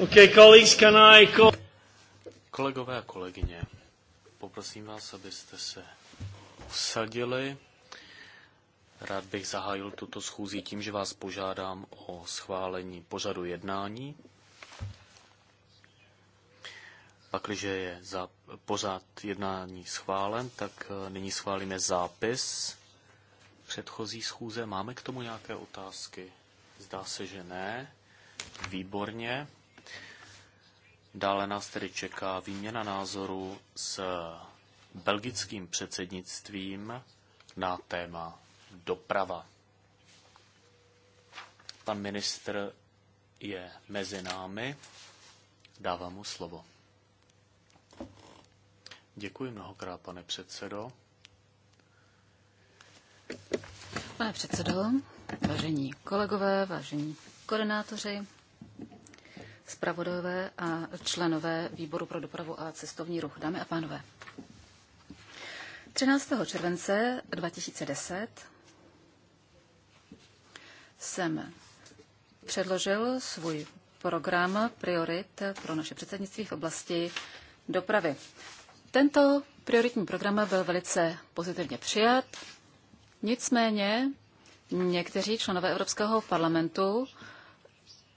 Okay, colleagues, can I call... Kolegové a kolegyně, poprosím vás, abyste se usadili. Rád bych zahájil tuto schůzi tím, že vás požádám o schválení pořadu jednání. Pakliže je za pořád jednání schválen, tak eh, nyní schválíme zápis předchozí schůze. Máme k tomu nějaké otázky? Zdá se, že ne. Výborně. Dále nás tedy čeká výměna názorů s belgickým předsednictvím na téma doprava. Pan ministr je mezi námi. Dávám mu slovo. Děkuji mnohokrát, pane předsedo. Pane předsedo, vážení kolegové, vážení koordinátoři, zpravodajové a členové výboru pro dopravu a cestovní ruch. Dámy a pánové, 13. července 2010 jsem předložil svůj program priorit pro naše předsednictví v oblasti dopravy. Tento prioritní program byl velice pozitivně přijat, nicméně někteří členové Evropského parlamentu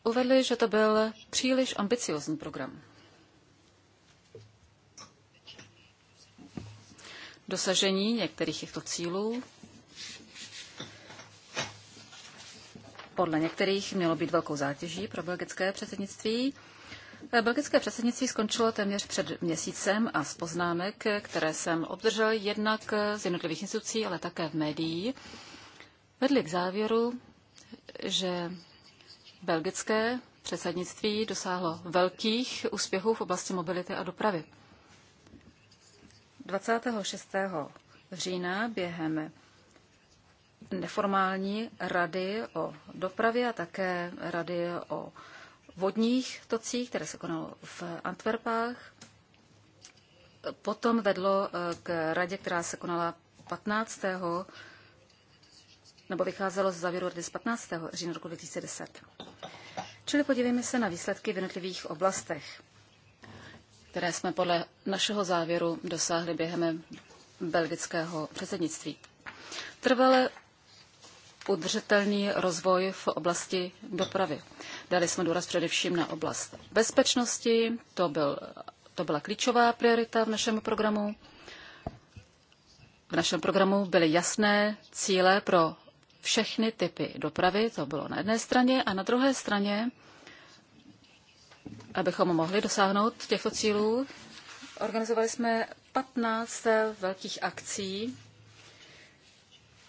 uvedli, že to byl příliš ambiciozní program. Dosažení některých těchto cílů podle některých mělo být velkou zátěží pro belgické předsednictví. Belgické předsednictví skončilo téměř před měsícem a z poznámek, které jsem obdržel jednak z jednotlivých institucí, ale také v médií, vedli k závěru, že Belgické předsednictví dosáhlo velkých úspěchů v oblasti mobility a dopravy. 26. října během neformální rady o dopravě a také rady o vodních tocích, které se konalo v Antwerpách. Potom vedlo eh, k radě, která se konala 15 nebo vycházelo z závěru rady z 15. října roku 2010. Čili podívejme se na výsledky v jednotlivých oblastech, které jsme podle našeho závěru dosáhli během belgického předsednictví. Trvale udržitelný rozvoj v oblasti dopravy. Dali jsme důraz především na oblast bezpečnosti, to, byl, to byla klíčová priorita v našem programu. V našem programu byly jasné cíle pro všechny typy dopravy, to bylo na jedné straně, a na druhé straně, abychom mohli dosáhnout těchto cílů, organizovali jsme 15 velkých akcí,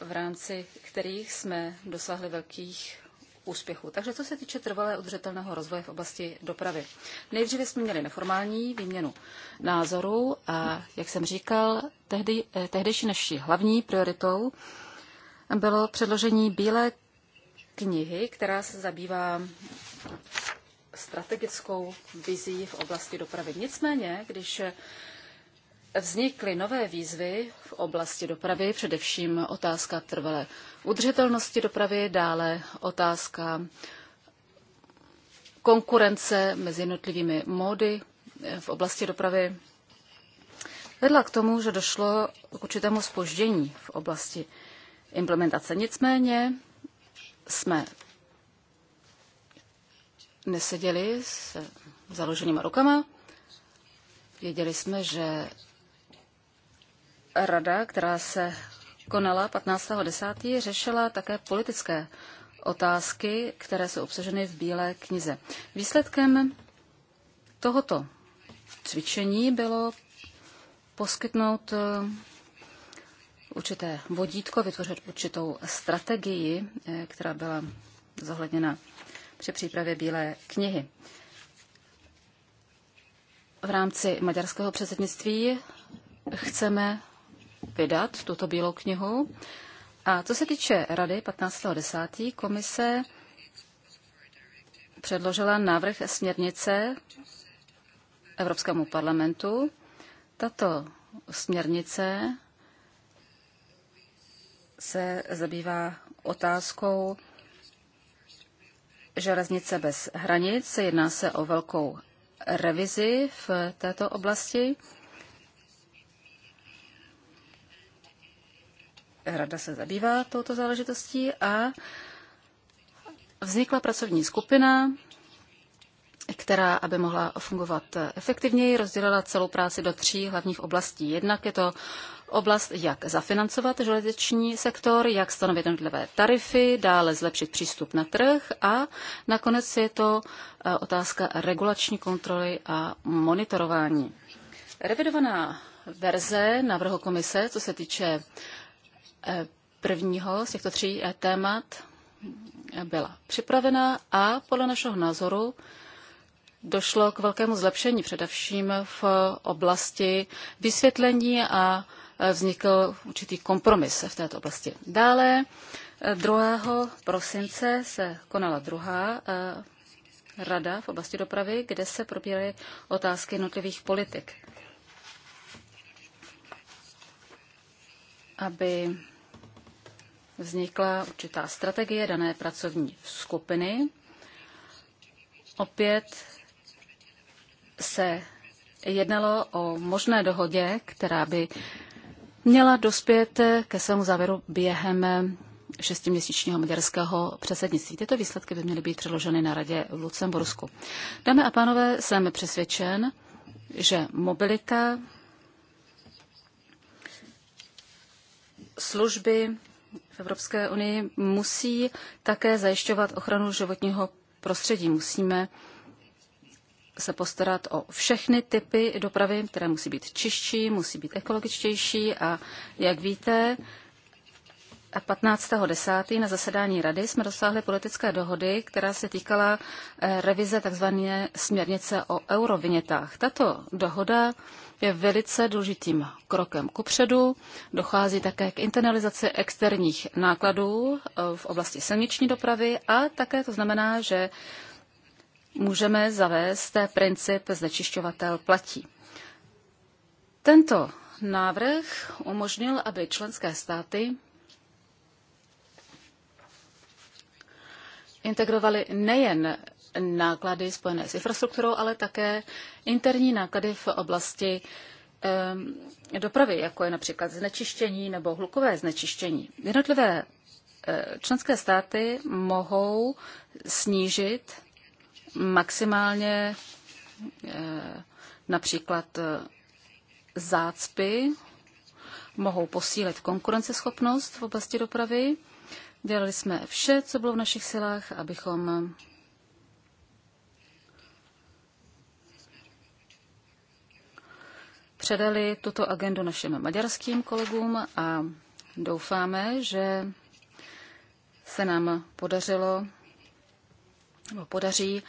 v rámci kterých jsme dosáhli velkých úspěchů. Takže co se týče trvalé udržitelného rozvoje v oblasti dopravy. Nejdříve jsme měli neformální výměnu názorů a, jak jsem říkal, tehdy, eh, tehdejší naší hlavní prioritou bylo předložení bílé knihy, která se zabývá strategickou vizí v oblasti dopravy. Nicméně, když vznikly nové výzvy v oblasti dopravy, především otázka trvalé udržitelnosti dopravy, dále otázka konkurence mezi jednotlivými módy v oblasti dopravy, vedla k tomu, že došlo k určitému spoždění v oblasti implementace. Nicméně jsme neseděli s založenýma rukama. Věděli jsme, že rada, která se konala 15.10., řešila také politické otázky, které jsou obsaženy v Bílé knize. Výsledkem tohoto cvičení bylo poskytnout určité vodítko, vytvořit určitou strategii, eh, která byla zohledněna při přípravě Bílé knihy. V rámci maďarského předsednictví chceme vydat tuto Bílou knihu. A co se týče Rady 15.10. komise předložila návrh směrnice Evropskému parlamentu. Tato směrnice se zabývá otázkou železnice bez hranic. Jedná se o velkou revizi v této oblasti. Rada se zabývá touto záležitostí a vznikla pracovní skupina která, aby mohla fungovat efektivněji, rozdělila celou práci do tří hlavních oblastí. Jednak je to oblast, jak zafinancovat železniční sektor, jak stanovit jednotlivé tarify, dále zlepšit přístup na trh a nakonec je to eh, otázka regulační kontroly a monitorování. Revidovaná verze návrhu komise, co se týče eh, prvního z těchto tří eh, témat, byla připravena a podle našeho názoru došlo k velkému zlepšení, především v oblasti vysvětlení a e, vznikl určitý kompromis v této oblasti. Dále 2. E, prosince se konala druhá e, rada v oblasti dopravy, kde se probíraly otázky jednotlivých politik. Aby vznikla určitá strategie dané pracovní skupiny. Opět se jednalo o možné dohodě, která by měla dospět ke svému závěru během šestiměsíčního maďarského předsednictví. Tyto výsledky by měly být předloženy na radě v Lucembursku. Dámy a pánové, jsem přesvědčen, že mobilita, služby v Evropské unii musí také zajišťovat ochranu životního prostředí. Musíme se postarat o všechny typy dopravy, které musí být čistší, musí být ekologičtější a jak víte, 15.10. na zasedání rady jsme dosáhli politické dohody, která se týkala eh, revize tzv. směrnice o eurovinětách. Tato dohoda je velice důležitým krokem kupředu. Dochází také k internalizaci externích nákladů eh, v oblasti silniční dopravy a také to znamená, že můžeme zavést princip znečišťovatel platí. Tento návrh umožnil, aby členské státy integrovaly nejen náklady spojené s infrastrukturou, ale také interní náklady v oblasti dopravy, jako je například znečištění nebo hlukové znečištění. Jednotlivé eh, členské státy mohou snížit maximálně eh, například eh, zácpy mohou posílit konkurenceschopnost v oblasti dopravy. Dělali jsme vše, co bylo v našich silách, abychom předali tuto agendu našim maďarským kolegům a doufáme, že se nám podařilo podaří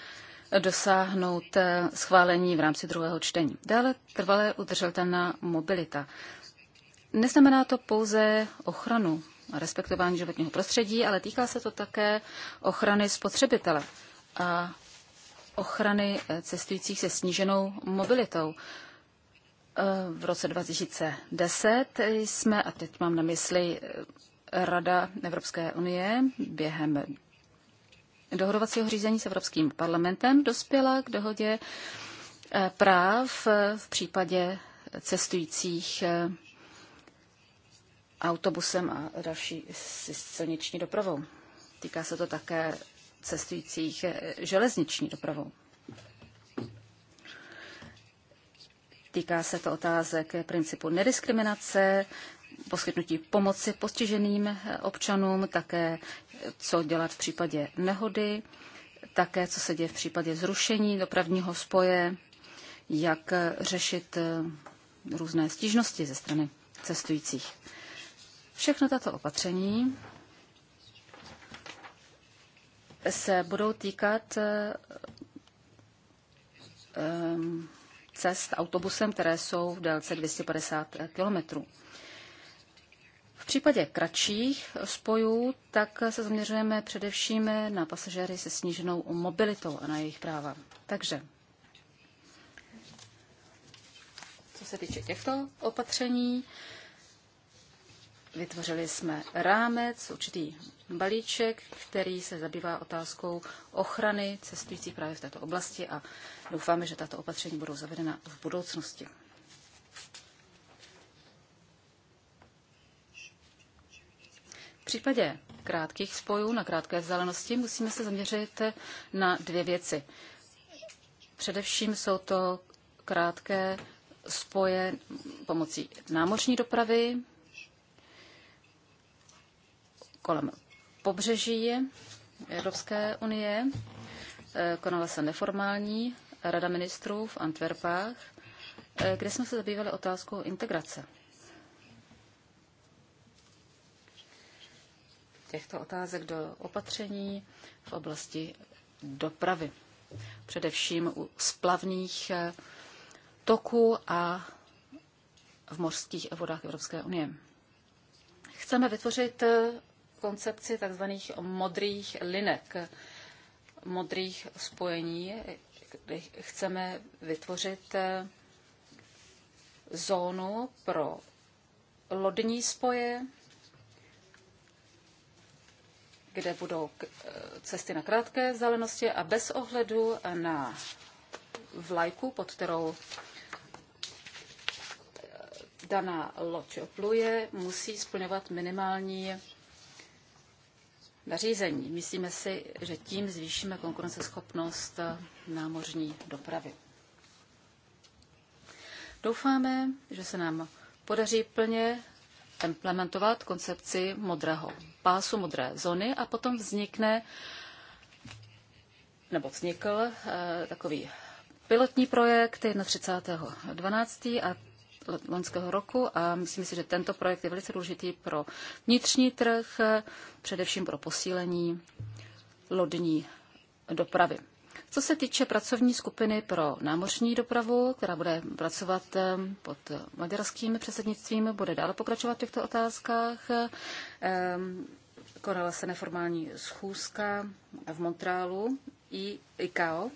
dosáhnout eh, schválení v rámci druhého čtení. Dále trvalé udržitelná mobilita. Neznamená to pouze ochranu a respektování životního prostředí, ale týká se to také ochrany spotřebitele a ochrany eh, cestujících se sníženou mobilitou. Eh, v roce 2010 jsme, a teď mám na mysli Rada Evropské unie během dohodovacího řízení s Evropským parlamentem dospěla k dohodě eh, práv eh, v případě cestujících eh, autobusem a další silniční dopravou. Týká se to také cestujících železniční dopravou. Týká se to otázek principu nediskriminace, poskytnutí pomoci postiženým občanům, také co dělat v případě nehody, také co se děje v případě zrušení dopravního spoje, jak řešit eh, různé stížnosti ze strany cestujících. Všechno tato opatření se budou týkat eh, eh, cest autobusem, které jsou v délce 250 kilometrů. V případě kratších spojů tak se zaměřujeme především na pasažéry se sníženou mobilitou a na jejich práva. Takže co se týče těchto opatření, vytvořili jsme rámec, určitý balíček, který se zabývá otázkou ochrany cestujících právě v této oblasti a doufáme, že tato opatření budou zavedena v budoucnosti. případě krátkých spojů na krátké vzdálenosti musíme se zaměřit na dvě věci. Především jsou to krátké spoje pomocí námořní dopravy kolem pobřeží Evropské unie. Konala se neformální rada ministrů v Antwerpách, kde jsme se zabývali otázkou integrace těchto otázek do opatření v oblasti dopravy, především u splavných eh, toků a v mořských vodách Evropské unie. Chceme vytvořit eh, koncepci tzv. modrých linek, modrých spojení, kdy chceme vytvořit eh, zónu pro lodní spoje, kde budou eh, cesty na krátké vzdálenosti a bez ohledu na vlajku, pod kterou eh, daná loď opluje, musí splňovat minimální nařízení. Myslíme si, že tím zvýšíme konkurenceschopnost eh, námořní dopravy. Doufáme, že se nám podaří plně implementovat koncepci modrého pásu, modré zóny a potom vznikne nebo vznikl eh, takový pilotní projekt 31.12. a loňského roku a myslím si, že tento projekt je velice důležitý pro vnitřní trh, eh, především pro posílení lodní dopravy. Co se týče pracovní skupiny pro námořní dopravu, která bude pracovat eh, pod maďarským předsednictvím, bude dále pokračovat v těchto otázkách. Eh, konala se neformální schůzka v Montrealu i ICAO,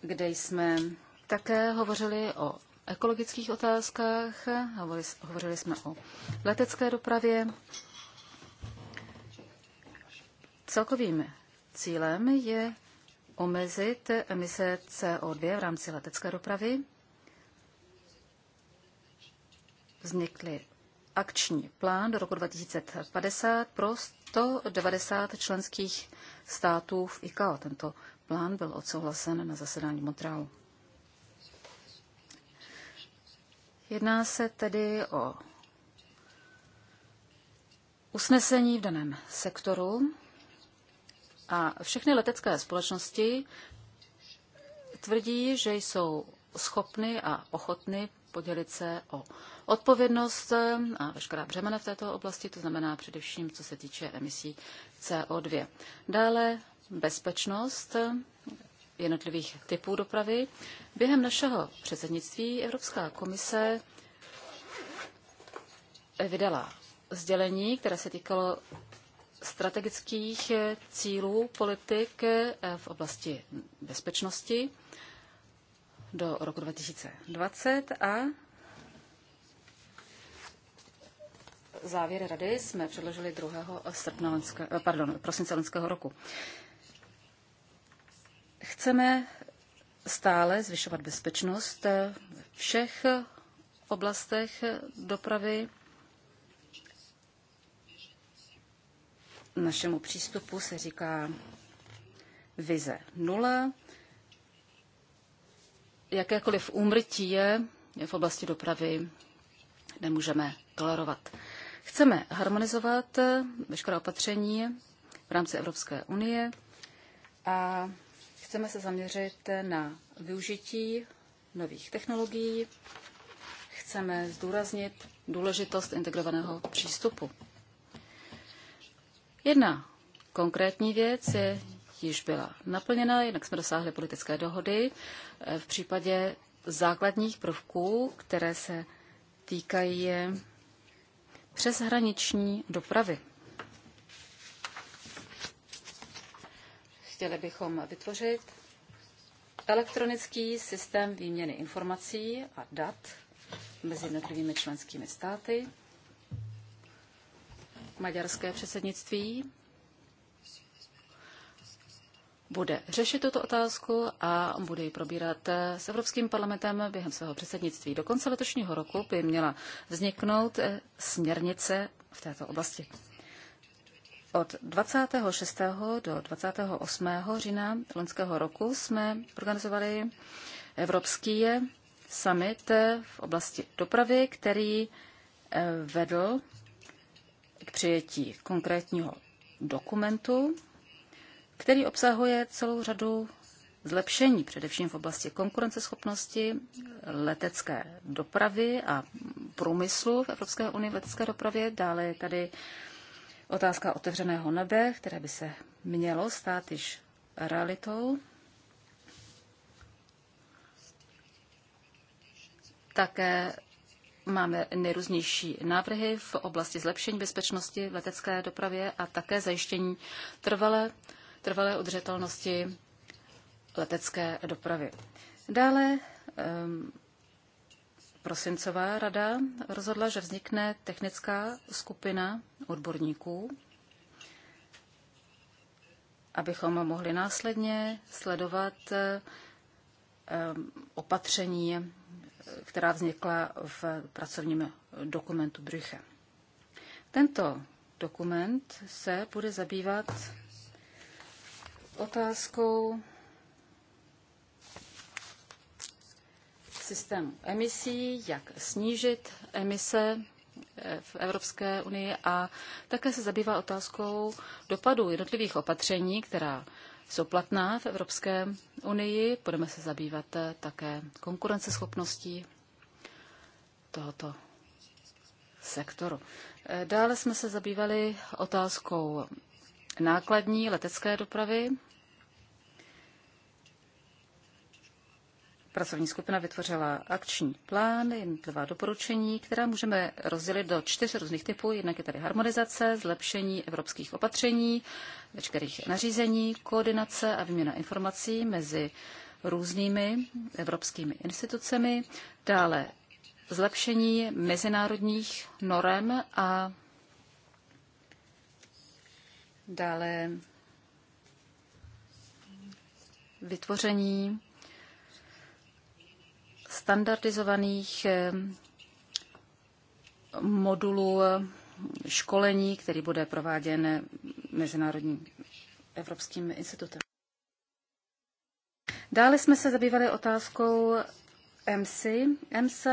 kde jsme také hovořili o ekologických otázkách, hovořili jsme o letecké dopravě. Celkovým Cílem je omezit emise CO2 v rámci letecké dopravy. Vznikly akční plán do roku 2050 pro 190 členských států v ICAO. Tento plán byl odsouhlasen na zasedání Montrealu. Jedná se tedy o usnesení v daném sektoru. A všechny letecké společnosti tvrdí, že jsou schopny a ochotny podělit se o odpovědnost a veškerá břemena v této oblasti, to znamená především, co se týče emisí CO2. Dále bezpečnost jednotlivých typů dopravy. Během našeho předsednictví Evropská komise vydala sdělení, které se týkalo strategických eh, cílů politik eh, v oblasti bezpečnosti do roku 2020 a závěry rady jsme předložili 2. Srpna, eh, pardon, prosince lenského roku. Chceme stále zvyšovat bezpečnost všech oblastech dopravy našemu přístupu se říká vize nula. Jakékoliv úmrtí je v oblasti dopravy nemůžeme tolerovat. Chceme harmonizovat veškerá opatření v rámci Evropské unie a chceme se zaměřit na využití nových technologií. Chceme zdůraznit důležitost integrovaného přístupu. Jedna konkrétní věc je, již byla naplněna, jinak jsme dosáhli politické dohody eh, v případě základních prvků, které se týkají eh, přeshraniční dopravy. Chtěli bychom vytvořit elektronický systém výměny informací a dat mezi jednotlivými členskými státy maďarské předsednictví bude řešit tuto otázku a bude ji probírat s Evropským parlamentem během svého předsednictví. Do konce letošního roku by měla vzniknout eh, směrnice v této oblasti. Od 26. do 28. října loňského roku jsme organizovali Evropský summit v oblasti dopravy, který eh, vedl k přijetí konkrétního dokumentu, který obsahuje celou řadu zlepšení, především v oblasti konkurenceschopnosti letecké dopravy a průmyslu v Evropské unii v letecké dopravě. Dále je tady otázka otevřeného nebe, které by se mělo stát již realitou. Také Máme nejrůznější návrhy v oblasti zlepšení bezpečnosti v letecké dopravě a také zajištění trvalé, trvalé udržitelnosti letecké dopravy. Dále um, prosincová rada rozhodla, že vznikne technická skupina odborníků, abychom mohli následně sledovat ehm, opatření která vznikla v pracovním dokumentu Brüche. Tento dokument se bude zabývat otázkou systému emisí, jak snížit emise eh, v Evropské unii a také se zabývá otázkou dopadů jednotlivých opatření, která jsou platná v Evropské unii. Budeme se zabývat eh, také konkurenceschopností tohoto sektoru. Eh, dále jsme se zabývali otázkou nákladní letecké dopravy. Pracovní skupina vytvořila akční plán, jednotlivá doporučení, která můžeme rozdělit do čtyř různých typů. Jednak je tady harmonizace, zlepšení evropských opatření, veškerých nařízení, koordinace a výměna informací mezi různými evropskými institucemi, dále zlepšení mezinárodních norem a dále vytvoření standardizovaných eh, modulů eh, školení, který bude prováděn eh, Mezinárodním Evropským institutem. Dále jsme se zabývali otázkou MC. MC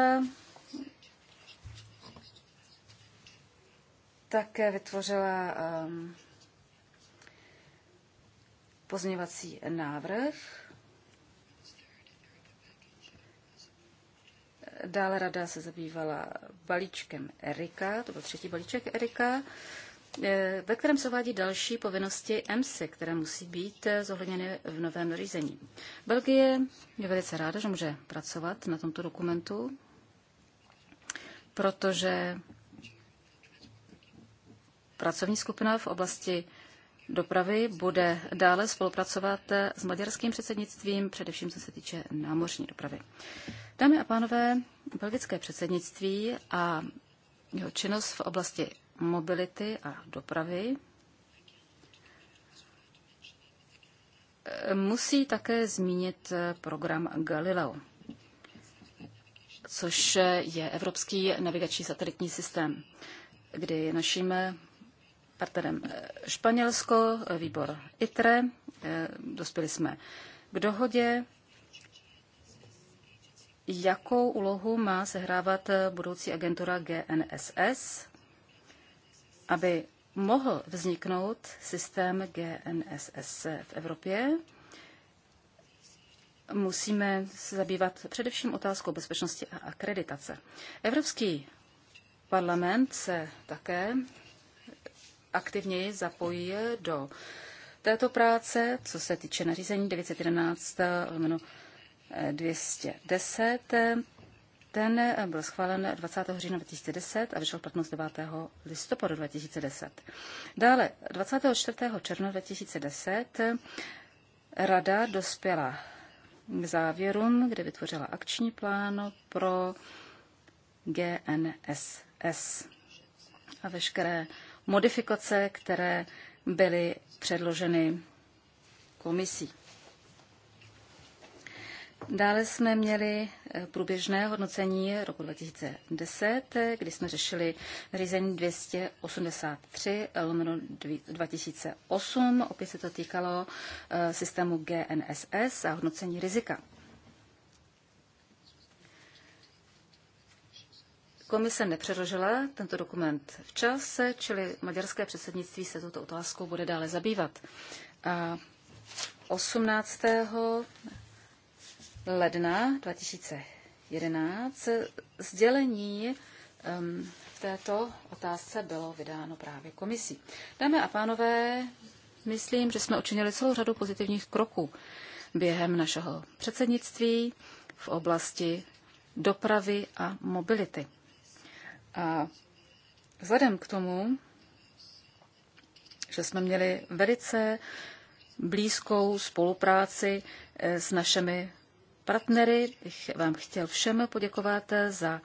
také vytvořila ehm, pozměňovací návrh Dále rada se zabývala balíčkem Erika, to byl třetí balíček Erika, eh, ve kterém se uvádí další povinnosti MC, které musí být eh, zohledněny v novém řízení. Belgie je velice ráda, že může pracovat na tomto dokumentu, protože pracovní skupina v oblasti dopravy bude dále spolupracovat s maďarským předsednictvím, především co se týče námořní dopravy. Dámy a pánové, belgické předsednictví a jeho činnost v oblasti mobility a dopravy musí také zmínit program Galileo, což je evropský navigační satelitní systém, kdy naším partnerem eh, Španělsko, eh, výbor ITRE. Eh, dospěli jsme k dohodě, jakou úlohu má sehrávat budoucí agentura GNSS, aby mohl vzniknout systém GNSS v Evropě. Musíme se zabývat především otázkou bezpečnosti a akreditace. Evropský parlament se také aktivněji zapojí do této práce, co se týče nařízení 911 210. Eh, Ten eh, byl schválen 20. října 2010 a vyšel platnost 9. listopadu 2010. Dále 24. června 2010 eh, Rada dospěla k závěrům, kde vytvořila akční plán pro GNSS a veškeré modifikace, které byly předloženy komisí. Dále jsme měli eh, průběžné hodnocení roku 2010, eh, kdy jsme řešili řízení 283 lomeno 2008. Opět se to týkalo eh, systému GNSS a hodnocení rizika. Komise nepředložila tento dokument včas, čili maďarské předsednictví se touto otázkou bude dále zabývat. A 18. ledna 2011 sdělení um, v této otázce bylo vydáno právě komisí. Dámy a pánové, myslím, že jsme učinili celou řadu pozitivních kroků během našeho předsednictví v oblasti dopravy a mobility. A vzhledem k tomu, že jsme měli velice blízkou spolupráci eh, s našimi partnery, bych vám chtěl všem poděkovat eh, za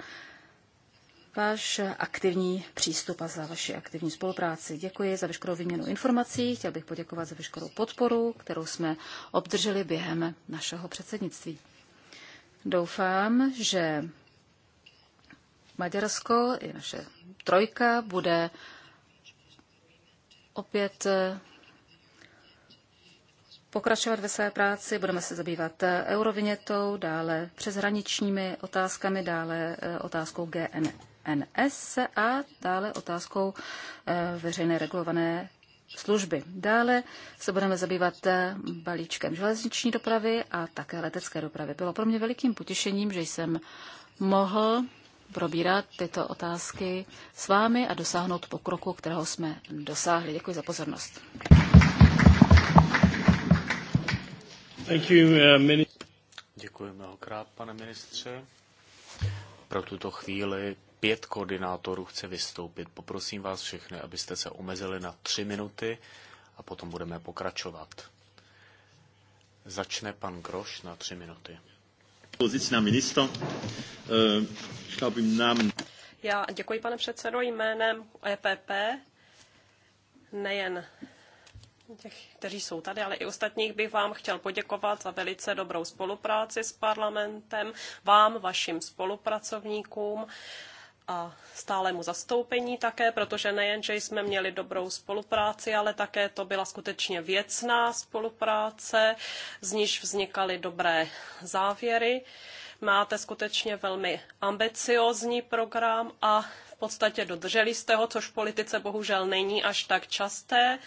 váš aktivní přístup a za vaši aktivní spolupráci. Děkuji za veškerou výměnu informací, chtěl bych poděkovat za veškerou podporu, kterou jsme obdrželi během našeho předsednictví. Doufám, že Maďarsko i naše trojka bude opět eh, pokračovat ve své práci, budeme se zabývat eh, eurovinětou, dále přeshraničními otázkami, dále eh, otázkou GNS a dále otázkou veřejné regulované služby. Dále se budeme zabývat balíčkem železniční dopravy a také letecké dopravy. Bylo pro mě velikým potěšením, že jsem mohl probírat tyto otázky s vámi a dosáhnout pokroku, kterého jsme dosáhli. Děkuji za pozornost. Uh, Děkuji mnohokrát, pane ministře. Pro tuto chvíli pět koordinátorů chce vystoupit. Poprosím vás všechny, abyste se omezili na tři minuty a potom budeme pokračovat. Začne pan Groš na tři minuty. Eh, Já děkuji, pane předsedo, jménem EPP, nejen těch, kteří jsou tady, ale i ostatních bych vám chtěl poděkovat za velice dobrou spolupráci s parlamentem, vám, vašim spolupracovníkům a stálému zastoupení také, protože nejenže jsme měli dobrou spolupráci, ale také to byla skutečně věcná spolupráce, z níž vznikaly dobré závěry. Máte skutečně velmi ambiciozní program a v podstatě dodrželi jste ho, což v politice bohužel není až tak časté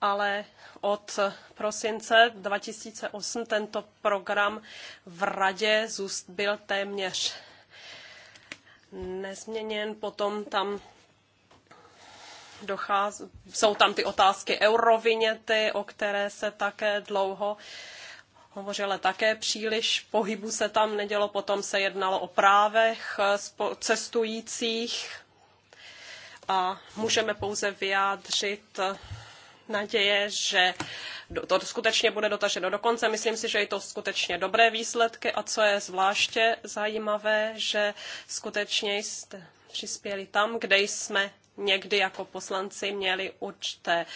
ale od prosince 2008 tento program v radě zůst byl téměř nezměněn. Potom tam dochází, jsou tam ty otázky eurovinety, o které se také dlouho hovořilo, také příliš pohybu se tam nedělo. Potom se jednalo o právech eh, cestujících a můžeme pouze vyjádřit eh, naděje, že to skutečně bude dotaženo do konce. Myslím si, že je to skutečně dobré výsledky a co je zvláště zajímavé, že skutečně jste přispěli tam, kde jsme někdy jako poslanci měli určité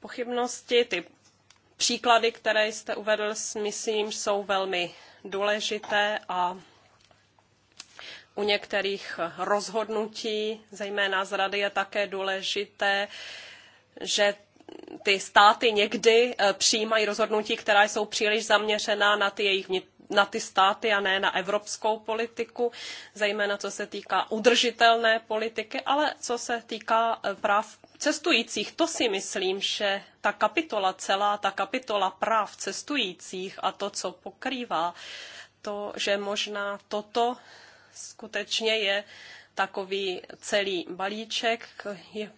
pochybnosti. Ty příklady, které jste uvedl, myslím, jsou velmi důležité a u některých rozhodnutí, zejména z rady, je také důležité, že ty státy někdy eh, přijímají rozhodnutí, která jsou příliš zaměřená na ty jejich na ty státy a ne na evropskou politiku, zejména co se týká udržitelné politiky, ale co se týká eh, práv cestujících, to si myslím, že ta kapitola celá, ta kapitola práv cestujících a to, co pokrývá, to, že možná toto skutečně je takový celý balíček, je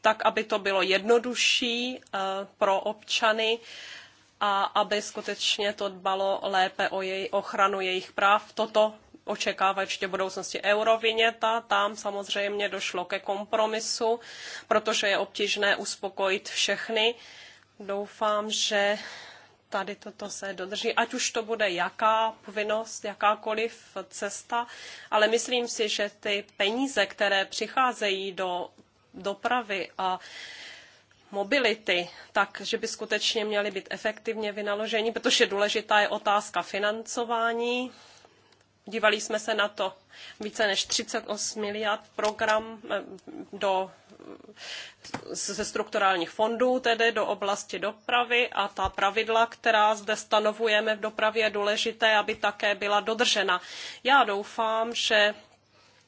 tak, aby to bylo jednodušší eh, pro občany a aby skutečně to dbalo lépe o její ochranu jejich práv. Toto očekává ještě v budoucnosti euroviněta. Tam samozřejmě došlo ke kompromisu, protože je obtížné uspokojit všechny. Doufám, že tady toto se dodrží, ať už to bude jaká povinnost, jakákoliv cesta, ale myslím si, že ty peníze, které přicházejí do dopravy a mobility, tak, že by skutečně měly být efektivně vynaloženi, protože důležitá je otázka financování. Dívali jsme se na to více než 38 miliard program eh, do, ze strukturálních fondů, tedy do oblasti dopravy a ta pravidla, která zde stanovujeme v dopravě, je důležité, aby také byla dodržena. Já doufám, že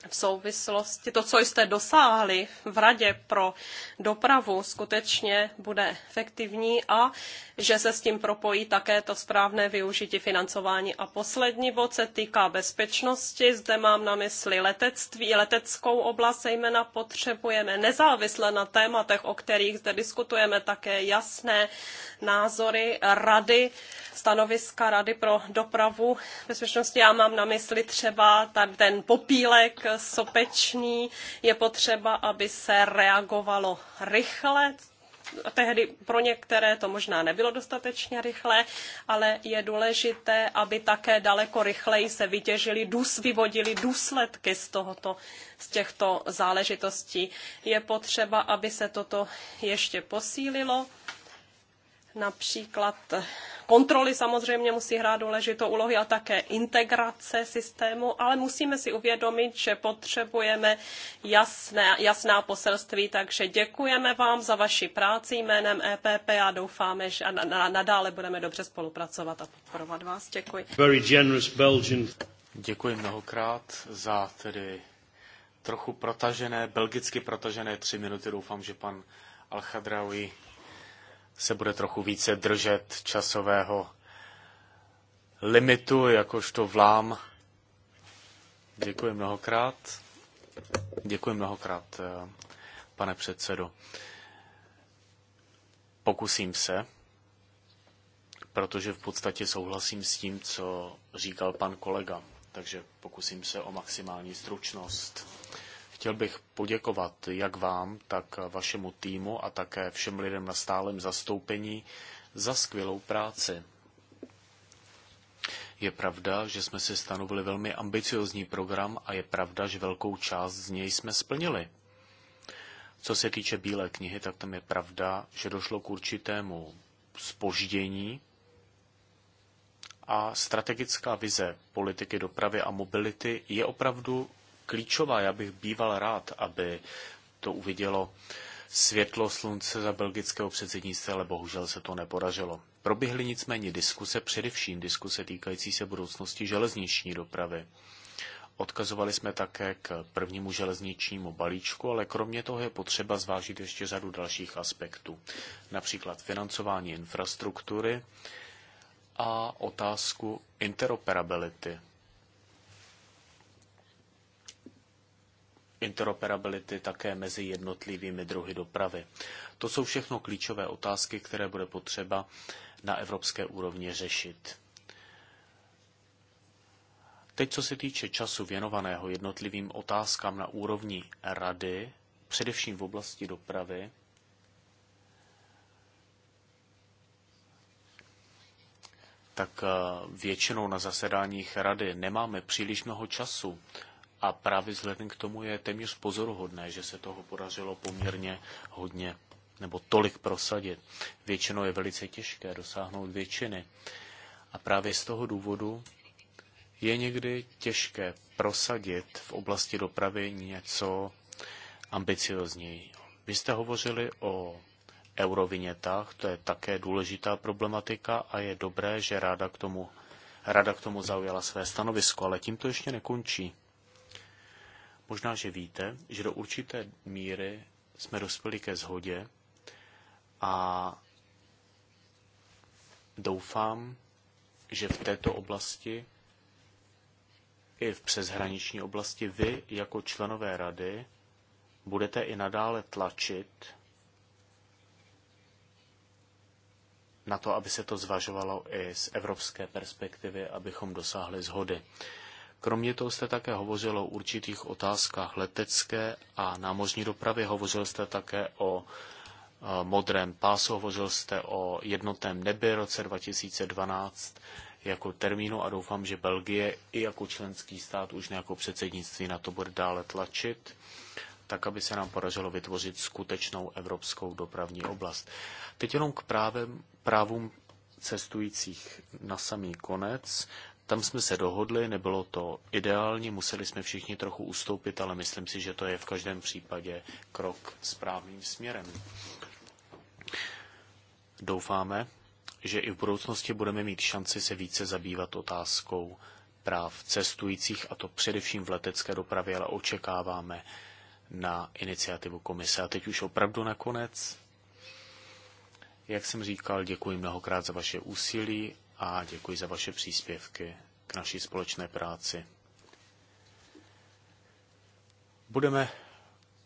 v souvislosti, to, co jste dosáhli v Radě pro dopravu, skutečně bude efektivní a že se s tím propojí také to správné využití financování. A poslední bod se týká bezpečnosti. Zde mám na mysli letectví, leteckou oblast zejména potřebujeme nezávisle na tématech, o kterých zde diskutujeme, také jasné názory rady, stanoviska Rady pro dopravu bezpečnosti. Já mám na mysli třeba ten popílek sopečný, je potřeba, aby se reagovalo rychle, tehdy pro některé to možná nebylo dostatečně rychlé, ale je důležité, aby také daleko rychleji se vytěžili, vyvodili důsledky z, tohoto, z těchto záležitostí. Je potřeba, aby se toto ještě posílilo Například kontroly samozřejmě musí hrát důležitou úlohu a také integrace systému, ale musíme si uvědomit, že potřebujeme jasné, jasná poselství, takže děkujeme vám za vaši práci jménem EPP a doufáme, že nadále budeme dobře spolupracovat a podporovat vás. Děkuji. Very generous Belgian. Děkuji mnohokrát za tedy trochu protažené, belgicky protažené tři minuty. Doufám, že pan Al-Khadraoui se bude trochu více držet časového limitu, jakožto vlám. Děkuji mnohokrát. Děkuji mnohokrát, eh, pane předsedo. Pokusím se, protože v podstatě souhlasím s tím, co říkal pan kolega. Takže pokusím se o maximální stručnost. Chtěl bych poděkovat jak vám, tak vašemu týmu a také všem lidem na stálem zastoupení za skvělou práci. Je pravda, že jsme si stanovili velmi ambiciozní program a je pravda, že velkou část z něj jsme splnili. Co se týče Bílé knihy, tak tam je pravda, že došlo k určitému spoždění a strategická vize politiky dopravy a mobility je opravdu klíčová. Já bych býval rád, aby to uvidělo světlo slunce za belgického předsednictví, ale bohužel se to nepodařilo. Proběhly nicméně diskuse, především diskuse týkající se budoucnosti železniční dopravy. Odkazovali jsme také k prvnímu železničnímu balíčku, ale kromě toho je potřeba zvážit ještě řadu dalších aspektů, například financování infrastruktury a otázku interoperability. interoperability také mezi jednotlivými druhy dopravy. To jsou všechno klíčové otázky, které bude potřeba na evropské úrovni řešit. Teď, co se týče času věnovaného jednotlivým otázkám na úrovni rady, především v oblasti dopravy, tak eh, většinou na zasedáních rady nemáme příliš mnoho času a právě vzhledem k tomu je téměř pozoruhodné, že se toho podařilo poměrně hodně nebo tolik prosadit. Většinou je velice těžké dosáhnout většiny. A právě z toho důvodu je někdy těžké prosadit v oblasti dopravy něco ambicioznějšího. Vy jste hovořili o eurovinětách, to je také důležitá problematika a je dobré, že ráda k tomu, ráda k tomu zaujala své stanovisko, ale tím to ještě nekončí. Možná, že víte, že do určité míry jsme dospěli ke shodě a doufám, že v této oblasti i v přeshraniční oblasti vy jako členové rady budete i nadále tlačit na to, aby se to zvažovalo i z evropské perspektivy, abychom dosáhli zhody. Kromě toho jste také hovořil o určitých otázkách letecké a námořní dopravy, hovořil jste také o e, modrém pásu, hovořil jste o jednotném nebi roce 2012 jako termínu a doufám, že Belgie i jako členský stát už jako předsednictví na to bude dále tlačit, tak aby se nám podařilo vytvořit skutečnou evropskou dopravní oblast. Teď jenom k právem, právům cestujících na samý konec. Tam jsme se dohodli, nebylo to ideální, museli jsme všichni trochu ustoupit, ale myslím si, že to je v každém případě krok správným směrem. Doufáme, že i v budoucnosti budeme mít šanci se více zabývat otázkou práv cestujících, a to především v letecké dopravě, ale očekáváme na iniciativu komise. A teď už opravdu nakonec. Jak jsem říkal, děkuji mnohokrát za vaše úsilí a děkuji za vaše příspěvky k naší společné práci. Budeme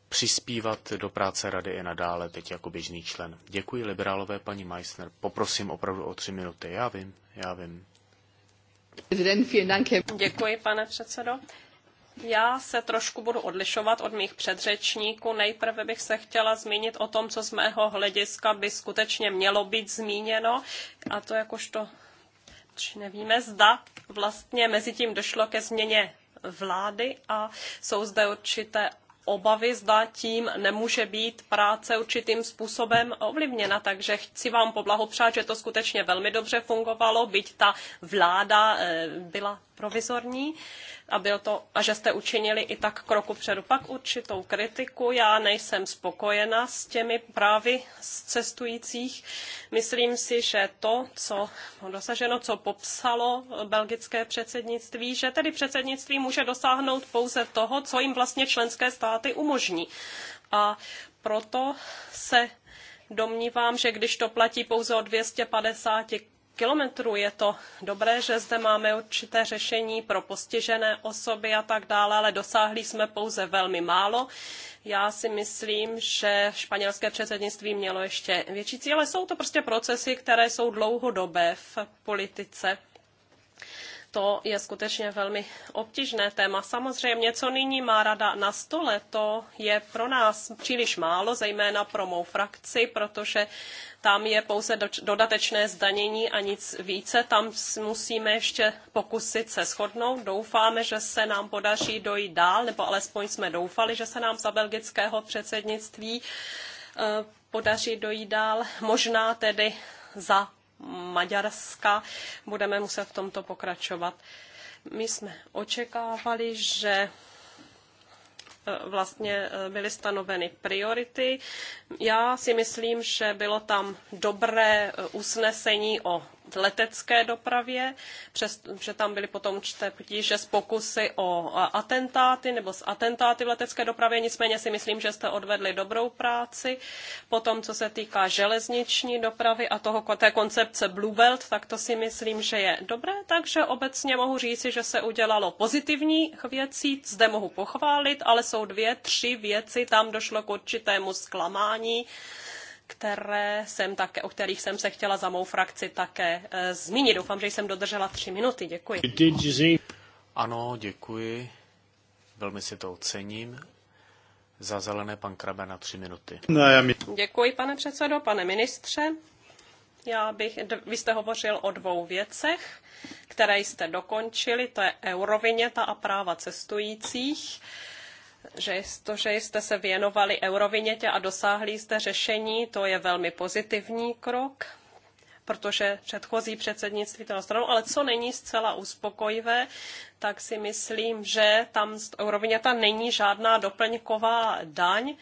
přispívat do práce rady i nadále, teď jako běžný člen. Děkuji liberálové paní Meissner. Poprosím opravdu o tři minuty. Já vím, já vím. Děkuji, pane předsedo. Já se trošku budu odlišovat od mých předřečníků. Nejprve bych se chtěla zmínit o tom, co z mého hlediska by skutečně mělo být zmíněno, a to jakožto či nevíme, zda vlastně mezi tím došlo ke změně vlády a jsou zde určité obavy, zda tím nemůže být práce určitým způsobem ovlivněna. Takže chci vám poblahopřát, že to skutečně velmi dobře fungovalo, byť ta vláda eh, byla provizorní a, byl to, a že jste učinili i tak kroku předu. Pak určitou kritiku, já nejsem spokojena s těmi právy z cestujících. Myslím si, že to, co dosaženo, co popsalo belgické předsednictví, že tedy předsednictví může dosáhnout pouze toho, co jim vlastně členské státy umožní. A proto se domnívám, že když to platí pouze o 250 kilometrů. Je to dobré, že zde máme určité řešení pro postižené osoby a tak dále, ale dosáhli jsme pouze velmi málo. Já si myslím, že španělské předsednictví mělo ještě větší cíle. Jsou to prostě procesy, které jsou dlouhodobé v politice to je skutečně velmi obtížné téma. Samozřejmě, co nyní má rada na stole, to je pro nás příliš málo, zejména pro mou frakci, protože tam je pouze dodatečné zdanění a nic více. Tam musíme ještě pokusit se shodnout. Doufáme, že se nám podaří dojít dál, nebo alespoň jsme doufali, že se nám za belgického předsednictví eh, podaří dojít dál. Možná tedy za Maďarska. Budeme muset v tomto pokračovat. My jsme očekávali, že e, vlastně e, byly stanoveny priority. Já si myslím, že bylo tam dobré e, usnesení o letecké dopravě, protože tam byly potom čte potíže z pokusy o atentáty nebo s atentáty v letecké dopravě, nicméně si myslím, že jste odvedli dobrou práci. Potom, co se týká železniční dopravy a toho, té koncepce Blue Belt, tak to si myslím, že je dobré, takže obecně mohu říci, že se udělalo pozitivních věcí, zde mohu pochválit, ale jsou dvě, tři věci, tam došlo k určitému zklamání, které jsem také, o kterých jsem se chtěla za mou frakci také e, zmínit. Doufám, že jsem dodržela tři minuty. Děkuji. Ano, děkuji. Velmi si to ocením. Za zelené pan Krabe na tři minuty. Děkuji, pane předsedo, pane ministře. Já bych, vy jste hovořil o dvou věcech, které jste dokončili, to je euroviněta a práva cestujících že to, že jste se věnovali eurovinětě a dosáhli jste řešení, to je velmi pozitivní krok, protože předchozí předsednictví to stranu. ale co není zcela uspokojivé, tak si myslím, že tam euroviněta není žádná doplňková daň,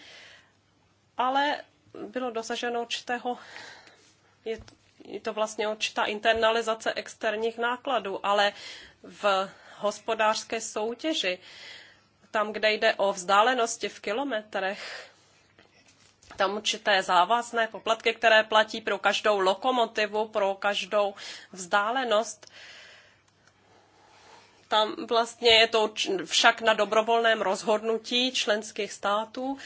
ale bylo dosaženo určitého, je, je to vlastně určitá internalizace externích nákladů, ale v hospodářské soutěži tam, kde jde o vzdálenosti v kilometrech, tam určité závazné poplatky, které platí pro každou lokomotivu, pro každou vzdálenost. Tam vlastně je to však na dobrovolném rozhodnutí členských států.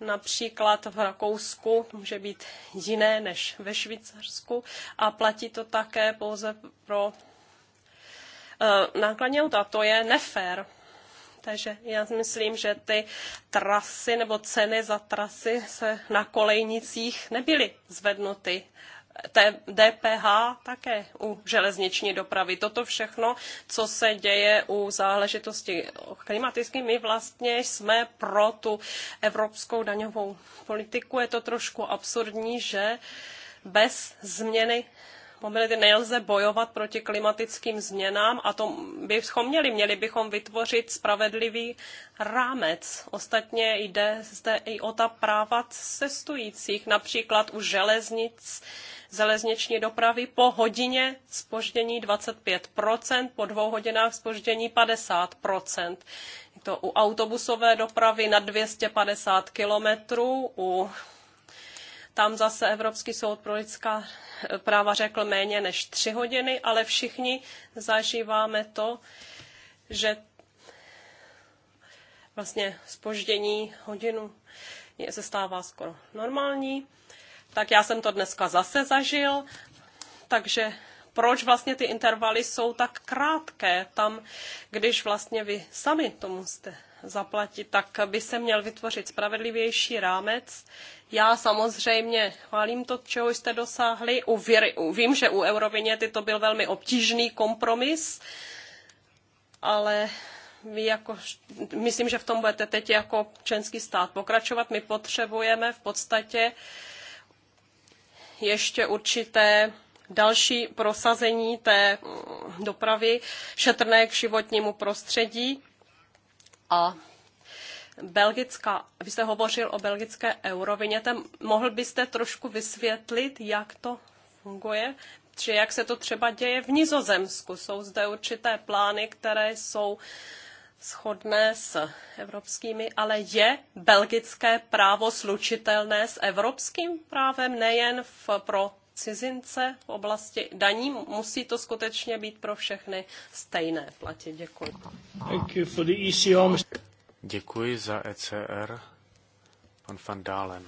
Například v Rakousku může být jiné než ve Švýcarsku a platí to také pouze pro eh, nákladní auta. To je nefér takže já myslím, že ty trasy nebo ceny za trasy se na kolejnicích nebyly zvednuty. DPH také u železniční dopravy. Toto všechno, co se děje u záležitosti klimatické, my vlastně jsme pro tu evropskou daňovou politiku. Je to trošku absurdní, že bez změny mobility nelze bojovat proti klimatickým změnám a to bychom měli. Měli bychom vytvořit spravedlivý rámec. Ostatně jde zde i o ta práva cestujících, například u železnic, železniční dopravy po hodině spoždění 25%, po dvou hodinách spoždění 50%. to u autobusové dopravy na 250 kilometrů, u tam zase Evropský soud pro lidská eh, práva řekl méně než tři hodiny, ale všichni zažíváme to, že vlastně spoždění hodinu je, se stává skoro normální. Tak já jsem to dneska zase zažil, takže proč vlastně ty intervaly jsou tak krátké tam, když vlastně vy sami to musíte zaplatit, tak by se měl vytvořit spravedlivější rámec. Já samozřejmě chválím to, čeho jste dosáhli. Uvěř, vím, že u Euroviněty to byl velmi obtížný kompromis, ale my jako, myslím, že v tom budete teď jako členský stát pokračovat. My potřebujeme v podstatě ještě určité další prosazení té mm, dopravy šetrné k životnímu prostředí a Belgická, vy jste hovořil o belgické eurovině, tam mohl byste trošku vysvětlit, jak to funguje, či jak se to třeba děje v Nizozemsku. Jsou zde určité plány, které jsou shodné s evropskými, ale je belgické právo slučitelné s evropským právem nejen v, pro cizince v oblasti daní. Musí to skutečně být pro všechny stejné platit. Děkuji. E Děkuji za ECR. Pan Van Dálen.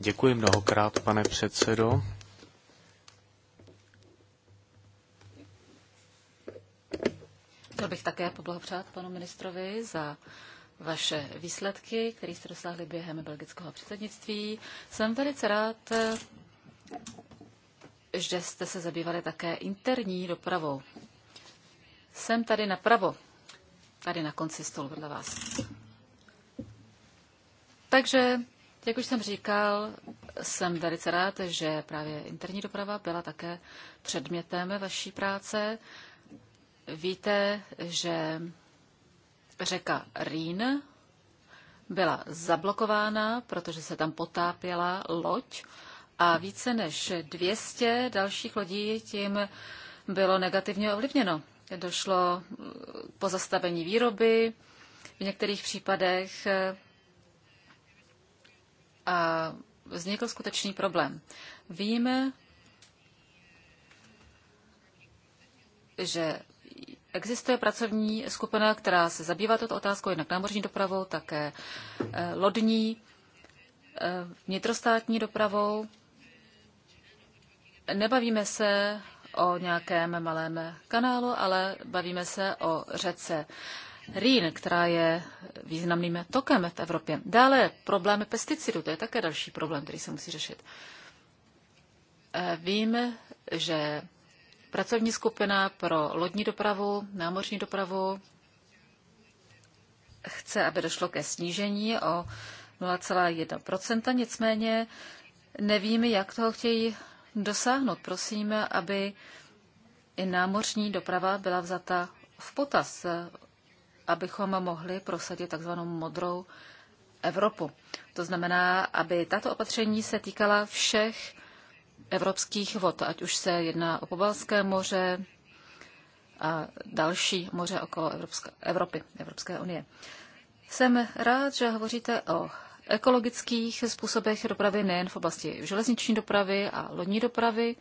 Děkuji mnohokrát, pane předsedo. Chtěl bych také poblahopřát panu ministrovi za vaše výsledky, které jste dosáhli během belgického předsednictví. Jsem velice rád, že jste se zabývali také interní dopravou. Jsem tady napravo, tady na konci stolu vedle vás. Takže, jak už jsem říkal, jsem velice rád, že právě interní doprava byla také předmětem vaší práce. Víte, že řeka Rýn byla zablokována, protože se tam potápěla loď a více než 200 dalších lodí tím bylo negativně ovlivněno. Došlo k eh, pozastavení výroby, v některých případech eh, a vznikl skutečný problém. Víme, že existuje pracovní skupina, která se zabývá tuto otázkou, jednak námořní dopravou, také eh, lodní, vnitrostátní dopravou nebavíme se o nějakém malém kanálu, ale bavíme se o řece Rýn, která je významným tokem v Evropě. Dále problém pesticidů, to je také další problém, který se musí řešit. Eh, vím, že pracovní skupina pro lodní dopravu, námořní dopravu chce, aby došlo ke snížení o 0,1%, nicméně nevím, jak toho chtějí dosáhnout. Prosím, aby i námořní doprava byla vzata v potaz, abychom mohli prosadit takzvanou modrou Evropu. To znamená, aby tato opatření se týkala všech evropských vod, ať už se jedná o Pobalské moře a další moře okolo Evropy, Evropské unie. Jsem rád, že hovoříte o ekologických způsobech dopravy nejen v oblasti železniční dopravy a lodní dopravy.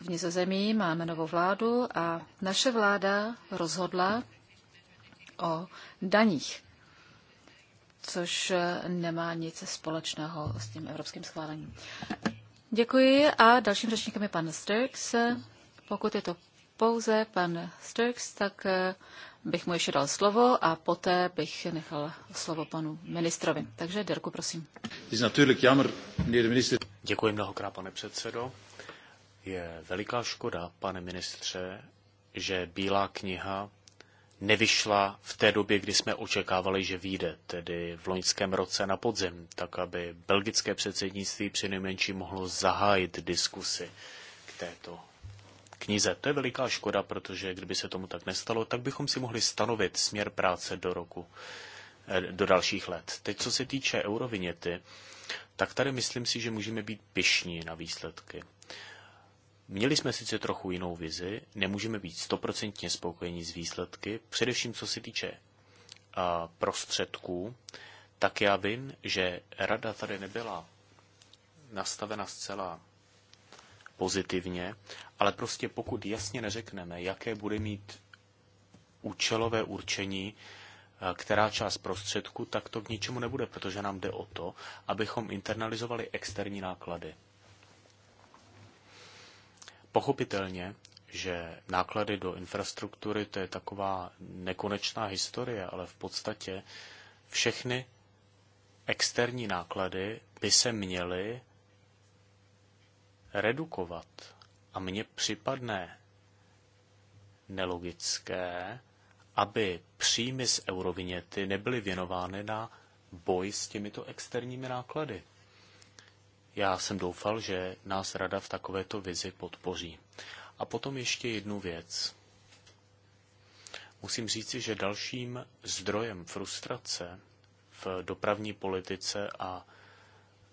V Nizozemí máme novou vládu a naše vláda rozhodla o daních, což nemá nic společného s tím evropským schválením. Děkuji a dalším řečníkem je pan Sturks. Pokud je to pouze pan Sturks, tak eh, bych mu ještě dal slovo a poté bych nechal slovo panu ministrovi. Takže Derku, prosím. Děkuji mnohokrát, pane předsedo. Je veliká škoda, pane ministře, že Bílá kniha nevyšla v té době, kdy jsme očekávali, že vyjde, tedy v loňském roce na podzim, tak aby belgické předsednictví přinejmenším mohlo zahájit diskusy k této knize. To je veliká škoda, protože kdyby se tomu tak nestalo, tak bychom si mohli stanovit směr práce do roku, eh, do dalších let. Teď, co se týče eurovinety, tak tady myslím si, že můžeme být pišní na výsledky. Měli jsme sice trochu jinou vizi, nemůžeme být stoprocentně spokojení s výsledky, především co se týče prostředků, tak já vím, že rada tady nebyla nastavena zcela pozitivně ale prostě pokud jasně neřekneme, jaké bude mít účelové určení, eh, která část prostředku, tak to k ničemu nebude, protože nám jde o to, abychom internalizovali externí náklady. Pochopitelně, že náklady do infrastruktury to je taková nekonečná historie, ale v podstatě všechny externí náklady by se měly redukovat. A mně připadne nelogické, aby příjmy z eurovinety nebyly věnovány na boj s těmito externími náklady. Já jsem doufal, že nás rada v takovéto vizi podpoří. A potom ještě jednu věc. Musím říci, že dalším zdrojem frustrace v dopravní politice a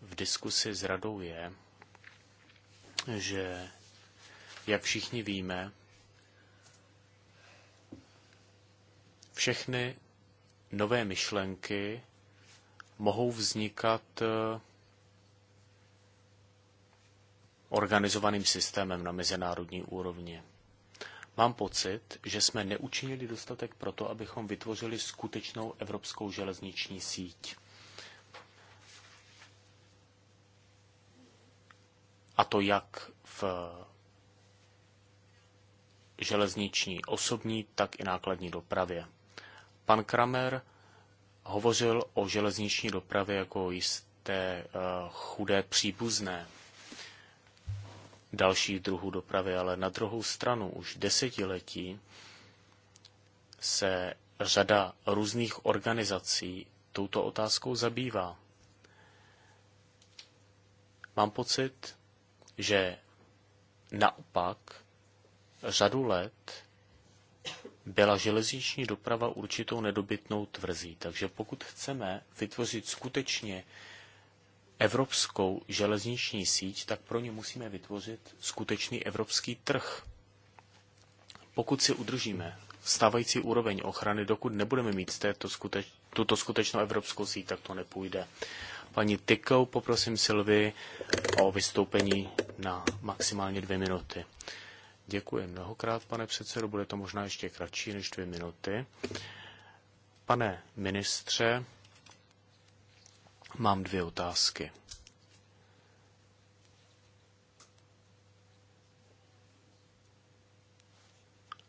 v diskusi s radou je, že jak všichni víme, všechny nové myšlenky mohou vznikat eh, organizovaným systémem na mezinárodní úrovni. Mám pocit, že jsme neučinili dostatek pro to, abychom vytvořili skutečnou evropskou železniční síť. A to jak v železniční osobní, tak i nákladní dopravě. Pan Kramer hovořil o železniční dopravě jako jisté eh, chudé příbuzné dalších druhů dopravy, ale na druhou stranu už desetiletí se řada různých organizací touto otázkou zabývá. Mám pocit, že naopak Řadu let byla železniční doprava určitou nedobytnou tvrzí. Takže pokud chceme vytvořit skutečně evropskou železniční síť, tak pro ně musíme vytvořit skutečný evropský trh. Pokud si udržíme stávající úroveň ochrany, dokud nebudeme mít této skuteč, tuto skutečnou evropskou síť, tak to nepůjde. Paní Tykou, poprosím Silvi o vystoupení na maximálně dvě minuty. Děkuji mnohokrát, pane předsedo. Bude to možná ještě kratší než dvě minuty. Pane ministře, mám dvě otázky.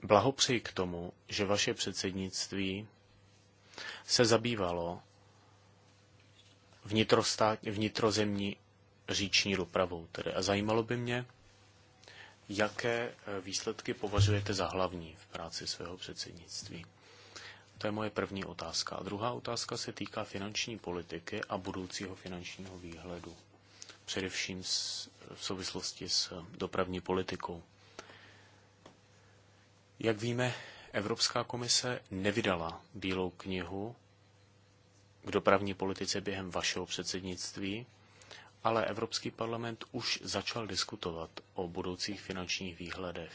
Blahopřeji k tomu, že vaše předsednictví se zabývalo vnitrozemní říční dopravou. Tedy. A zajímalo by mě, Jaké eh, výsledky považujete za hlavní v práci svého předsednictví? To je moje první otázka. A druhá otázka se týká finanční politiky a budoucího finančního výhledu. Především v souvislosti s eh, dopravní politikou. Jak víme, Evropská komise nevydala bílou knihu k dopravní politice během vašeho předsednictví, ale Evropský parlament už začal diskutovat o budoucích finančních výhledech.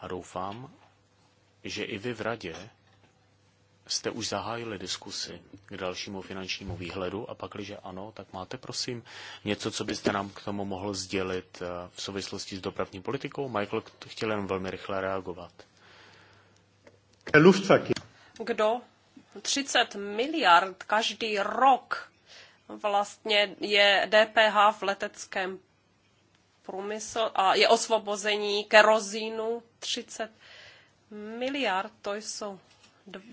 A doufám, že i vy v Radě jste už zahájili diskusy k dalšímu finančnímu výhledu a pak, když ano, tak máte prosím něco, co byste nám k tomu mohl sdělit eh, v souvislosti s dopravní politikou? Michael chtěl jen velmi rychle reagovat. Kdo 30 miliard každý rok vlastně je DPH v leteckém průmysl a je osvobození kerozínu 30 miliard, to jsou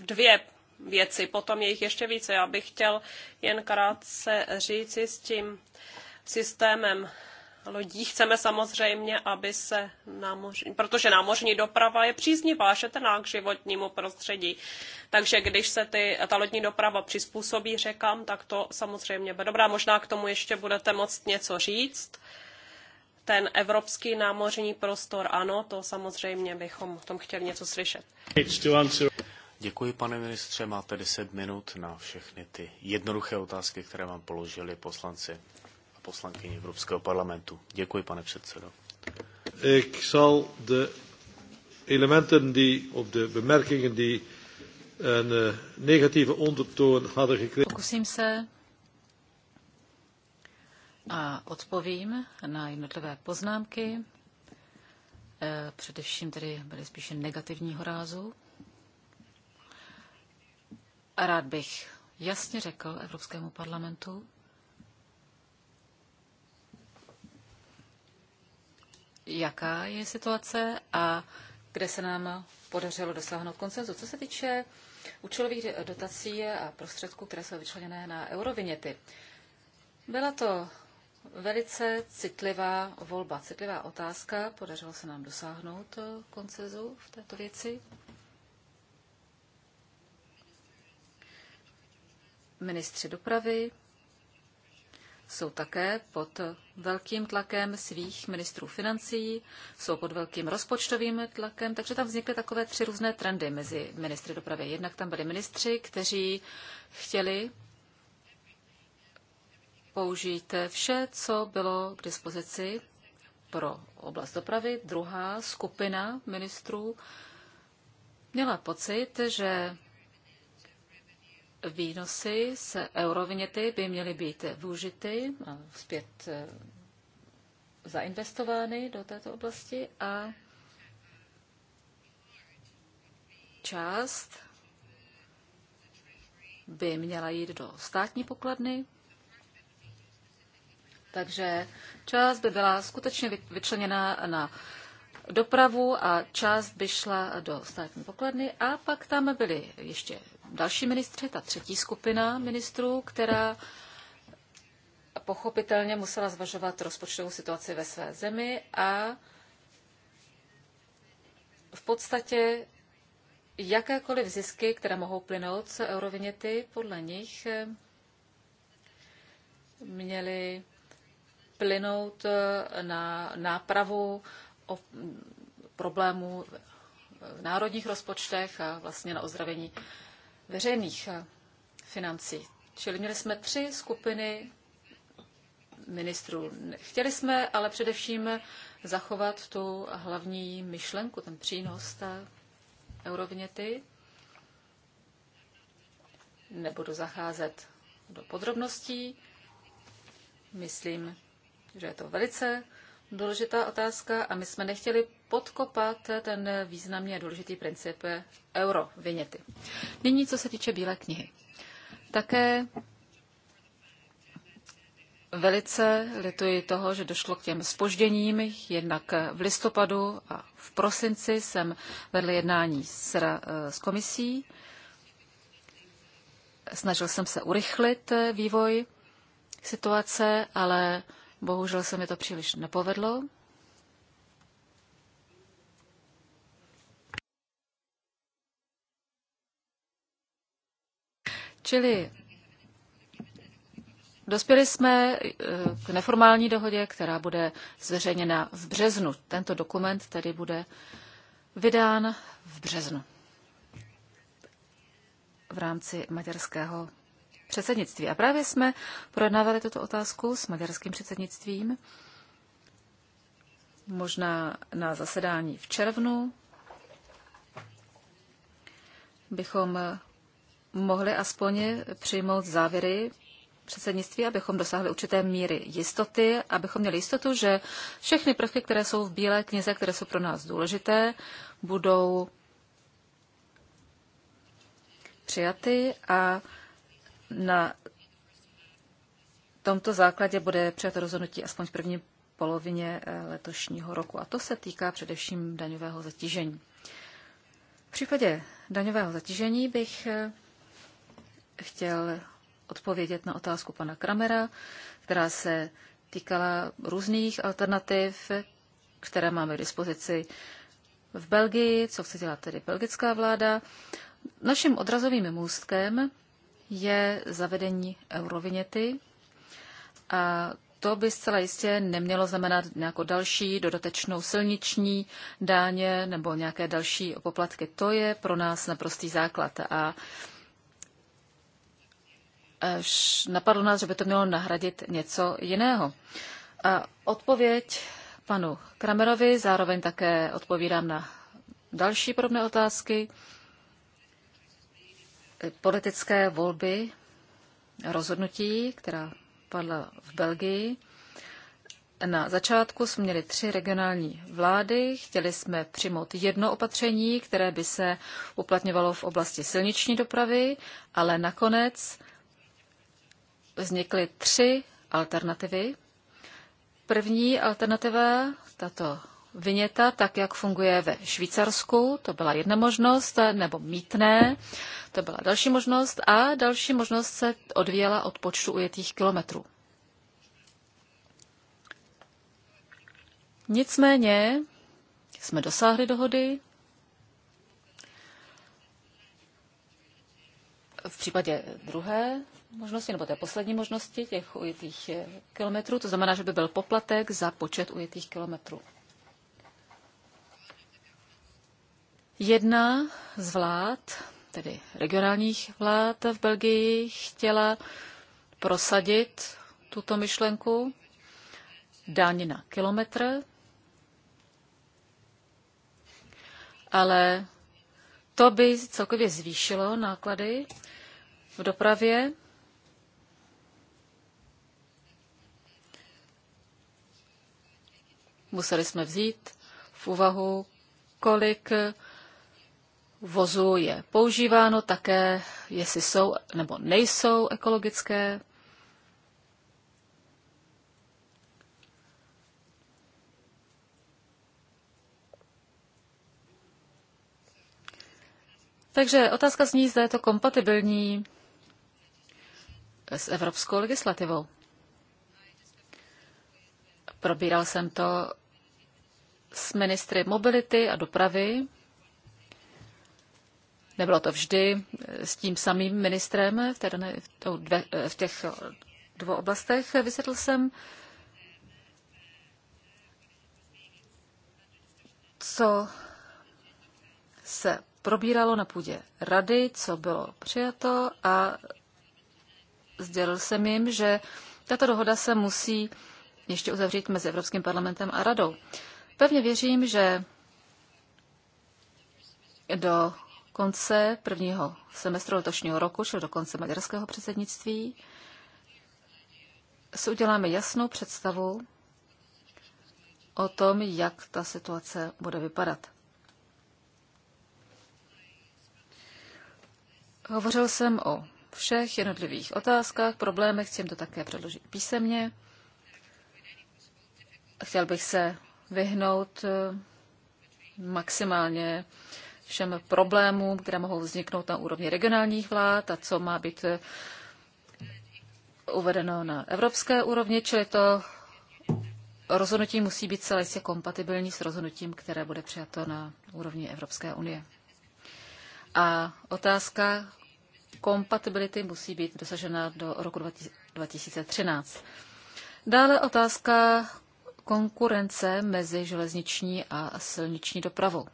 dvě věci, potom je jich ještě více. Já bych chtěl jen krátce říci s tím systémem lodí. Chceme samozřejmě, aby se námořní, protože námořní doprava je příznivá, šetrná k životnímu prostředí. Takže když se ty, ta lodní doprava přizpůsobí řekám, tak to samozřejmě bude dobrá. Možná k tomu ještě budete moct něco říct. Ten evropský námořní prostor, ano, to samozřejmě bychom o tom chtěli něco slyšet. Děkuji, pane ministře. Máte 10 minut na všechny ty jednoduché otázky, které vám položili poslanci poslankyni Evropského parlamentu. Děkuji, pane předsedo. Ik zal de elementen die, of de bemerkingen die een eh, negatieve ondertoon hadden gekregen. Pokusím se a odpovím na jednotlivé poznámky. Eh, především tedy byly spíše negativního rázu. Rád bych jasně řekl Evropskému parlamentu, jaká je situace a kde se nám podařilo dosáhnout koncenzu. Co se týče účelových dotací a prostředků, které jsou vyčleněné na eurovinety. byla to velice citlivá volba, citlivá otázka. Podařilo se nám dosáhnout koncenzu v této věci. Ministři dopravy jsou také pod velkým tlakem svých ministrů financí, jsou pod velkým rozpočtovým tlakem, takže tam vznikly takové tři různé trendy mezi ministry dopravy. Jednak tam byli ministři, kteří chtěli použít vše, co bylo k dispozici pro oblast dopravy. Druhá skupina ministrů měla pocit, že výnosy z eurovinety by měly být využity a zpět eh, zainvestovány do této oblasti a část by měla jít do státní pokladny, takže část by byla skutečně vyčleněna na dopravu a část by šla do státní pokladny a pak tam byly ještě další ministři, ta třetí skupina ministrů, která pochopitelně musela zvažovat rozpočtovou situaci ve své zemi a v podstatě jakékoliv zisky, které mohou plynout z eurovinety, podle nich eh, měly plynout eh, na nápravu problémů v národních rozpočtech a vlastně na ozdravení veřejných eh, financí. Čili měli jsme tři skupiny ministrů. Chtěli jsme ale především zachovat tu hlavní myšlenku, ten přínos té eurovněty. Nebudu zacházet do podrobností. Myslím, že je to velice důležitá otázka a my jsme nechtěli podkopat ten významný a důležitý princip euro vyněty. Nyní, co se týče Bílé knihy. Také velice lituji toho, že došlo k těm spožděním. Jednak v listopadu a v prosinci jsem vedl jednání s, s komisí. Snažil jsem se urychlit eh, vývoj situace, ale Bohužel se mi to příliš nepovedlo. Čili dospěli jsme eh, k neformální dohodě, která bude zveřejněna v březnu. Tento dokument tedy bude vydán v březnu v rámci maďarského předsednictví. A právě jsme projednávali tuto otázku s maďarským předsednictvím, možná na zasedání v červnu bychom mohli aspoň přijmout závěry předsednictví, abychom dosáhli určité míry jistoty, abychom měli jistotu, že všechny prvky, které jsou v Bílé knize, které jsou pro nás důležité, budou přijaty a na tomto základě bude přijato rozhodnutí aspoň v první polovině eh, letošního roku. A to se týká především daňového zatížení. V případě daňového zatížení bych eh, chtěl odpovědět na otázku pana Kramera, která se týkala různých alternativ, které máme k dispozici v Belgii, co chce dělat tedy belgická vláda. Naším odrazovým můstkem je zavedení eurovinety a to by zcela jistě nemělo znamenat nějakou další dodatečnou silniční dáně nebo nějaké další poplatky. To je pro nás naprostý základ. A napadlo nás, že by to mělo nahradit něco jiného. A odpověď panu Kramerovi, zároveň také odpovídám na další podobné otázky politické volby rozhodnutí, která padla v Belgii. Na začátku jsme měli tři regionální vlády, chtěli jsme přijmout jedno opatření, které by se uplatňovalo v oblasti silniční dopravy, ale nakonec vznikly tři alternativy. První alternativa, tato vyněta, tak jak funguje ve Švýcarsku, to byla jedna možnost, nebo mítné, to byla další možnost a další možnost se odvíjela od počtu ujetých kilometrů. Nicméně jsme dosáhli dohody. V případě druhé možnosti, nebo té poslední možnosti těch ujetých kilometrů, to znamená, že by byl poplatek za počet ujetých kilometrů. Jedna z vlád, tedy regionálních vlád v Belgii, chtěla prosadit tuto myšlenku daň na kilometr, ale to by celkově zvýšilo náklady v dopravě. Museli jsme vzít v úvahu, kolik vozu je používáno, také jestli jsou nebo nejsou ekologické. Takže otázka zní, zda je to kompatibilní s evropskou legislativou. Probíral jsem to s ministry mobility a dopravy Nebylo to vždy eh, s tím samým ministrem v, té dané, v eh, těch eh, dvou oblastech. vysvětl jsem, co se probíralo na půdě rady, co bylo přijato a sdělil jsem jim, že tato dohoda se musí ještě uzavřít mezi Evropským parlamentem a radou. Pevně věřím, že do konce prvního semestru letošního roku, čili do konce maďarského předsednictví, si uděláme jasnou představu o tom, jak ta situace bude vypadat. Hovořil jsem o všech jednotlivých otázkách, problémech, chci jim to také předložit písemně. Chtěl bych se vyhnout eh, maximálně všem problémům, které mohou vzniknout na úrovni regionálních vlád a co má být eh, uvedeno na evropské úrovni, čili to rozhodnutí musí být celé jistě kompatibilní s rozhodnutím, které bude přijato na úrovni Evropské unie. A otázka kompatibility musí být dosažena do roku 2013. Dále otázka konkurence mezi železniční a silniční dopravou.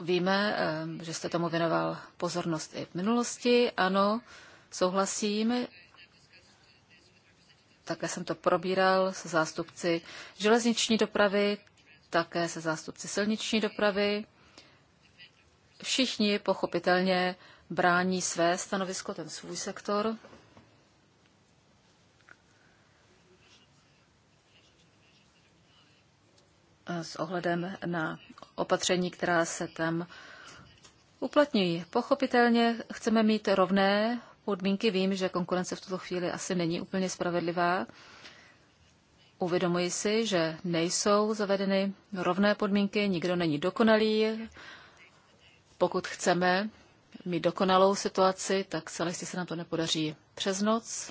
Víme, eh, že jste tomu věnoval pozornost i v minulosti. Ano, souhlasím. Také jsem to probíral se zástupci železniční dopravy, také se zástupci silniční dopravy. Všichni pochopitelně brání své stanovisko, ten svůj sektor. Eh, s ohledem na opatření, která se tam uplatňují. Pochopitelně chceme mít rovné podmínky. Vím, že konkurence v tuto chvíli asi není úplně spravedlivá. Uvědomuji si, že nejsou zavedeny rovné podmínky, nikdo není dokonalý. Pokud chceme mít dokonalou situaci, tak celé se nám to nepodaří přes noc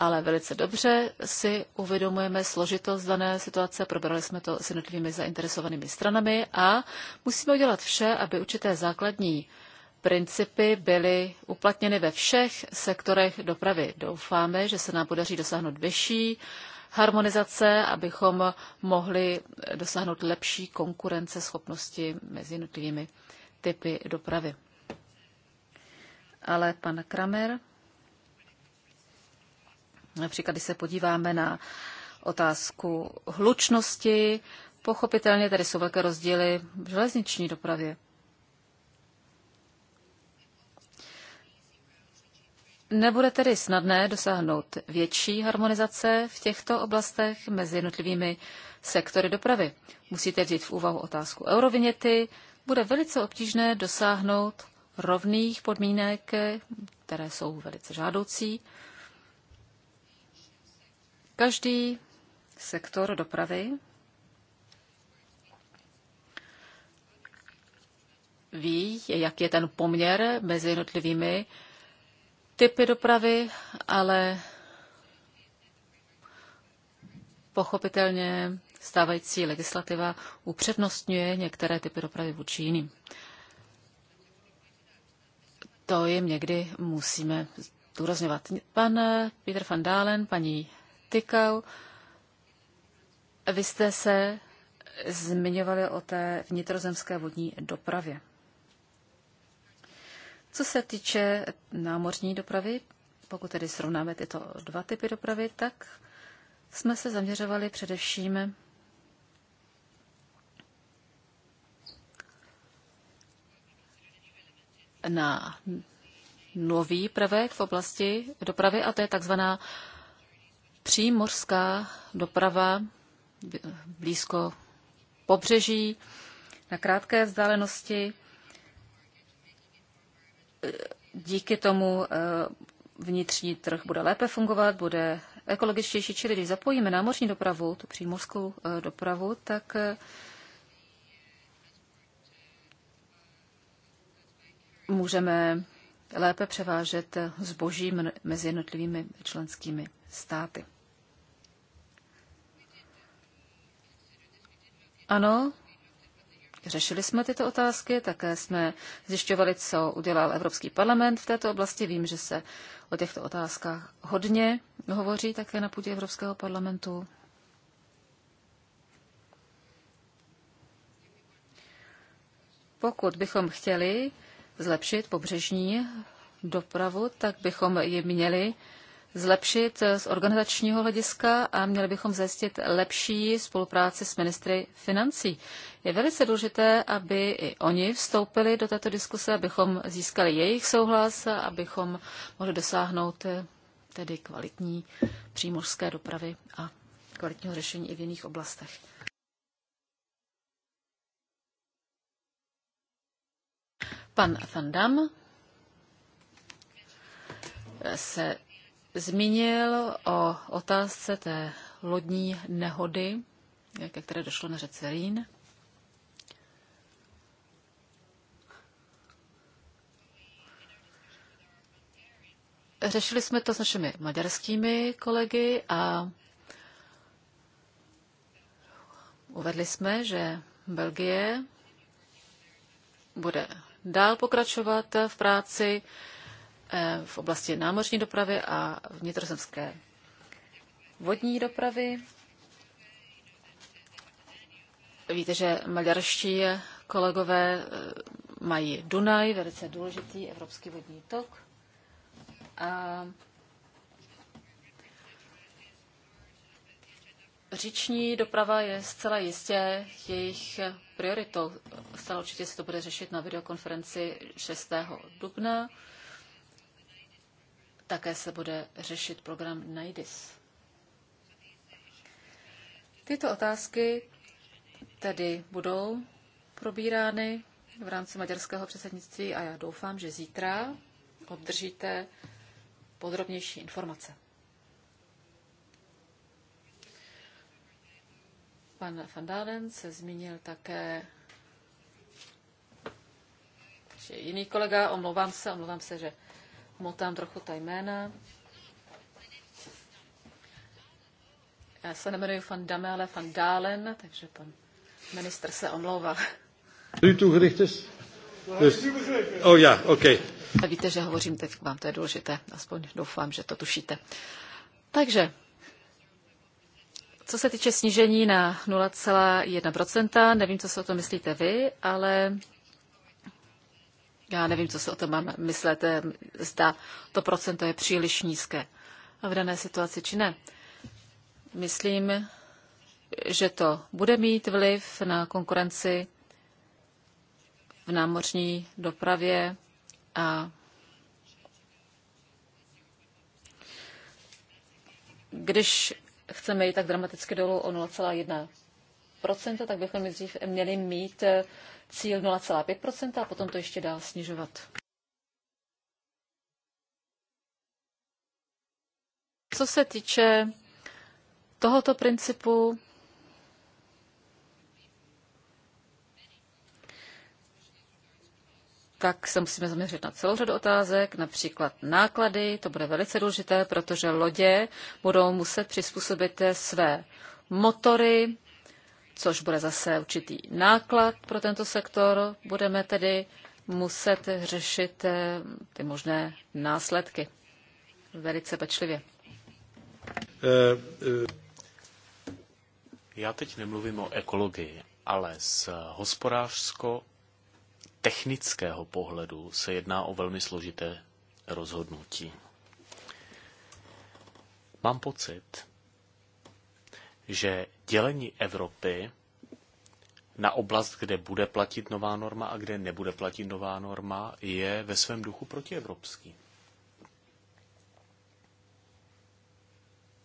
ale velice dobře si uvědomujeme složitost dané situace, probrali jsme to s jednotlivými zainteresovanými stranami a musíme udělat vše, aby určité základní principy byly uplatněny ve všech sektorech dopravy. Doufáme, že se nám podaří dosáhnout vyšší harmonizace, abychom mohli dosáhnout lepší konkurenceschopnosti mezi jednotlivými typy dopravy. Ale pan Kramer Například, když se podíváme na otázku hlučnosti, pochopitelně tady jsou velké rozdíly v železniční dopravě. Nebude tedy snadné dosáhnout větší harmonizace v těchto oblastech mezi jednotlivými sektory dopravy. Musíte vzít v úvahu otázku eurovinety. Bude velice obtížné dosáhnout rovných podmínek, které jsou velice žádoucí Každý sektor dopravy ví, jak je ten poměr mezi jednotlivými typy dopravy, ale pochopitelně stávající legislativa upřednostňuje některé typy dopravy vůči jiným. To jim někdy musíme zdůrazňovat. Pan Peter van Dalen, paní Tykau, vy jste se zmiňovali o té vnitrozemské vodní dopravě. Co se týče námořní dopravy, pokud tedy srovnáme tyto dva typy dopravy, tak jsme se zaměřovali především na nový prvek v oblasti dopravy a to je takzvaná přímořská doprava blízko pobřeží, na krátké vzdálenosti. Díky tomu eh, vnitřní trh bude lépe fungovat, bude ekologičtější, čili když zapojíme námořní dopravu, tu přímořskou eh, dopravu, tak eh, můžeme lépe převážet zboží mezi jednotlivými členskými státy. Ano, řešili jsme tyto otázky, také jsme zjišťovali, co udělal Evropský parlament v této oblasti. Vím, že se o těchto otázkách hodně hovoří také na půdě Evropského parlamentu. Pokud bychom chtěli zlepšit pobřežní dopravu, tak bychom ji měli zlepšit eh, z organizačního hlediska a měli bychom zajistit lepší spolupráci s ministry financí. Je velice důležité, aby i oni vstoupili do této diskuse, abychom získali jejich souhlas, a abychom mohli dosáhnout eh, tedy kvalitní přímořské dopravy a kvalitního řešení i v jiných oblastech. Pan Van se zmínil o otázce té lodní nehody, ke které došlo na řece Rín. Řešili jsme to s našimi maďarskými kolegy a uvedli jsme, že Belgie bude dál pokračovat v práci Eh, v oblasti námořní dopravy a vnitrozemské vodní dopravy. Víte, že maďarští kolegové eh, mají Dunaj, velice důležitý evropský vodní tok. A Říční doprava je zcela jistě jejich prioritou. Stále určitě se to bude řešit na videokonferenci 6. dubna. Také se bude řešit program NAIDIS. Tyto otázky tedy budou probírány v rámci maďarského předsednictví a já doufám, že zítra obdržíte podrobnější informace. Pan Van Dalen se zmínil také že jiný kolega, omlouvám se, omlouvám se, že motám trochu ta jména. Já se nemenuji van Dame, ale van Dalen, takže pan minister se omlouvá. U Oh ja, Okay. Víte, že hovořím teď k vám, to je důležité. Aspoň doufám, že to tušíte. Takže, co se týče snížení na 0,1%, nevím, co si o to myslíte vy, ale já nevím, co se o tom mám myslet, eh, zda to procento je příliš nízké v dané situaci, či ne. Myslím, že to bude mít vliv na konkurenci v námořní dopravě a když chceme jít tak dramaticky dolů o 0,1%, tak bychom dřív měli mít cíl 0,5 a potom to ještě dál snižovat. Co se týče tohoto principu, tak se musíme zaměřit na celou řadu otázek, například náklady, to bude velice důležité, protože lodě budou muset přizpůsobit své motory což bude zase určitý náklad pro tento sektor. Budeme tedy muset řešit eh, ty možné následky velice pečlivě. Eh, eh. Já teď nemluvím o ekologii, ale z hospodářsko-technického pohledu se jedná o velmi složité rozhodnutí. Mám pocit, že dělení Evropy na oblast, kde bude platit nová norma a kde nebude platit nová norma, je ve svém duchu protievropský.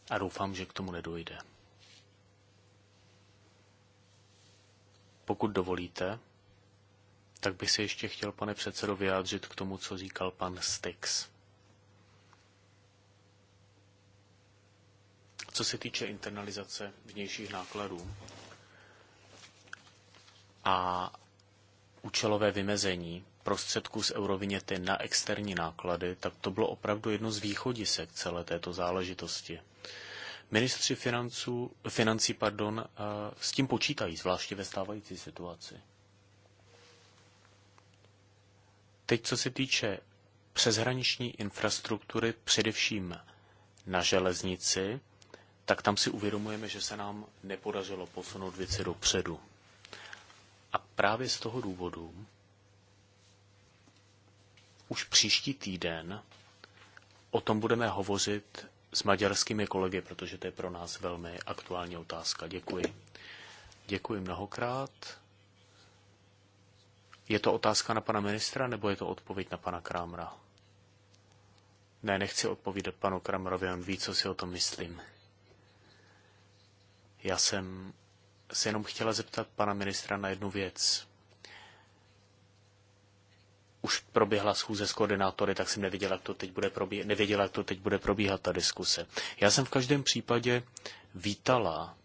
A doufám, že k tomu nedojde. Pokud dovolíte, tak bych se ještě chtěl, pane předsedo, vyjádřit k tomu, co říkal pan Styx. co se týče internalizace vnějších nákladů a účelové vymezení prostředků z eurovinety na externí náklady, tak to bylo opravdu jedno z východisek celé této záležitosti. Ministři financů, financí pardon, eh, s tím počítají, zvláště ve stávající situaci. Teď, co se týče přeshraniční infrastruktury, především na železnici, tak tam si uvědomujeme, že se nám nepodařilo posunout věci dopředu. A právě z toho důvodu už příští týden o tom budeme hovořit s maďarskými kolegy, protože to je pro nás velmi aktuální otázka. Děkuji. Děkuji mnohokrát. Je to otázka na pana ministra, nebo je to odpověď na pana Krámra? Ne, nechci odpovídat panu Kramrovi, on ví, co si o tom myslím. Já jsem se jenom chtěla zeptat pana ministra na jednu věc. Už proběhla schůze s koordinátory, tak jsem nevěděla, jak to teď bude probíhat, nevěděla, jak to teď bude probíhat ta diskuse. Já jsem v každém případě vítala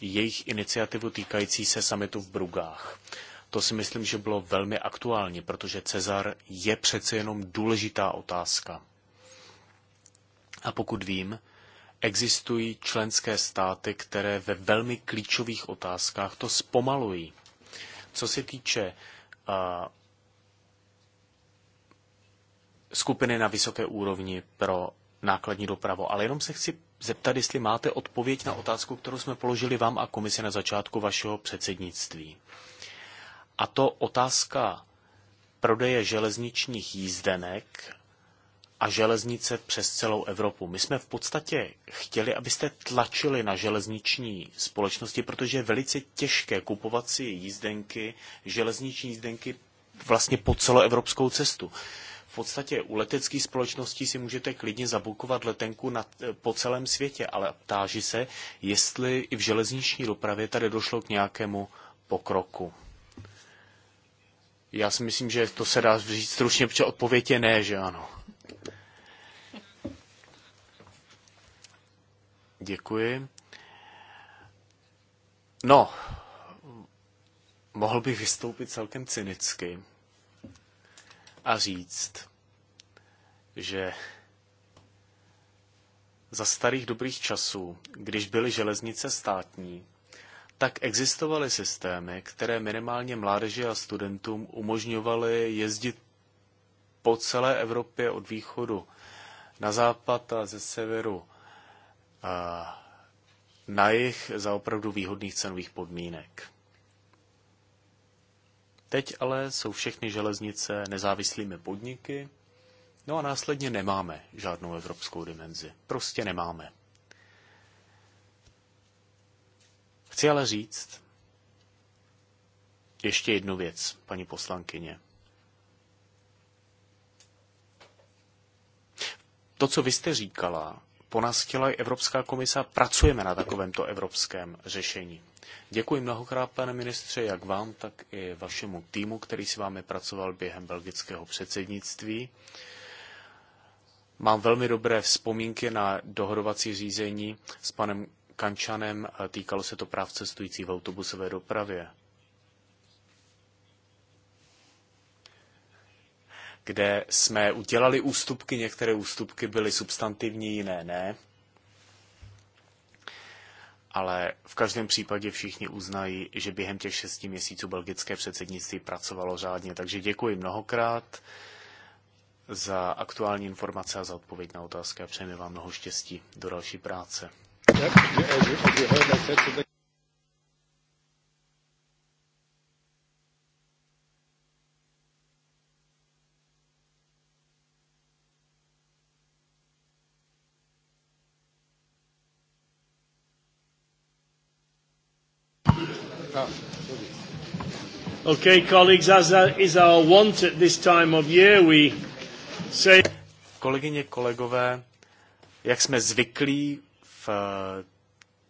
jejich iniciativu týkající se samitu v Brugách. To si myslím, že bylo velmi aktuální, protože Cezar je přece jenom důležitá otázka. A pokud vím, existují členské státy, které ve velmi klíčových otázkách to zpomalují. Co se týče uh, skupiny na vysoké úrovni pro nákladní dopravu, ale jenom se chci zeptat, jestli máte odpověď na otázku, kterou jsme položili vám a komisi na začátku vašeho předsednictví. A to otázka prodeje železničních jízdenek a železnice přes celou Evropu. My jsme v podstatě chtěli, abyste tlačili na železniční společnosti, protože je velice těžké kupovat si jízdenky, železniční jízdenky vlastně po celoevropskou cestu. V podstatě u leteckých společností si můžete klidně zabukovat letenku na, po celém světě, ale ptáži se, jestli i v železniční dopravě tady došlo k nějakému pokroku. Já si myslím, že to se dá říct stručně, protože odpověď je ne, že ano. Děkuji. No, mohl bych vystoupit celkem cynicky a říct, že za starých dobrých časů, když byly železnice státní, tak existovaly systémy, které minimálně mládeži a studentům umožňovaly jezdit po celé Evropě od východu na západ a ze severu na jich za opravdu výhodných cenových podmínek. Teď ale jsou všechny železnice nezávislými podniky, no a následně nemáme žádnou evropskou dimenzi. Prostě nemáme. Chci ale říct ještě jednu věc, paní poslankyně. To, co vy jste říkala, po nás chtěla i Evropská komise pracujeme na takovémto evropském řešení. Děkuji mnohokrát, pane ministře, jak vám, tak i vašemu týmu, který s vámi pracoval během belgického předsednictví. Mám velmi dobré vzpomínky na dohodovací řízení s panem Kančanem, týkalo se to práv cestující v autobusové dopravě. kde jsme udělali ústupky, některé ústupky byly substantivní, jiné ne. Ale v každém případě všichni uznají, že během těch šesti měsíců belgické předsednictví pracovalo řádně. Takže děkuji mnohokrát za aktuální informace a za odpověď na otázky a přejeme vám mnoho štěstí do další práce. Okay, colleagues, as uh, is our want at this time of year, we say... Kolegyně, kolegové, jak jsme zvyklí v eh,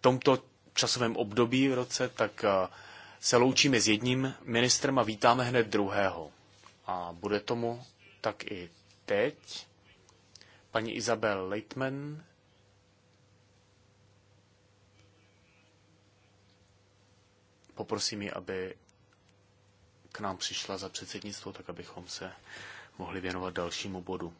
tomto časovém období v roce, tak eh, se loučíme s jedním ministrem a vítáme hned druhého. A bude tomu tak i teď. Paní Isabel Leitman poprosím ji, aby k nám přišla za předsednictvo, tak abychom se mohli věnovat dalšímu bodu.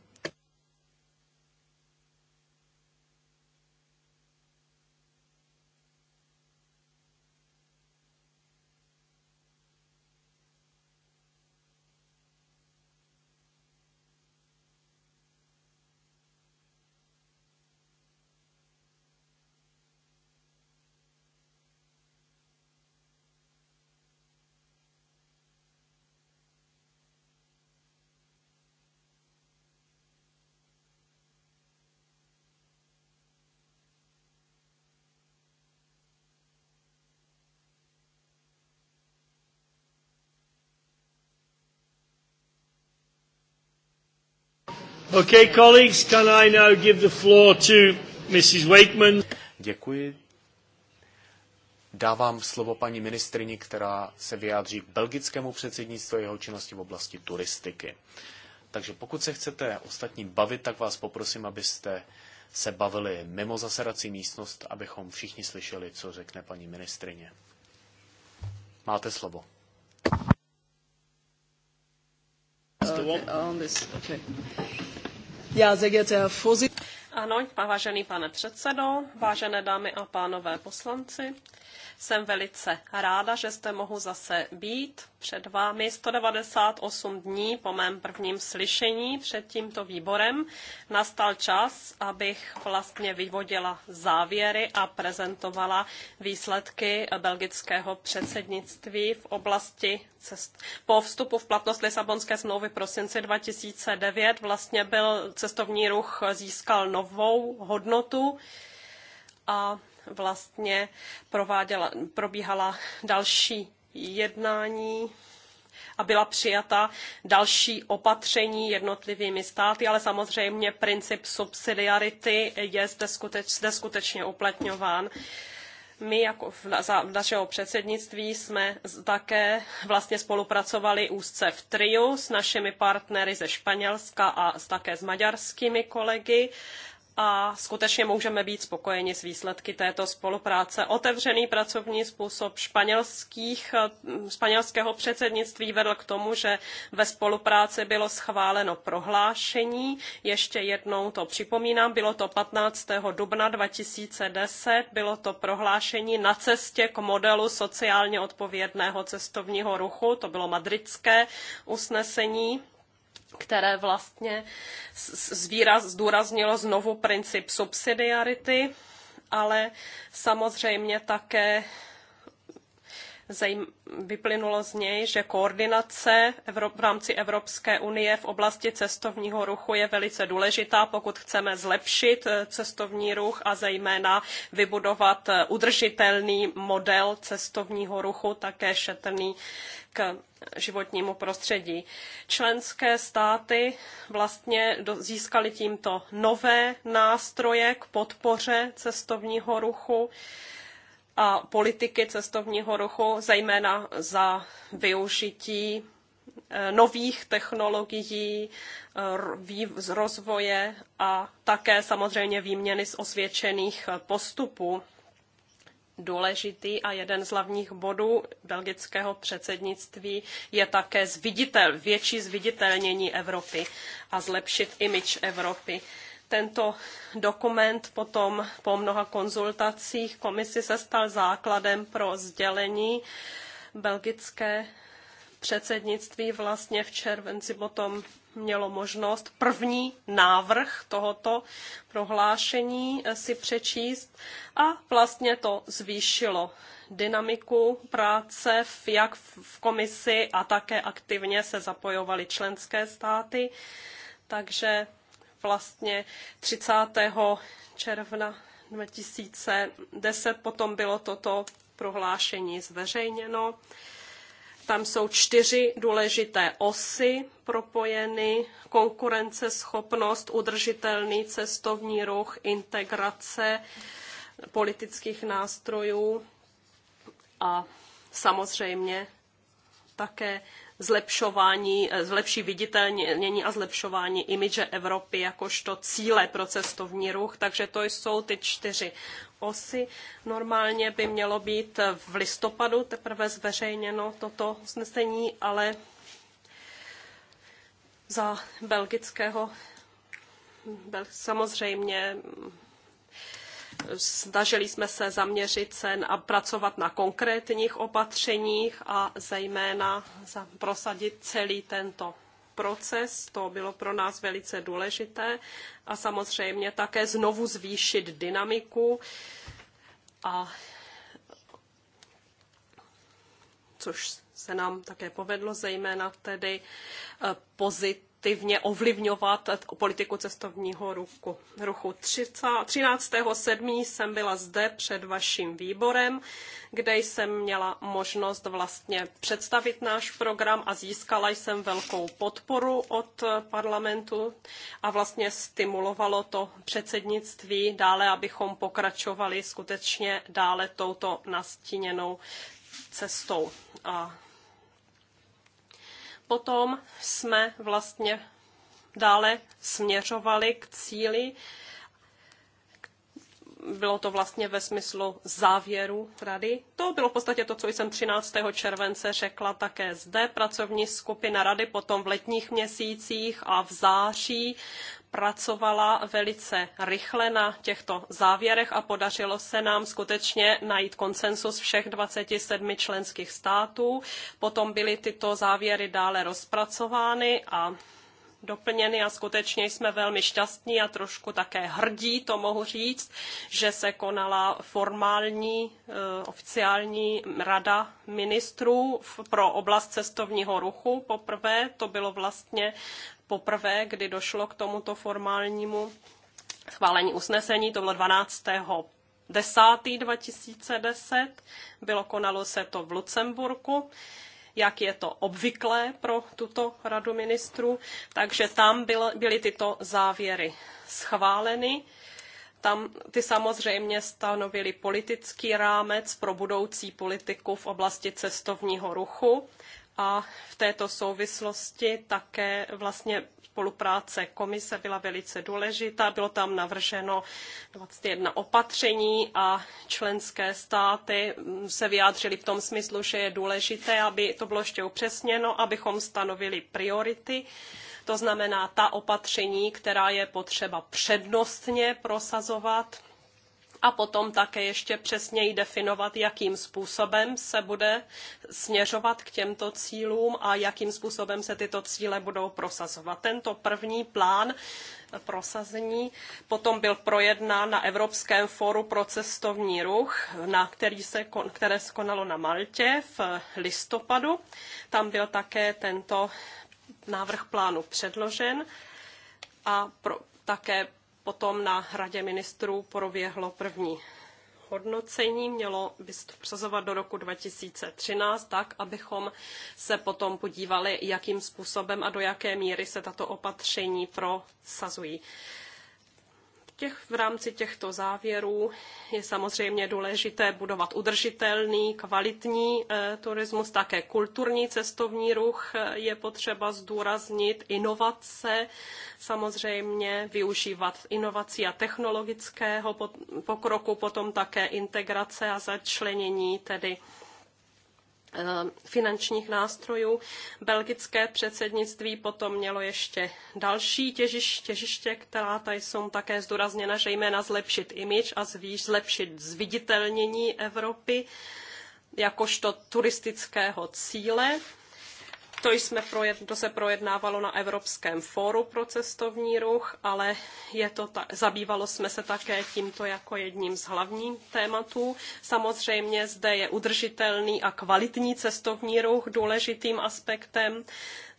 Okay, colleagues, can I now give the floor to Mrs. Wakeman? Děkuji. Dávám slovo paní ministrini, která se vyjádří k belgickému předsednictví jeho činnosti v oblasti turistiky. Takže pokud se chcete ostatní bavit, tak vás poprosím, abyste se bavili mimo zasedací místnost, abychom všichni slyšeli, co řekne paní ministrině. Máte slovo. Uh, okay, Ja, sehr geehrter Herr Vorsitzender. Ano, vážený pane předsedo, vážené dámy a pánové poslanci, jsem velice ráda, že zde mohu zase být před vámi 198 dní po mém prvním slyšení před tímto výborem. Nastal čas, abych vlastně vyvodila závěry a prezentovala výsledky belgického předsednictví v oblasti cest. Po vstupu v platnost Lisabonské smlouvy v prosinci 2009 vlastně byl cestovní ruch získal novou novou hodnotu a vlastně prováděla, probíhala další jednání a byla přijata další opatření jednotlivými státy, ale samozřejmě princip subsidiarity je zde, skutečně uplatňován. My jako v, za našeho předsednictví jsme také vlastně spolupracovali úzce v triu s našimi partnery ze Španělska a také s maďarskými kolegy a skutečně můžeme být spokojeni s výsledky této spolupráce. Otevřený pracovní způsob španělských, eh, španělského předsednictví vedl k tomu, že ve spolupráci bylo schváleno prohlášení. Ještě jednou to připomínám, bylo to 15. dubna 2010, bylo to prohlášení na cestě k modelu sociálně odpovědného cestovního ruchu, to bylo madridské usnesení které vlastně zdůraznilo znovu princip subsidiarity, ale samozřejmě také Vyplynulo z něj, že koordinace v rámci Evropské unie v oblasti cestovního ruchu je velice důležitá, pokud chceme zlepšit eh, cestovní ruch a zejména vybudovat eh, udržitelný model cestovního ruchu, také šetrný k životnímu prostředí. Členské státy vlastně získaly tímto nové nástroje k podpoře cestovního ruchu a politiky cestovního ruchu, zejména za využití eh, nových technologií, eh, z rozvoje a také samozřejmě výměny z osvědčených eh, postupů. Důležitý a jeden z hlavních bodů belgického předsednictví je také zviditel, větší zviditelnění Evropy a zlepšit imič Evropy. Tento dokument potom po mnoha konzultacích komisi se stal základem pro sdělení belgické předsednictví vlastně v červenci potom mělo možnost první návrh tohoto prohlášení si přečíst a vlastně to zvýšilo dynamiku práce v, jak v komisi a také aktivně se zapojovaly členské státy. Takže vlastně 30. června 2010 potom bylo toto prohlášení zveřejněno. Tam jsou čtyři důležité osy propojeny. Konkurenceschopnost, udržitelný cestovní ruch, integrace politických nástrojů a samozřejmě také zlepšování, eh, zlepší viditelnění a zlepšování imidže Evropy jakožto cíle pro cestovní ruch. Takže to jsou ty čtyři osy. Normálně by mělo být v listopadu teprve zveřejněno toto usnesení, ale za belgického samozřejmě Snažili jsme se zaměřit se a pracovat na konkrétních opatřeních a zejména prosadit celý tento proces, to bylo pro nás velice důležité a samozřejmě také znovu zvýšit dynamiku a což se nám také povedlo, zejména tedy eh, pozit, aktivně ovlivňovat politiku cestovního ruchu. ruchu. 13.7. jsem byla zde před vaším výborem, kde jsem měla možnost vlastně představit náš program a získala jsem velkou podporu od parlamentu a vlastně stimulovalo to předsednictví dále, abychom pokračovali skutečně dále touto nastíněnou cestou. A Potom jsme vlastně dále směřovali k cíli, bylo to vlastně ve smyslu závěru rady. To bylo v podstatě to, co jsem 13. července řekla také zde. Pracovní skupina rady potom v letních měsících a v září pracovala velice rychle na těchto závěrech a podařilo se nám skutečně najít konsensus všech 27 členských států. Potom byly tyto závěry dále rozpracovány a doplněny a skutečně jsme velmi šťastní a trošku také hrdí, to mohu říct, že se konala formální eh, oficiální rada ministrů pro oblast cestovního ruchu poprvé. To bylo vlastně poprvé, kdy došlo k tomuto formálnímu schválení usnesení, to bylo 12. 10. 2010, bylo konalo se to v Lucemburku, jak je to obvyklé pro tuto radu ministrů, takže tam bylo, byly tyto závěry schváleny. Tam ty samozřejmě stanovily politický rámec pro budoucí politiku v oblasti cestovního ruchu a v této souvislosti také vlastně spolupráce komise byla velice důležitá. Bylo tam navrženo 21 opatření a členské státy se vyjádřily v tom smyslu, že je důležité, aby to bylo ještě upřesněno, abychom stanovili priority. To znamená ta opatření, která je potřeba přednostně prosazovat a potom také ještě přesněji definovat, jakým způsobem se bude směřovat k těmto cílům a jakým způsobem se tyto cíle budou prosazovat. Tento první plán prosazení. Potom byl projednán na Evropském fóru pro cestovní ruch, na který se, které se konalo na Maltě v listopadu. Tam byl také tento návrh plánu předložen a pro, také Potom na Radě ministrů proběhlo první hodnocení mělo by se to přesazovat do roku 2013, tak abychom se potom podívali, jakým způsobem a do jaké míry se tato opatření prosazují těch, v rámci těchto závěrů je samozřejmě důležité budovat udržitelný, kvalitní eh, turismus, také kulturní cestovní ruch eh, je potřeba zdůraznit, inovace, samozřejmě využívat inovací a technologického pokroku, potom také integrace a začlenění tedy Eh, finančních nástrojů. Belgické předsednictví potom mělo ještě další těžiš, těžiště, která tady jsou také zdůrazněna, že jména zlepšit imič a zvýš, zlepšit zviditelnění Evropy jakožto turistického cíle to, jsme projed, to se projednávalo na Evropském fóru pro cestovní ruch, ale je to ta, zabývalo jsme se také tímto jako jedním z hlavních tématů. Samozřejmě zde je udržitelný a kvalitní cestovní ruch důležitým aspektem.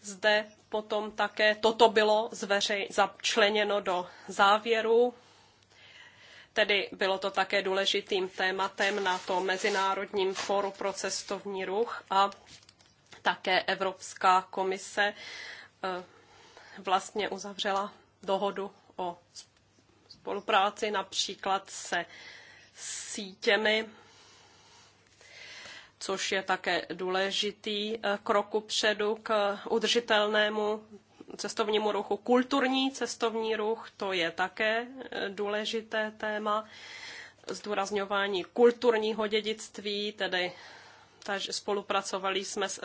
Zde potom také toto bylo zveřej, začleněno do závěru tedy bylo to také důležitým tématem na tom Mezinárodním fóru pro cestovní ruch a také Evropská komise eh, vlastně uzavřela dohodu o spolupráci například se sítěmi, což je také důležitý eh, krok předu k udržitelnému cestovnímu ruchu. Kulturní cestovní ruch, to je také eh, důležité téma. Zdůrazňování kulturního dědictví, tedy takže spolupracovali jsme s,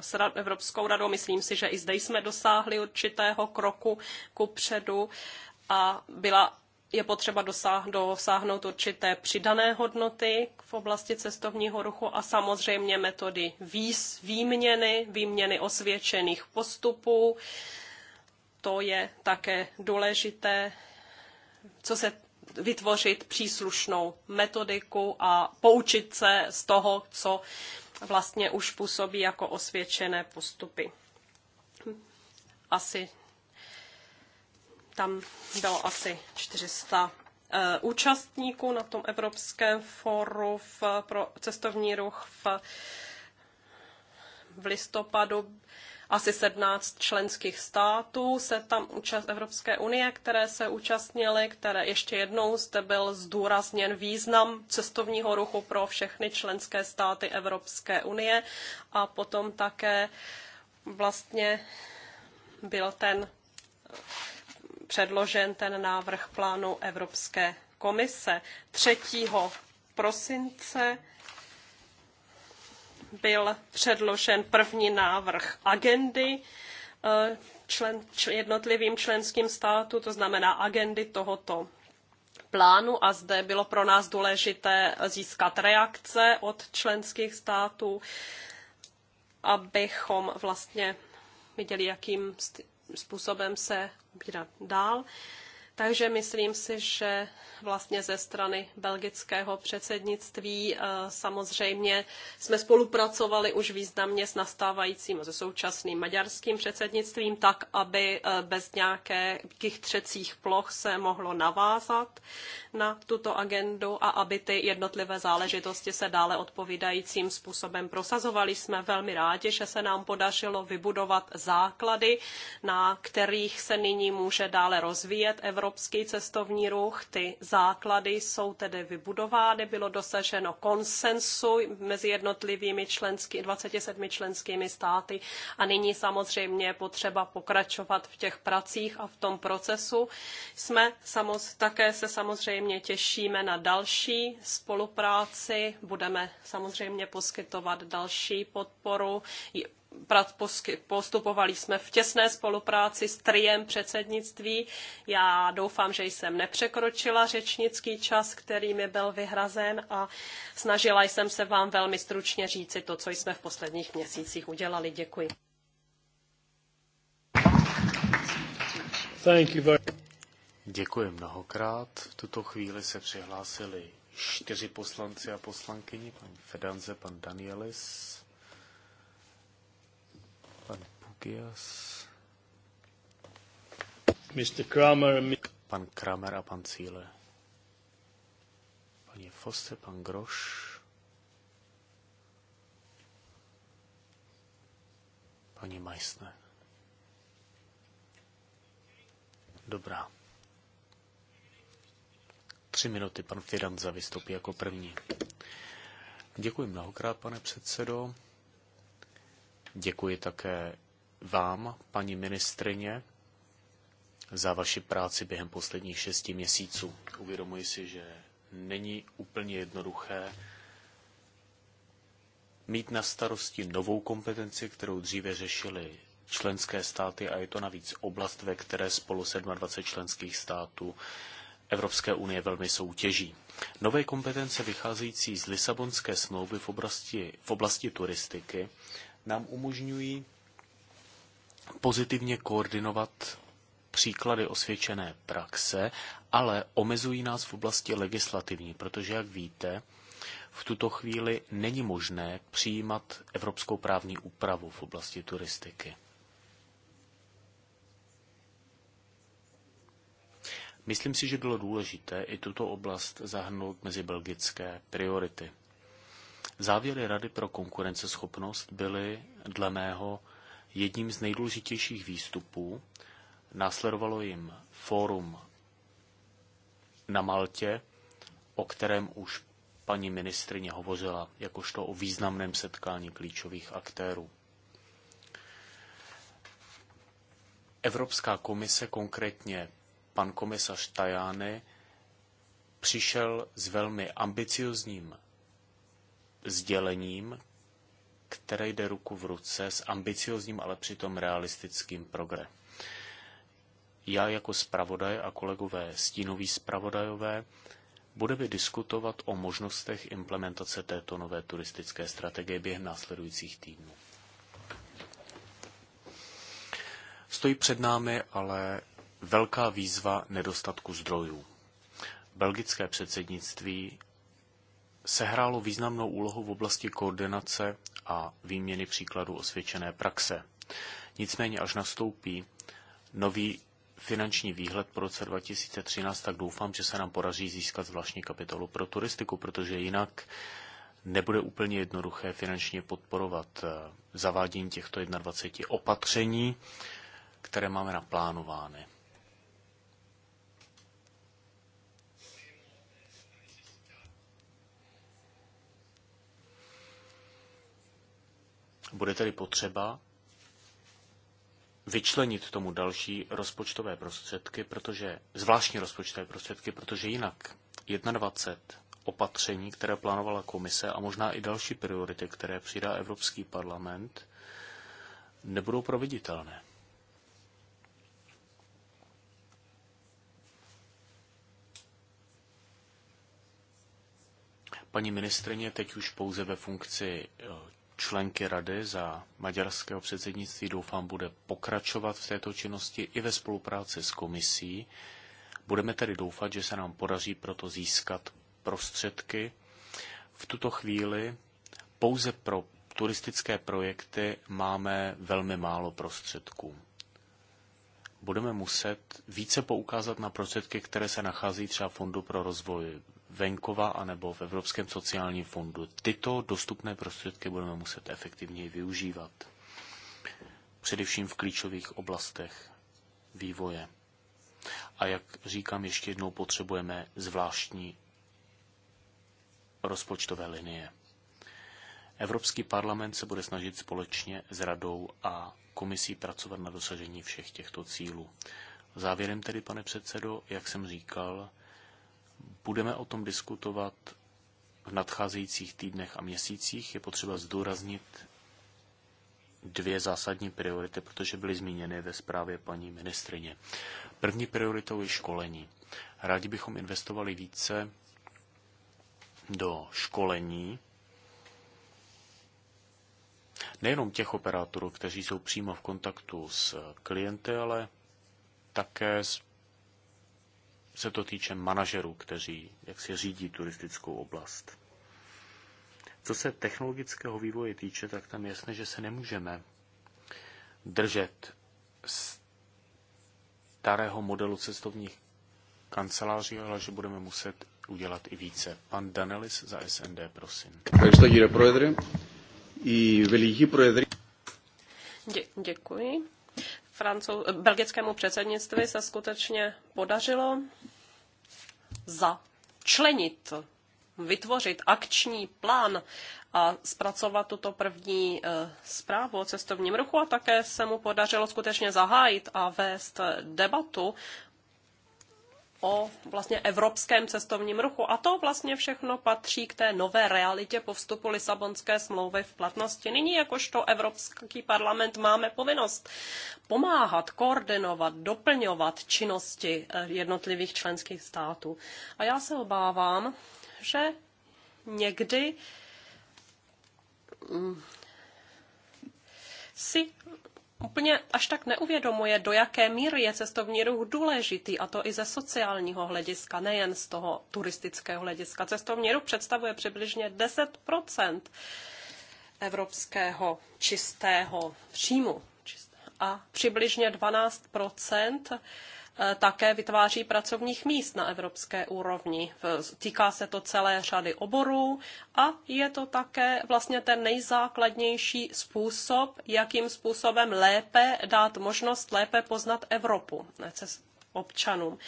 s Evropskou radou. Myslím si, že i zde jsme dosáhli určitého kroku ku předu a byla je potřeba dosáhnout určité přidané hodnoty v oblasti cestovního ruchu a samozřejmě metody výz, výměny, výměny osvědčených postupů. To je také důležité, co se vytvořit příslušnou metodiku a poučit se z toho, co vlastně už působí jako osvědčené postupy. Asi tam bylo asi 400 eh, účastníků na tom Evropském fóru pro cestovní ruch v, v listopadu asi 17 členských států se tam účast Evropské unie, které se účastnily, které ještě jednou zde byl zdůrazněn význam cestovního ruchu pro všechny členské státy Evropské unie a potom také vlastně byl ten předložen ten návrh plánu Evropské komise 3. prosince byl předložen první návrh agendy eh, člen, jednotlivým členským státu, to znamená agendy tohoto plánu a zde bylo pro nás důležité získat reakce od členských států, abychom vlastně viděli, jakým způsobem se ubírat dál. Takže myslím si, že vlastně ze strany belgického předsednictví eh, samozřejmě jsme spolupracovali už významně s nastávajícím, se současným maďarským předsednictvím, tak, aby eh, bez nějakých třecích ploch se mohlo navázat na tuto agendu a aby ty jednotlivé záležitosti se dále odpovídajícím způsobem prosazovaly. Jsme velmi rádi, že se nám podařilo vybudovat základy, na kterých se nyní může dále rozvíjet Evropa evropský cestovní ruch. Ty základy jsou tedy vybudovány, bylo dosaženo konsensu mezi jednotlivými členský, 27 členskými státy a nyní samozřejmě potřeba pokračovat v těch pracích a v tom procesu. Jsme samoz, také se samozřejmě těšíme na další spolupráci, budeme samozřejmě poskytovat další podporu postupovali jsme v těsné spolupráci s triem předsednictví. Já doufám, že jsem nepřekročila řečnický čas, který mi byl vyhrazen a snažila jsem se vám velmi stručně říci to, co jsme v posledních měsících udělali. Děkuji. Děkuji mnohokrát. V tuto chvíli se přihlásili čtyři poslanci a poslankyni, pan Fedanze, pan Danielis, Matkias. Mr. Kramer. Pan Kramer a pan Cíle. Paní Fosse, pan Groš. Paní Majsne. Dobrá. Tři minuty pan Firanza vystoupí jako první. Děkuji mnohokrát, pane předsedo. Děkuji také vám, paní ministrině, za vaši práci během posledních šesti měsíců. Uvědomuji si, že není úplně jednoduché mít na starosti novou kompetenci, kterou dříve řešili členské státy a je to navíc oblast, ve které spolu 27 členských států Evropské unie velmi soutěží. Nové kompetence vycházející z Lisabonské smlouvy v oblasti, v oblasti turistiky nám umožňují pozitivně koordinovat příklady osvědčené praxe, ale omezují nás v oblasti legislativní, protože, jak víte, v tuto chvíli není možné přijímat evropskou právní úpravu v oblasti turistiky. Myslím si, že bylo důležité i tuto oblast zahrnout mezi belgické priority. Závěry Rady pro konkurenceschopnost byly dle mého jedním z nejdůležitějších výstupů. Následovalo jim fórum na Maltě, o kterém už paní ministrině hovořila, jakožto o významném setkání klíčových aktérů. Evropská komise, konkrétně pan komisař Tajány, přišel s velmi ambiciozním sdělením, které jde ruku v ruce s ambiciozním, ale přitom realistickým progrem. Já jako zpravodaj a kolegové stínoví zpravodajové budeme diskutovat o možnostech implementace této nové turistické strategie během následujících týdnů. Stojí před námi ale velká výzva nedostatku zdrojů. Belgické předsednictví sehrálo významnou úlohu v oblasti koordinace a výměny příkladů osvědčené praxe. Nicméně, až nastoupí nový finanční výhled pro roce 2013, tak doufám, že se nám podaří získat zvláštní kapitolu pro turistiku, protože jinak nebude úplně jednoduché finančně podporovat eh, zavádění těchto 21 opatření, které máme naplánovány. Bude tedy potřeba vyčlenit tomu další rozpočtové prostředky, protože zvláštní rozpočtové prostředky, protože jinak 21 opatření, které plánovala komise a možná i další priority, které přidá Evropský parlament, nebudou proveditelné. Paní ministrině teď už pouze ve funkci eh, členky rady za maďarského předsednictví doufám bude pokračovat v této činnosti i ve spolupráci s komisí. Budeme tedy doufat, že se nám podaří proto získat prostředky. V tuto chvíli pouze pro turistické projekty máme velmi málo prostředků. Budeme muset více poukázat na prostředky, které se nachází třeba Fondu pro rozvoj venkova anebo v Evropském sociálním fondu. Tyto dostupné prostředky budeme muset efektivněji využívat, především v klíčových oblastech vývoje. A jak říkám, ještě jednou potřebujeme zvláštní rozpočtové linie. Evropský parlament se bude snažit společně s radou a komisí pracovat na dosažení všech těchto cílů. Závěrem tedy, pane předsedo, jak jsem říkal, Budeme o tom diskutovat v nadcházejících týdnech a měsících. Je potřeba zdůraznit dvě zásadní priority, protože byly zmíněny ve zprávě paní ministrině. První prioritou je školení. Rádi bychom investovali více do školení nejenom těch operátorů, kteří jsou přímo v kontaktu s klienty, ale také s se to týče manažerů, kteří jak si řídí turistickou oblast. Co se technologického vývoje týče, tak tam je jasné, že se nemůžeme držet starého modelu cestovních kanceláří, ale že budeme muset udělat i více. Pan Danelis za SND, prosím. Děkuji. Děkuji francou- eh, belgickému předsednictví se skutečně podařilo začlenit, vytvořit akční plán a zpracovat tuto první eh, zprávu o cestovním ruchu a také se mu podařilo skutečně zahájit a vést debatu o vlastně evropském cestovním ruchu. A to vlastně všechno patří k té nové realitě po vstupu Lisabonské smlouvy v platnosti. Nyní jakožto Evropský parlament máme povinnost pomáhat, koordinovat, doplňovat činnosti eh, jednotlivých členských států. A já se obávám, že někdy mm, si úplně až tak neuvědomuje, do jaké míry je cestovní ruch důležitý, a to i ze sociálního hlediska, nejen z toho turistického hlediska. Cestovní ruch představuje přibližně 10 evropského čistého příjmu a přibližně 12 Eh, také vytváří pracovních míst na evropské úrovni. Týká se to celé řady oborů a je to také vlastně ten nejzákladnější způsob, jakým způsobem lépe dát možnost lépe poznat Evropu eh, občanům.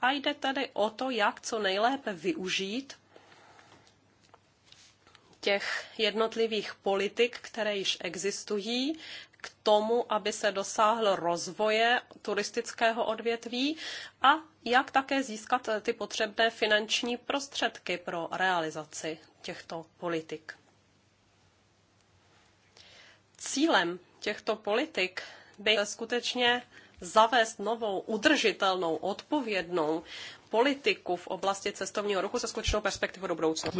A jde tedy o to, jak co nejlépe využít těch jednotlivých politik, které již existují, k tomu, aby se dosáhl rozvoje turistického odvětví a jak také získat eh, ty potřebné finanční prostředky pro realizaci těchto politik. Cílem těchto politik by skutečně zavést novou, udržitelnou, odpovědnou politiku v oblasti cestovního ruchu se skutečnou perspektivou do budoucna.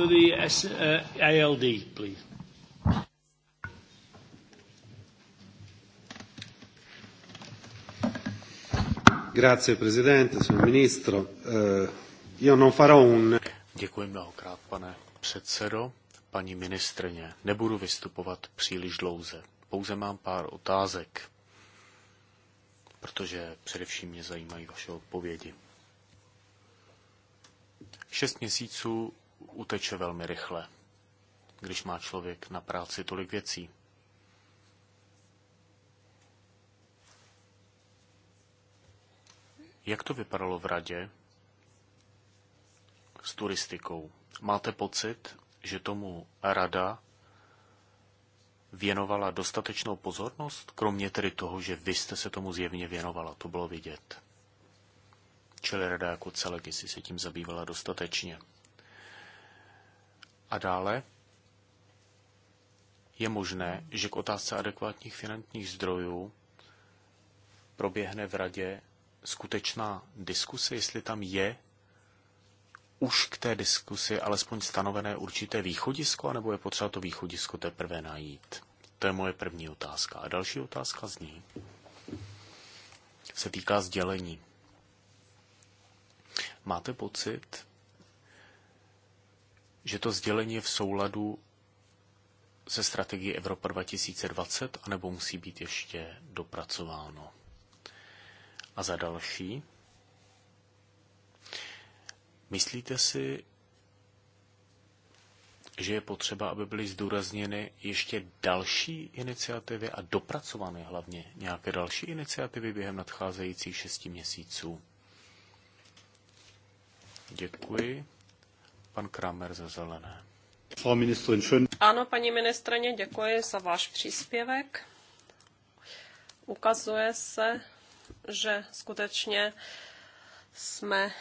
Grazie Presidente, signor Ministro. Eh, io non farò un... Děkuji mnohokrát, pane předsedo. Paní ministrně, nebudu vystupovat příliš dlouze. Pouze mám pár otázek, protože především mě zajímají vaše odpovědi. Šest měsíců uteče velmi rychle, když má člověk na práci tolik věcí. Jak to vypadalo v radě s turistikou? Máte pocit, že tomu rada věnovala dostatečnou pozornost, kromě tedy toho, že vy jste se tomu zjevně věnovala, to bylo vidět. Čili rada jako celek, jestli se tím zabývala dostatečně. A dále je možné, že k otázce adekvátních finančních zdrojů proběhne v radě skutečná diskuse, jestli tam je už k té diskusi alespoň stanovené určité východisko, anebo je potřeba to východisko teprve najít? To je moje první otázka. A další otázka zní, se týká sdělení. Máte pocit, že to sdělení je v souladu se strategií Evropa 2020, anebo musí být ještě dopracováno? A za další, myslíte si, že je potřeba, aby byly zdůrazněny ještě další iniciativy a dopracované hlavně nějaké další iniciativy během nadcházejících šesti měsíců. Děkuji. Pan Kramer za zelené. Ano, paní ministrině, děkuji za váš příspěvek. Ukazuje se, že skutečně jsme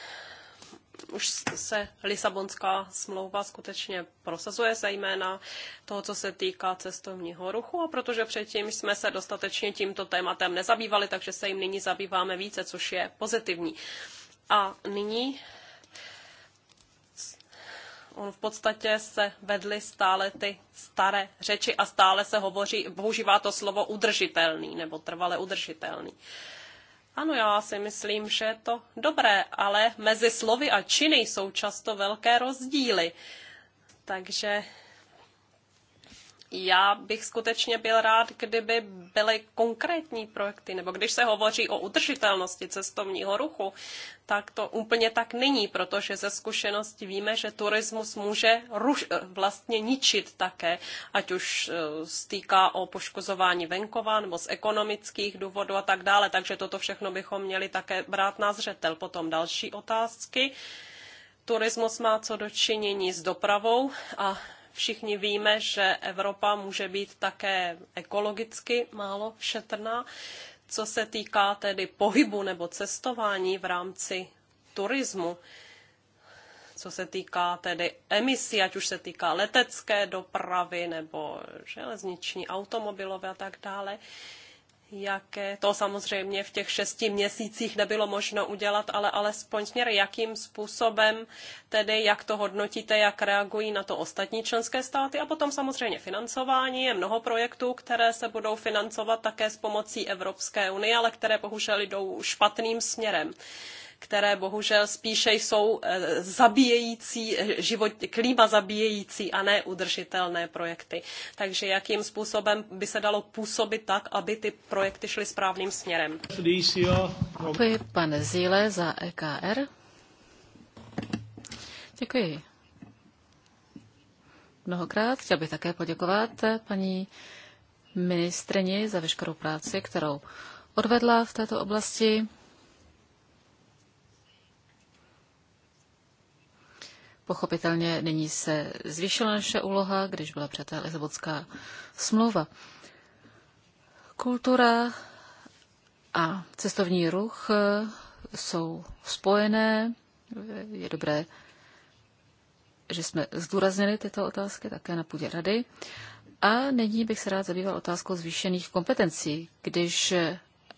už se Lisabonská smlouva skutečně prosazuje, zejména toho, co se týká cestovního ruchu, a protože předtím jsme se dostatečně tímto tématem nezabývali, takže se jim nyní zabýváme více, což je pozitivní. A nyní on v podstatě se vedly stále ty staré řeči a stále se hovoří, používá to slovo udržitelný nebo trvale udržitelný. Uh, ano, já si myslím, že je to dobré, ale mezi slovy a činy jsou často velké rozdíly. Takže já bych skutečně byl rád, kdyby byly konkrétní projekty, nebo když se hovoří o udržitelnosti cestovního ruchu, tak to úplně tak není, protože ze zkušenosti víme, že turismus může ruš, vlastně ničit také, ať už eh, stýká o poškozování venkova nebo z ekonomických důvodů a tak dále. Takže toto všechno bychom měli také brát na zřetel. Potom další otázky. Turismus má co dočinění s dopravou a Všichni víme, že Evropa může být také ekologicky málo šetrná. Co se týká tedy pohybu nebo cestování v rámci turismu, co se týká tedy emisí, ať už se týká letecké dopravy nebo železniční, automobilové a tak dále, jaké to samozřejmě v těch šesti měsících nebylo možno udělat, ale alespoň směr, jakým způsobem tedy, jak to hodnotíte, jak reagují na to ostatní členské státy a potom samozřejmě financování. Je mnoho projektů, které se budou financovat také s pomocí Evropské unie, ale které bohužel jdou špatným směrem které bohužel spíše jsou eh, zabíjející, eh, život, klíma zabíjející a ne udržitelné projekty. Takže jakým způsobem by se dalo působit tak, aby ty projekty šly správným směrem? No. Děkuji, pane Zíle, za EKR. Děkuji. Mnohokrát chtěl bych také poděkovat eh, paní ministrini za veškerou práci, kterou odvedla v této oblasti. Pochopitelně nyní se zvýšila naše úloha, když byla přijata Lisabotská smlouva. Kultura a cestovní ruch eh, jsou spojené. Je dobré, že jsme zdůraznili tyto otázky také na půdě rady. A nyní bych se rád zabýval otázkou zvýšených kompetencí. Když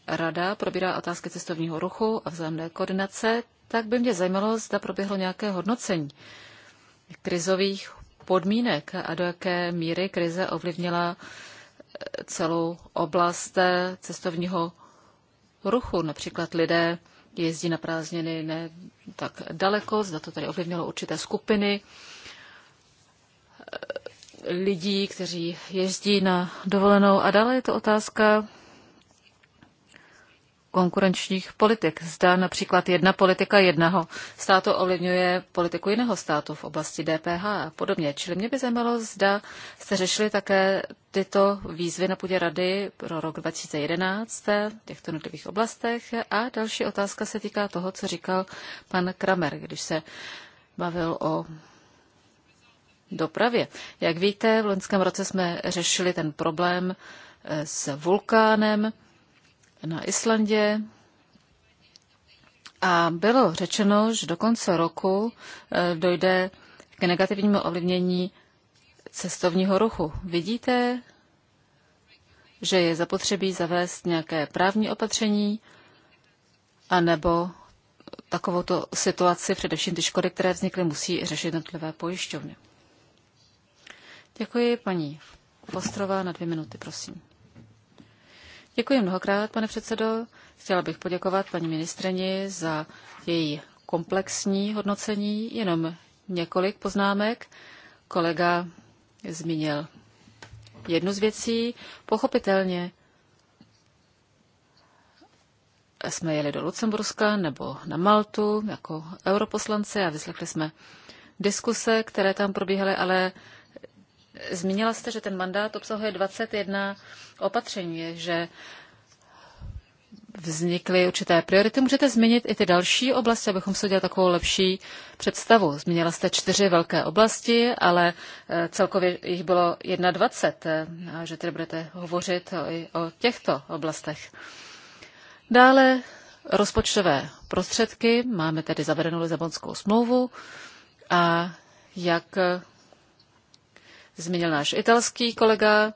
Rada probírá otázky cestovního ruchu a vzájemné koordinace, tak by mě zajímalo, zda proběhlo nějaké hodnocení krizových podmínek a do jaké míry krize ovlivnila eh, celou oblast eh, cestovního ruchu. Například lidé jezdí na prázdniny ne tak daleko, zda to tady ovlivnilo určité skupiny eh, lidí, kteří jezdí na dovolenou a dále je to otázka konkurenčních politik. Zda například jedna politika jednoho státu ovlivňuje politiku jiného státu v oblasti DPH a podobně. Čili mě by zajímalo, zda jste řešili také tyto výzvy na půdě rady pro rok 2011 v těchto nutlivých oblastech. A další otázka se týká toho, co říkal pan Kramer, když se bavil o dopravě. Jak víte, v loňském roce jsme řešili ten problém eh, s vulkánem, na Islandě. A bylo řečeno, že do konce roku eh, dojde k negativnímu ovlivnění cestovního ruchu. Vidíte, že je zapotřebí zavést nějaké právní opatření, anebo takovouto situaci, především ty škody, které vznikly, musí řešit jednotlivé pojišťovny. Děkuji, paní Fostrova, na dvě minuty, prosím. Děkuji mnohokrát, pane předsedo. Chtěla bych poděkovat paní ministrini za její komplexní hodnocení. Jenom několik poznámek. Kolega zmínil jednu z věcí. Pochopitelně jsme jeli do Lucemburska nebo na Maltu jako europoslanci a vyslechli jsme diskuse, které tam probíhaly, ale Zmínila jste, že ten mandát obsahuje 21 opatření, že vznikly určité priority. Můžete zmínit i ty další oblasti, abychom si udělali takovou lepší představu. Zmínila jste čtyři velké oblasti, ale eh, celkově jich bylo 21, eh, že tedy budete hovořit i o těchto oblastech. Dále rozpočtové prostředky. Máme tedy zavedenou Lizabonskou smlouvu a jak zmínil náš italský kolega.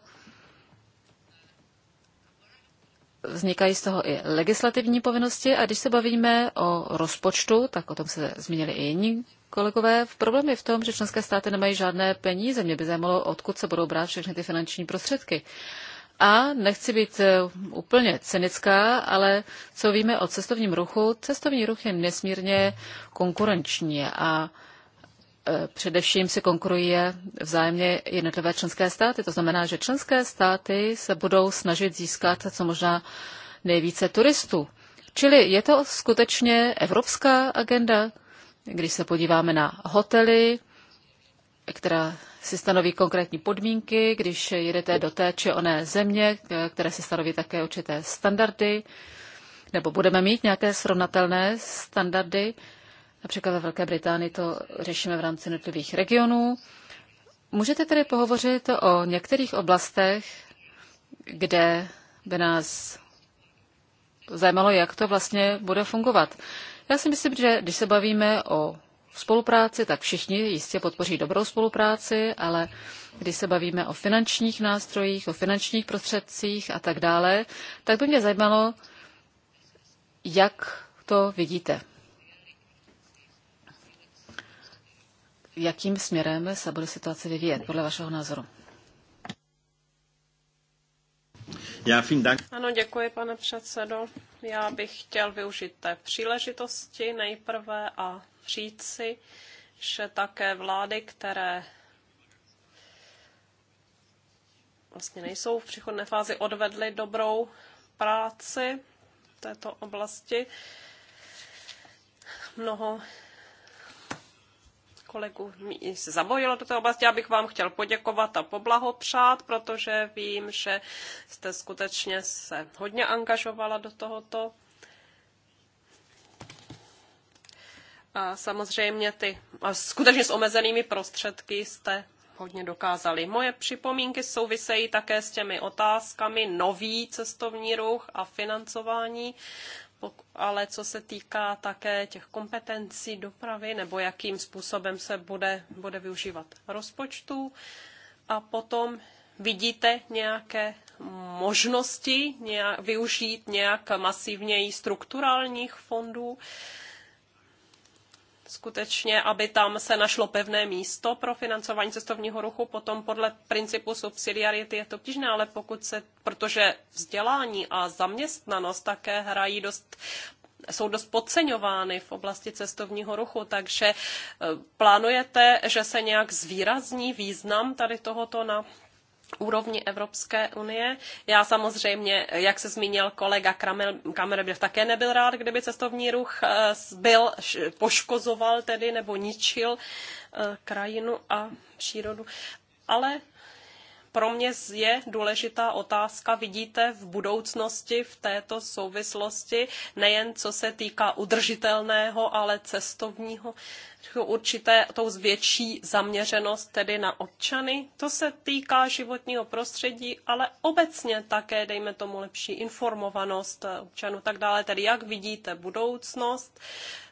Vznikají z toho i legislativní povinnosti a když se bavíme o rozpočtu, tak o tom se zmínili i jiní kolegové. Problém je v tom, že členské státy nemají žádné peníze. Mě by zajímalo, odkud se budou brát všechny ty finanční prostředky. A nechci být eh, úplně cynická, ale co víme o cestovním ruchu, cestovní ruch je nesmírně konkurenční a E, především si konkuruje vzájemně jednotlivé členské státy. To znamená, že členské státy se budou snažit získat co možná nejvíce turistů. Čili je to skutečně evropská agenda, když se podíváme na hotely, která si stanoví konkrétní podmínky, když jedete do té či oné země, e, které si stanoví také určité standardy, nebo budeme mít nějaké srovnatelné standardy, Například ve Velké Británii to řešíme v rámci jednotlivých regionů. Můžete tedy pohovořit o některých oblastech, kde by nás zajímalo, jak to vlastně bude fungovat. Já si myslím, že když se bavíme o spolupráci, tak všichni jistě podpoří dobrou spolupráci, ale když se bavíme o finančních nástrojích, o finančních prostředcích a tak dále, tak by mě zajímalo, jak to vidíte. jakým směrem se bude situace vyvíjet podle vašeho názoru? Já dank. Ano, děkuji, pane předsedo. Já bych chtěl využít té příležitosti nejprve a říct si, že také vlády, které vlastně nejsou v přichodné fázi, odvedly dobrou práci v této oblasti. Mnoho kolegů se zabojilo do té oblasti. Já bych vám chtěl poděkovat a poblahopřát, protože vím, že jste skutečně se hodně angažovala do tohoto. A samozřejmě ty, a skutečně s omezenými prostředky jste hodně dokázali. Moje připomínky souvisejí také s těmi otázkami nový cestovní ruch a financování ale co se týká také těch kompetencí dopravy nebo jakým způsobem se bude, bude využívat rozpočtu. A potom vidíte nějaké možnosti nějak, využít nějak masivněji strukturálních fondů skutečně, aby tam se našlo pevné místo pro financování cestovního ruchu. Potom podle principu subsidiarity je to obtížné, ale pokud se, protože vzdělání a zaměstnanost také hrají dost jsou dost podceňovány v oblasti cestovního ruchu, takže eh, plánujete, že se nějak zvýrazní význam tady tohoto na úrovni Evropské unie. Já samozřejmě, jak se zmínil kolega Kramer, bych také nebyl rád, kdyby cestovní ruch eh, byl, poškozoval tedy nebo ničil eh, krajinu a přírodu. Ale pro mě je důležitá otázka, vidíte v budoucnosti v této souvislosti, nejen co se týká udržitelného, ale cestovního, určité tou zvětší zaměřenost tedy na občany. To se týká životního prostředí, ale obecně také, dejme tomu, lepší informovanost občanů tak dále. Tedy jak vidíte budoucnost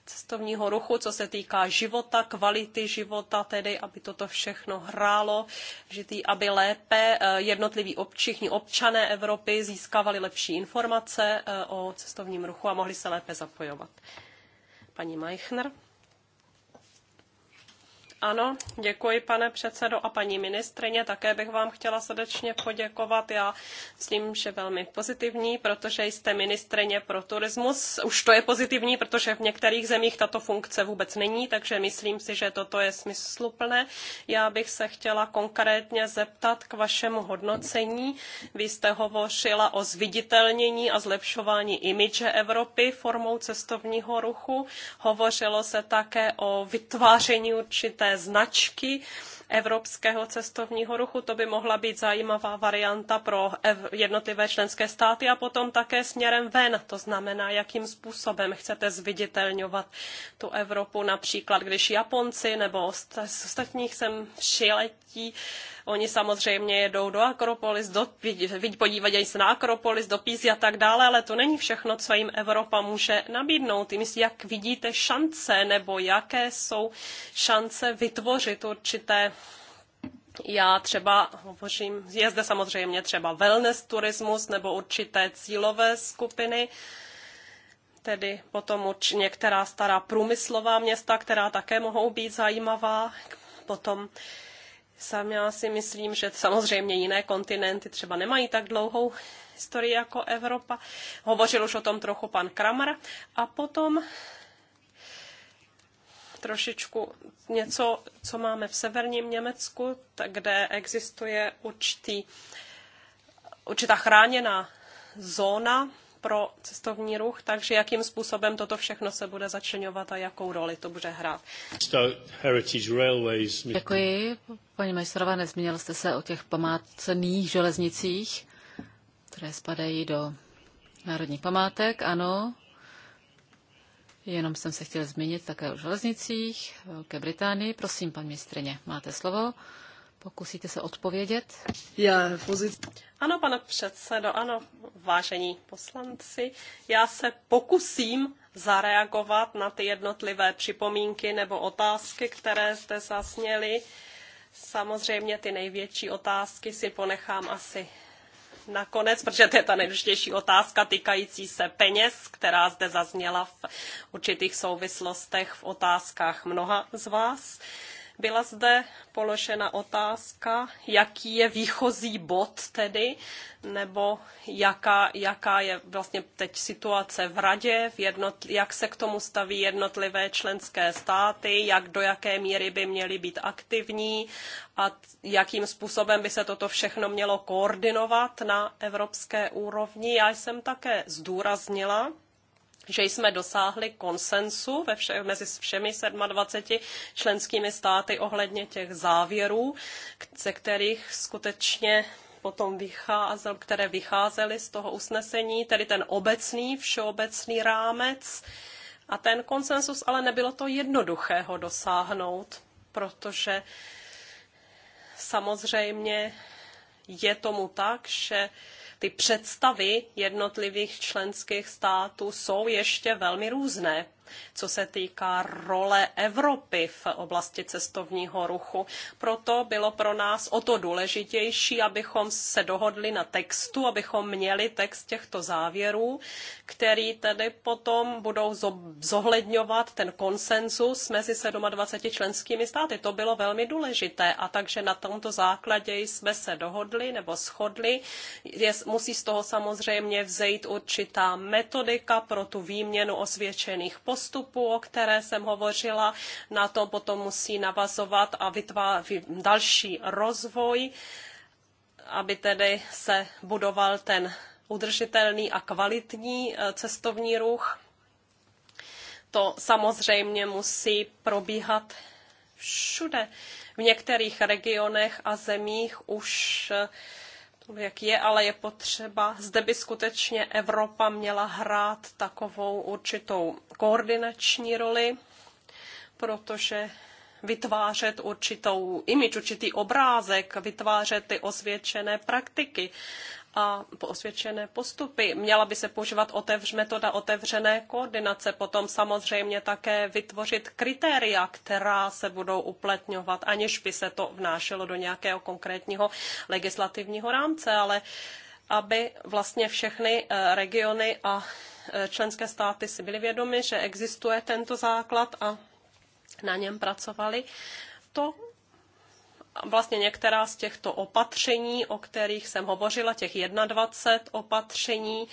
cestovního ruchu, co se týká života, kvality života, tedy aby toto všechno hrálo, že tý, aby lépe eh, jednotliví všichni občané Evropy získávali lepší informace eh, o cestovním ruchu a mohli se lépe zapojovat. Paní Meichner. Ano, děkuji pane předsedo a paní ministrině. Také bych vám chtěla srdečně poděkovat. Já myslím, že velmi pozitivní, protože jste ministrině pro turismus. Už to je pozitivní, protože v některých zemích tato funkce vůbec není, takže myslím si, že toto je smysluplné. Já bych se chtěla konkrétně zeptat k vašemu hodnocení. Vy jste hovořila o zviditelnění a zlepšování imidže Evropy formou cestovního ruchu. Hovořilo se také o vytváření určité značky evropského cestovního ruchu. To by mohla být zajímavá varianta pro jednotlivé členské státy a potom také směrem ven. To znamená, jakým způsobem chcete zviditelňovat tu Evropu, například když Japonci nebo z ostatních sem přiletí Oni samozřejmě jedou do Akropolis, do, podívají se na Akropolis, do Pízy a tak dále, ale to není všechno, co jim Evropa může nabídnout. Myslím, jak vidíte šance nebo jaké jsou šance vytvořit určité já třeba hovořím, je zde samozřejmě třeba wellness turismus nebo určité cílové skupiny, tedy potom urč, některá stará průmyslová města, která také mohou být zajímavá, potom Sám já si myslím, že samozřejmě jiné kontinenty třeba nemají tak dlouhou historii jako Evropa. Hovořil už o tom trochu pan Kramer. A potom trošičku něco, co máme v severním Německu, kde existuje určitý, určitá chráněná zóna, pro cestovní ruch, takže jakým způsobem toto všechno se bude začlenovat a jakou roli to bude hrát. Děkuji, paní Majstorová, nezmínil jste se o těch památcených železnicích, které spadají do národních památek, ano. Jenom jsem se chtěl zmínit také o železnicích Velké Británii. Prosím, pan ministrině, máte slovo. Pokusíte se odpovědět? Já, Ano, pane předsedo, ano, vážení poslanci. Já se pokusím zareagovat na ty jednotlivé připomínky nebo otázky, které zde zasněli. Samozřejmě ty největší otázky si ponechám asi nakonec, protože to je ta nejdůležitější otázka týkající se peněz, která zde zazněla v určitých souvislostech v otázkách mnoha z vás. Byla zde položena otázka, jaký je výchozí bod tedy, nebo jaká, jaká je vlastně teď situace v radě, v jednot, jak se k tomu staví jednotlivé členské státy, jak do jaké míry by měly být aktivní a jakým způsobem by se toto všechno mělo koordinovat na evropské úrovni. Já jsem také zdůraznila, že jsme dosáhli konsensu ve vše, mezi všemi 27 členskými státy ohledně těch závěrů, ze kterých skutečně potom vycházel, které vycházely z toho usnesení, tedy ten obecný, všeobecný rámec. A ten konsensus ale nebylo to jednoduché ho dosáhnout, protože samozřejmě je tomu tak, že ty představy jednotlivých členských států jsou ještě velmi různé co se týká role Evropy v oblasti cestovního ruchu. Proto bylo pro nás o to důležitější, abychom se dohodli na textu, abychom měli text těchto závěrů, který tedy potom budou zohledňovat ten konsenzus mezi 27 členskými státy. To bylo velmi důležité a takže na tomto základě jsme se dohodli nebo shodli. Je, musí z toho samozřejmě vzejít určitá metodika pro tu výměnu osvědčených postupů postupu, o které jsem hovořila, na to potom musí navazovat a vytvářet další rozvoj, aby tedy se budoval ten udržitelný a kvalitní e, cestovní ruch. To samozřejmě musí probíhat všude. V některých regionech a zemích už e, jak je, ale je potřeba, zde by skutečně Evropa měla hrát takovou určitou koordinační roli, protože vytvářet určitou imič, určitý obrázek, vytvářet ty osvědčené praktiky a osvědčené postupy. Měla by se používat otevř, metoda otevřené koordinace, potom samozřejmě také vytvořit kritéria, která se budou upletňovat, aniž by se to vnášelo do nějakého konkrétního legislativního rámce, ale aby vlastně všechny eh, regiony a eh, členské státy si byly vědomy, že existuje tento základ a na něm pracovali. To vlastně některá z těchto opatření, o kterých jsem hovořila, těch 21 opatření,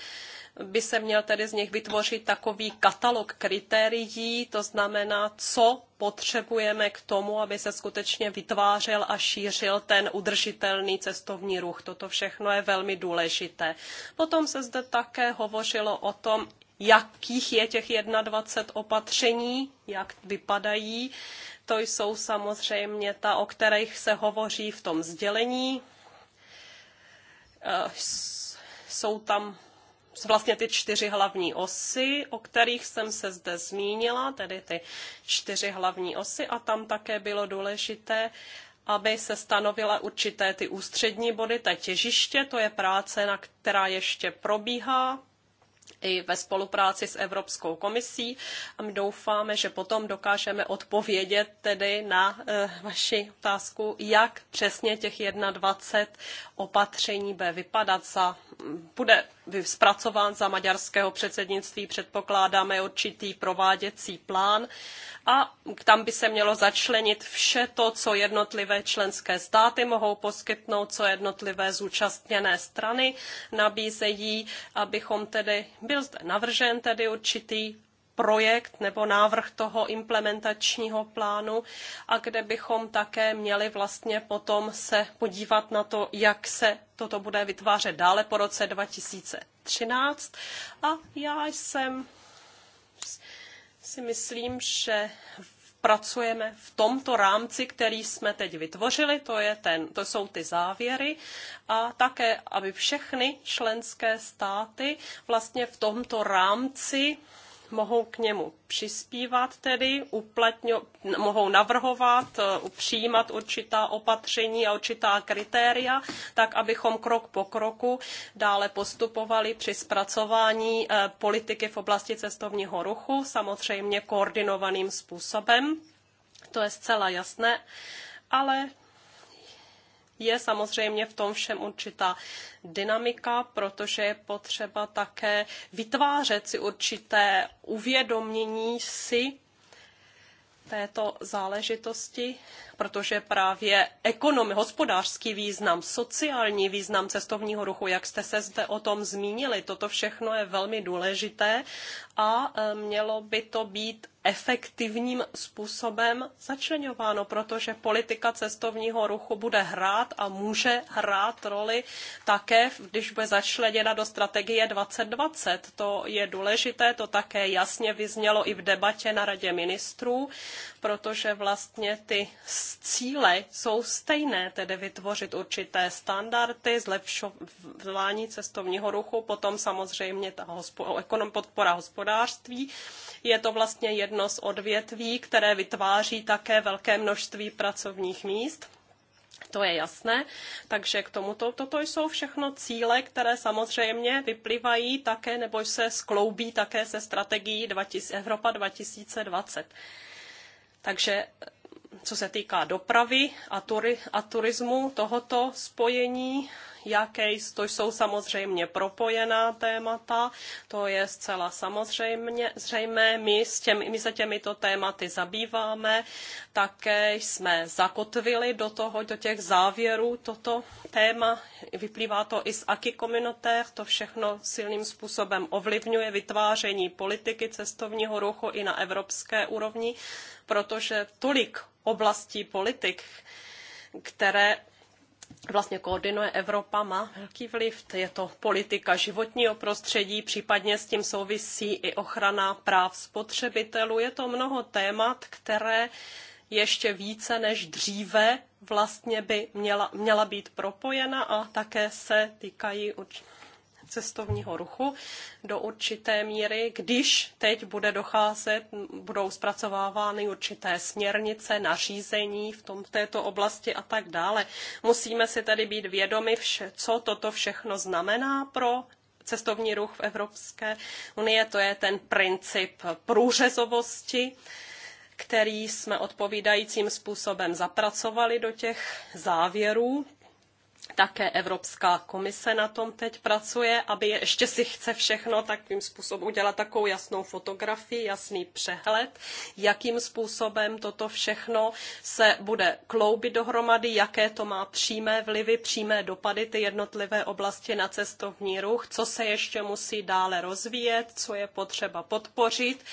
by se měl tedy z nich vytvořit takový katalog kritérií, to znamená, co potřebujeme k tomu, aby se skutečně vytvářel a šířil ten udržitelný cestovní ruch. Toto všechno je velmi důležité. Potom se zde také hovořilo o tom, jakých je těch 21 opatření, jak vypadají. To jsou samozřejmě ta, o kterých se hovoří v tom sdělení. Eh, jsou tam vlastně ty čtyři hlavní osy, o kterých jsem se zde zmínila, tedy ty čtyři hlavní osy a tam také bylo důležité, aby se stanovila určité ty ústřední body, ta těžiště, to je práce, na která ještě probíhá, i ve spolupráci s Evropskou komisí a my doufáme, že potom dokážeme odpovědět tedy na eh, vaši otázku, jak přesně těch 21 opatření bude vypadat za, bude zpracován za maďarského předsednictví, předpokládáme určitý prováděcí plán a tam by se mělo začlenit vše to, co jednotlivé členské státy mohou poskytnout, co jednotlivé zúčastněné strany nabízejí, abychom tedy, byl zde navržen tedy určitý projekt nebo návrh toho implementačního plánu a kde bychom také měli vlastně potom se podívat na to, jak se toto bude vytvářet dále po roce 2013. A já jsem si myslím, že pracujeme v tomto rámci, který jsme teď vytvořili, to, je ten, to jsou ty závěry, a také, aby všechny členské státy vlastně v tomto rámci mohou k němu přispívat tedy, uplatňo, mohou navrhovat, eh, přijímat určitá opatření a určitá kritéria, tak abychom krok po kroku dále postupovali při zpracování eh, politiky v oblasti cestovního ruchu, samozřejmě koordinovaným způsobem. To je zcela jasné, ale je samozřejmě v tom všem určitá dynamika, protože je potřeba také vytvářet si určité uvědomění si této záležitosti protože právě ekonomi, hospodářský význam, sociální význam cestovního ruchu, jak jste se zde o tom zmínili, toto všechno je velmi důležité a e, mělo by to být efektivním způsobem začleňováno, protože politika cestovního ruchu bude hrát a může hrát roli také, když bude začleněna do strategie 2020. To je důležité, to také jasně vyznělo i v debatě na Radě ministrů, protože vlastně ty cíle jsou stejné, tedy vytvořit určité standardy, zlepšování cestovního ruchu, potom samozřejmě ta hospo- podpora hospodářství. Je to vlastně jedno z odvětví, které vytváří také velké množství pracovních míst. To je jasné. Takže k tomuto, toto jsou všechno cíle, které samozřejmě vyplývají také nebo se skloubí také se strategií 20, Evropa 2020. Takže eh, co se týká dopravy a, turi- a turismu tohoto spojení, jaké to jsou samozřejmě propojená témata, to je zcela samozřejmě zřejmé. My, s těmi, my se těmito tématy zabýváme, také jsme zakotvili do, toho, do těch závěrů toto téma. Vyplývá to i z Aki Communautaire, to všechno silným způsobem ovlivňuje vytváření politiky cestovního ruchu i na evropské úrovni, protože tolik oblastí politik, které vlastně koordinuje Evropa, má velký vliv. Je to politika životního prostředí, případně s tím souvisí i ochrana práv spotřebitelů. Je to mnoho témat, které ještě více než dříve vlastně by měla, měla být propojena a také se týkají určitě cestovního ruchu do určité míry, když teď bude docházet, budou zpracovávány určité směrnice, nařízení v tom, této oblasti a tak dále. Musíme si tedy být vědomi, vše, co toto všechno znamená pro cestovní ruch v Evropské unii. To je ten princip průřezovosti který jsme odpovídajícím způsobem zapracovali do těch závěrů také Evropská komise na tom teď pracuje, aby ještě si chce všechno takovým způsobem udělat takovou jasnou fotografii, jasný přehled, jakým způsobem toto všechno se bude kloubit dohromady, jaké to má přímé vlivy, přímé dopady ty jednotlivé oblasti na cestovní ruch, co se ještě musí dále rozvíjet, co je potřeba podpořit,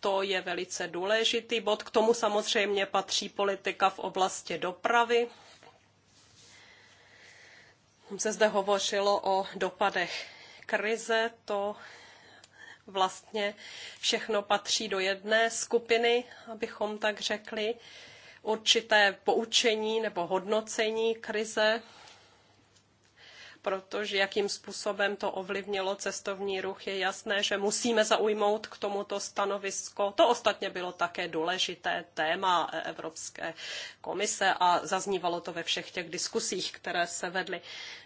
to je velice důležitý bod. K tomu samozřejmě patří politika v oblasti dopravy, se zde hovořilo o dopadech krize, to vlastně všechno patří do jedné skupiny, abychom tak řekli, určité poučení nebo hodnocení krize protože jakým způsobem to ovlivnilo cestovní ruch, je jasné, že musíme zaujmout k tomuto stanovisko. To ostatně bylo také důležité téma Evropské komise a zaznívalo to ve všech těch diskusích, které se vedly.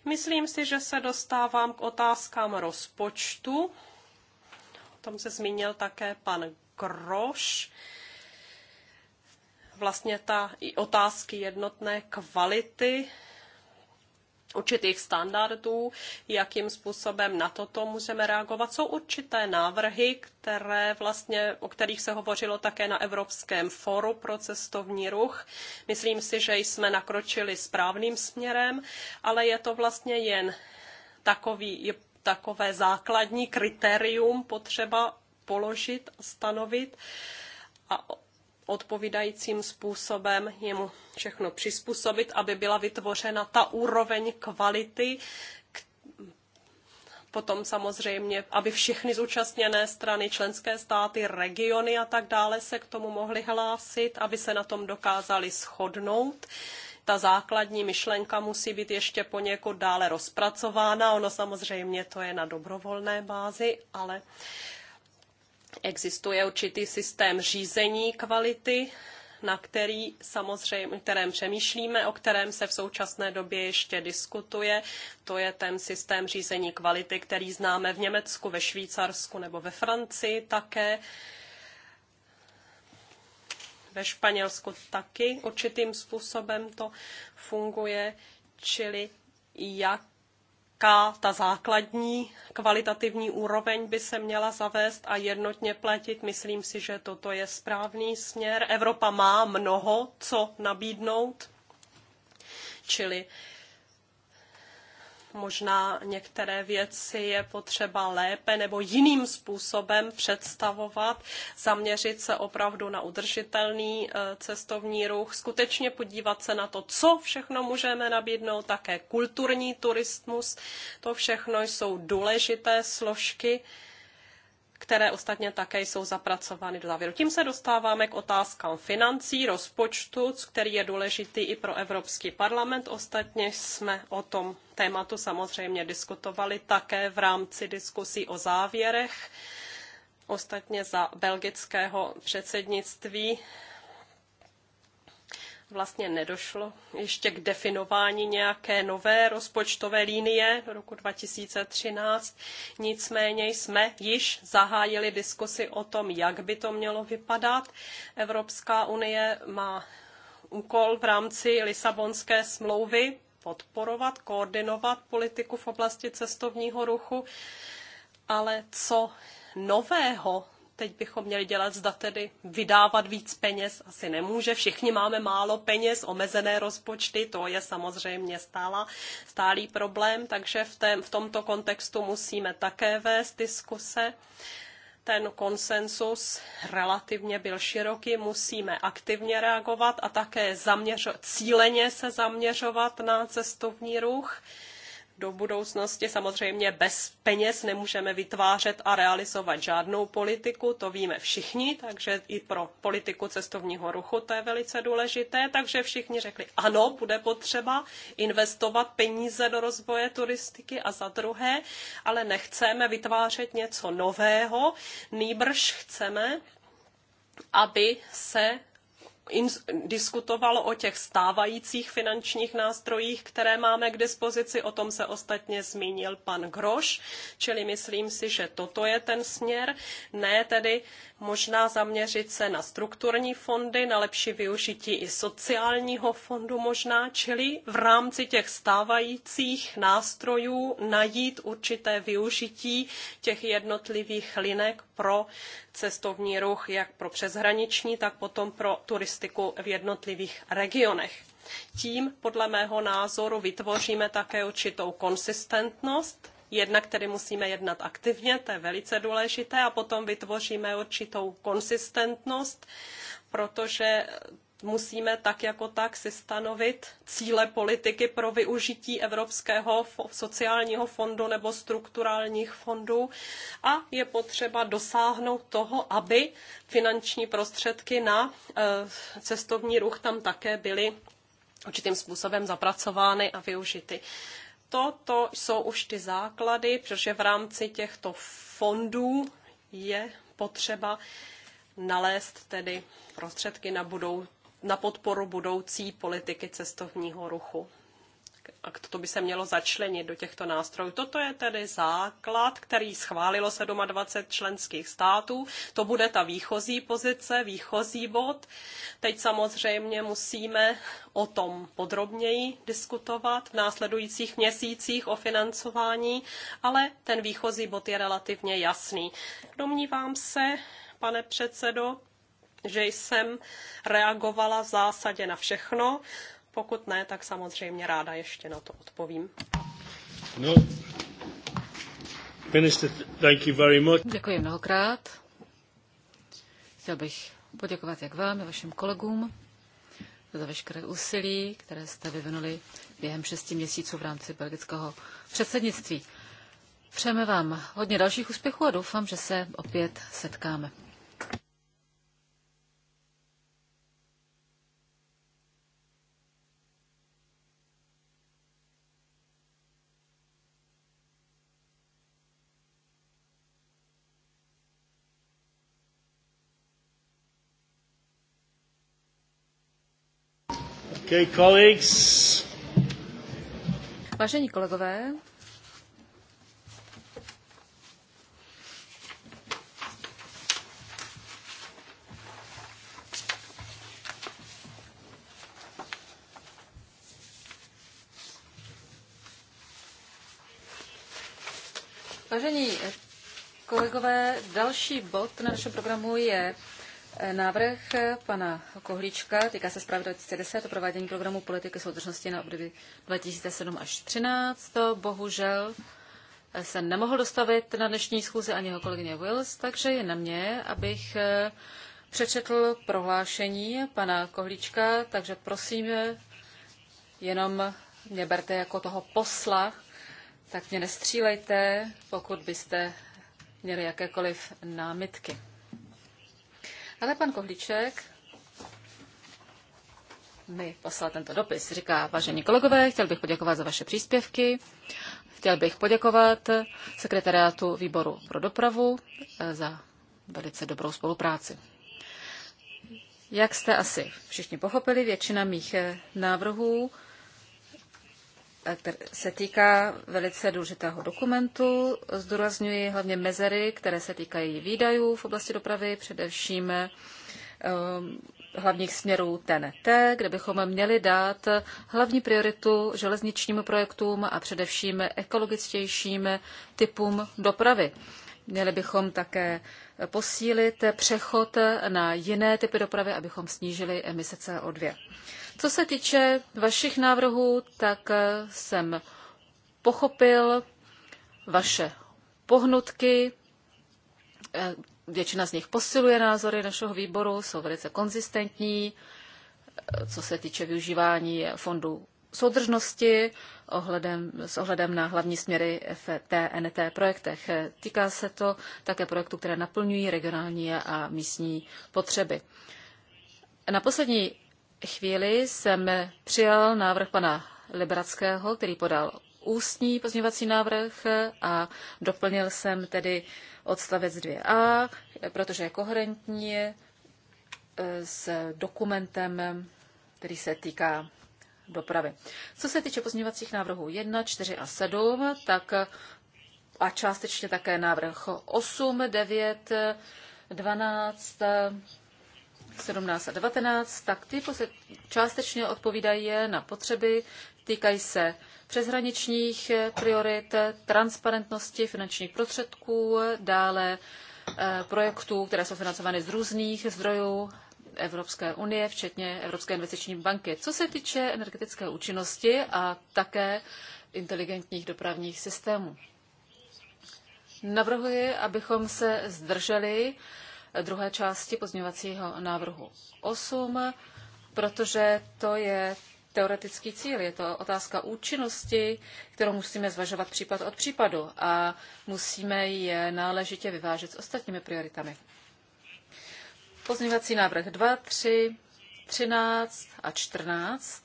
Myslím si, že se dostávám k otázkám rozpočtu. tom se zmínil také pan Groš vlastně ta i otázky jednotné kvality určitých standardů, jakým způsobem na toto můžeme reagovat. Jsou určité návrhy, které vlastně, o kterých se hovořilo také na Evropském foru pro cestovní ruch. Myslím si, že jsme nakročili správným směrem, ale je to vlastně jen takový, takové základní kritérium potřeba položit, stanovit a odpovídajícím způsobem jemu všechno přizpůsobit, aby byla vytvořena ta úroveň kvality, potom samozřejmě, aby všechny zúčastněné strany, členské státy, regiony a tak dále se k tomu mohly hlásit, aby se na tom dokázali shodnout. Ta základní myšlenka musí být ještě poněkud dále rozpracována. Ono samozřejmě to je na dobrovolné bázi, ale Existuje určitý systém řízení kvality, na který samozřejmě, kterém přemýšlíme, o kterém se v současné době ještě diskutuje. To je ten systém řízení kvality, který známe v Německu, ve Švýcarsku nebo ve Francii také. Ve Španělsku taky určitým způsobem to funguje, čili jak nějaká ta základní kvalitativní úroveň by se měla zavést a jednotně platit. Myslím si, že toto je správný směr. Evropa má mnoho co nabídnout, čili možná některé věci je potřeba lépe nebo jiným způsobem představovat, zaměřit se opravdu na udržitelný e, cestovní ruch, skutečně podívat se na to, co všechno můžeme nabídnout, také kulturní turismus, to všechno jsou důležité složky které ostatně také jsou zapracovány do závěru. Tím se dostáváme k otázkám financí, rozpočtu, který je důležitý i pro Evropský parlament. Ostatně jsme o tom tématu samozřejmě diskutovali také v rámci diskusí o závěrech ostatně za belgického předsednictví vlastně nedošlo ještě k definování nějaké nové rozpočtové linie do roku 2013. Nicméně jsme již zahájili diskusy o tom, jak by to mělo vypadat. Evropská unie má úkol v rámci Lisabonské smlouvy podporovat, koordinovat politiku v oblasti cestovního ruchu, ale co nového teď bychom měli dělat, zda tedy vydávat víc peněz asi nemůže. Všichni máme málo peněz, omezené rozpočty, to je samozřejmě stála, stálý problém, takže v, tém, v tomto kontextu musíme také vést diskuse ten konsensus relativně byl široký, musíme aktivně reagovat a také zaměřo- cíleně se zaměřovat na cestovní ruch do budoucnosti. Samozřejmě bez peněz nemůžeme vytvářet a realizovat žádnou politiku, to víme všichni, takže i pro politiku cestovního ruchu to je velice důležité. Takže všichni řekli, ano, bude potřeba investovat peníze do rozvoje turistiky a za druhé, ale nechceme vytvářet něco nového, nýbrž chceme aby se diskutovalo o těch stávajících finančních nástrojích, které máme k dispozici. O tom se ostatně zmínil pan Groš, čili myslím si, že toto je ten směr. Ne tedy možná zaměřit se na strukturní fondy, na lepší využití i sociálního fondu možná, čili v rámci těch stávajících nástrojů najít určité využití těch jednotlivých linek pro cestovní ruch, jak pro přeshraniční, tak potom pro turistický statistiku v jednotlivých regionech. Tím podle mého názoru vytvoříme také určitou konsistentnost jednak tedy musíme jednat aktivně, to je velice důležité, a potom vytvoříme určitou konsistentnost, protože musíme tak jako tak si stanovit cíle politiky pro využití Evropského sociálního fondu nebo strukturálních fondů a je potřeba dosáhnout toho, aby finanční prostředky na eh, cestovní ruch tam také byly určitým způsobem zapracovány a využity. Toto jsou už ty základy, protože v rámci těchto fondů je potřeba nalézt tedy prostředky na budoucí na podporu budoucí politiky cestovního ruchu. A to by se mělo začlenit do těchto nástrojů. Toto je tedy základ, který schválilo 27 členských států. To bude ta výchozí pozice, výchozí bod. Teď samozřejmě musíme o tom podrobněji diskutovat v následujících měsících o financování, ale ten výchozí bod je relativně jasný. Domnívám se, pane předsedo, že jsem reagovala v zásadě na všechno. Pokud ne, tak samozřejmě ráda ještě na to odpovím. No. Minister, thank you very much. Děkuji mnohokrát. Chtěl bych poděkovat jak vám, i vašim kolegům za veškeré úsilí, které jste vyvinuli během šesti měsíců v rámci belgického předsednictví. Přejeme vám hodně dalších úspěchů a doufám, že se opět setkáme. Okay, colleagues. Vážení kolegové, Vážení kolegové, další bod na našem programu je Eh, návrh eh, pana Kohlíčka týká se zprávy 2010 o provádění programu politiky soudržnosti na období 2007 až 2013. To bohužel eh, se nemohl dostavit na dnešní schůzi ani jeho kolegyně Wills, takže je na mě, abych přečetl prohlášení pana Kohlíčka, takže prosím, jenom mě berte jako toho posla, tak mě nestřílejte, pokud byste měli jakékoliv námitky. Ale pan Kohlíček mi poslal tento dopis. Říká, vážení kolegové, chtěl bych poděkovat za vaše příspěvky. Chtěl bych poděkovat sekretariátu výboru pro dopravu eh, za velice dobrou spolupráci. Jak jste asi všichni pochopili, většina mých eh, návrhů Eh, se týká velice důležitého dokumentu. Zdůrazňuji hlavně mezery, které se týkají výdajů v oblasti dopravy, především eh, hlavních směrů TNT, kde bychom měli dát hlavní prioritu železničním projektům a především ekologičtějším typům dopravy. Měli bychom také posílit přechod na jiné typy dopravy, abychom snížili emise CO2. Co se týče vašich návrhů, tak eh, jsem pochopil vaše pohnutky. Eh, většina z nich posiluje názory našeho výboru, jsou velice konzistentní, eh, co se týče využívání fondů soudržnosti ohledem, s ohledem na hlavní směry v TNT projektech. Týká se to také projektů, které naplňují regionální a místní potřeby. Na poslední chvíli jsem přijal návrh pana Liberackého, který podal ústní pozměvací návrh a doplnil jsem tedy odstavec 2a, protože je koherentní eh, s dokumentem, který se týká dopravy. Co se týče pozměvacích návrhů 1, 4 a 7, tak a částečně také návrh 8, 9, 12, 17 a 19, tak ty částečně odpovídají na potřeby, týkají se přeshraničních eh, priorit, transparentnosti finančních prostředků, dále eh, projektů, které jsou financovány z různých zdrojů Evropské unie, včetně Evropské investiční banky. Co se týče energetické účinnosti a také inteligentních dopravních systémů. Navrhuji, abychom se zdrželi druhé části pozměňovacího návrhu 8, protože to je teoretický cíl. Je to otázka účinnosti, kterou musíme zvažovat případ od případu a musíme je náležitě vyvážet s ostatními prioritami. Pozměňovací návrh 2, 3, 13 a 14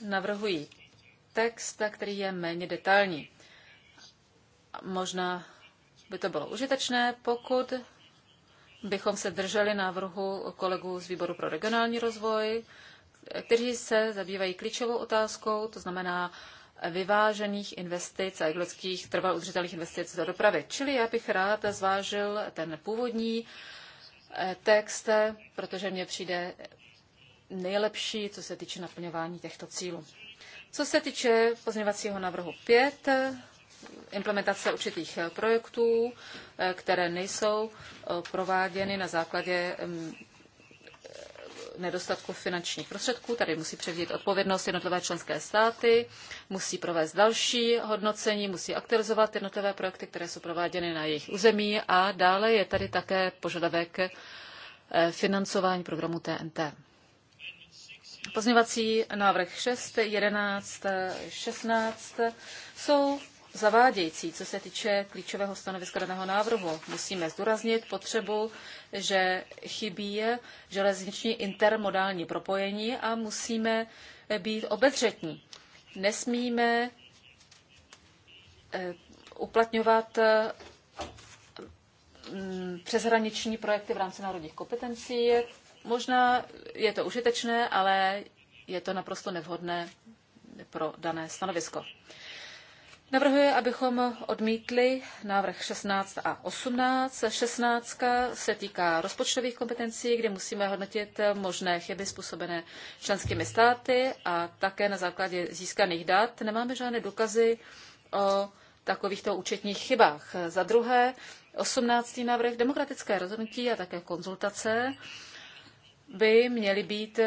navrhují text, který je méně detailní. Možná by to bylo užitečné, pokud bychom se drželi návrhu kolegů z Výboru pro regionální rozvoj, kteří se zabývají klíčovou otázkou, to znamená vyvážených investic a ekologických trval udržitelných investic do dopravy. Čili já bych rád zvážil ten původní eh, text, protože mně přijde nejlepší, co se týče naplňování těchto cílů. Co se týče pozměňovacího návrhu 5, implementace určitých eh, projektů, eh, které nejsou eh, prováděny na základě mm, nedostatku finančních prostředků. Tady musí převzít odpovědnost jednotlivé členské státy, musí provést další hodnocení, musí aktualizovat jednotlivé projekty, které jsou prováděny na jejich území a dále je tady také požadavek financování programu TNT. Pozměvací návrh 6, 11, 16 jsou zavádějící, co se týče klíčového stanoviska daného návrhu. Musíme zdůraznit potřebu, že chybí železniční intermodální propojení a musíme být obezřetní. Nesmíme eh, uplatňovat mm, přeshraniční projekty v rámci národních kompetencí. Možná je to užitečné, ale je to naprosto nevhodné pro dané stanovisko. Navrhuje, abychom odmítli návrh 16 a 18. 16 se týká rozpočtových kompetencí, kde musíme hodnotit možné chyby způsobené členskými státy a také na základě získaných dat nemáme žádné důkazy o takovýchto účetních chybách. Za druhé, 18. návrh demokratické rozhodnutí a také konzultace by měly být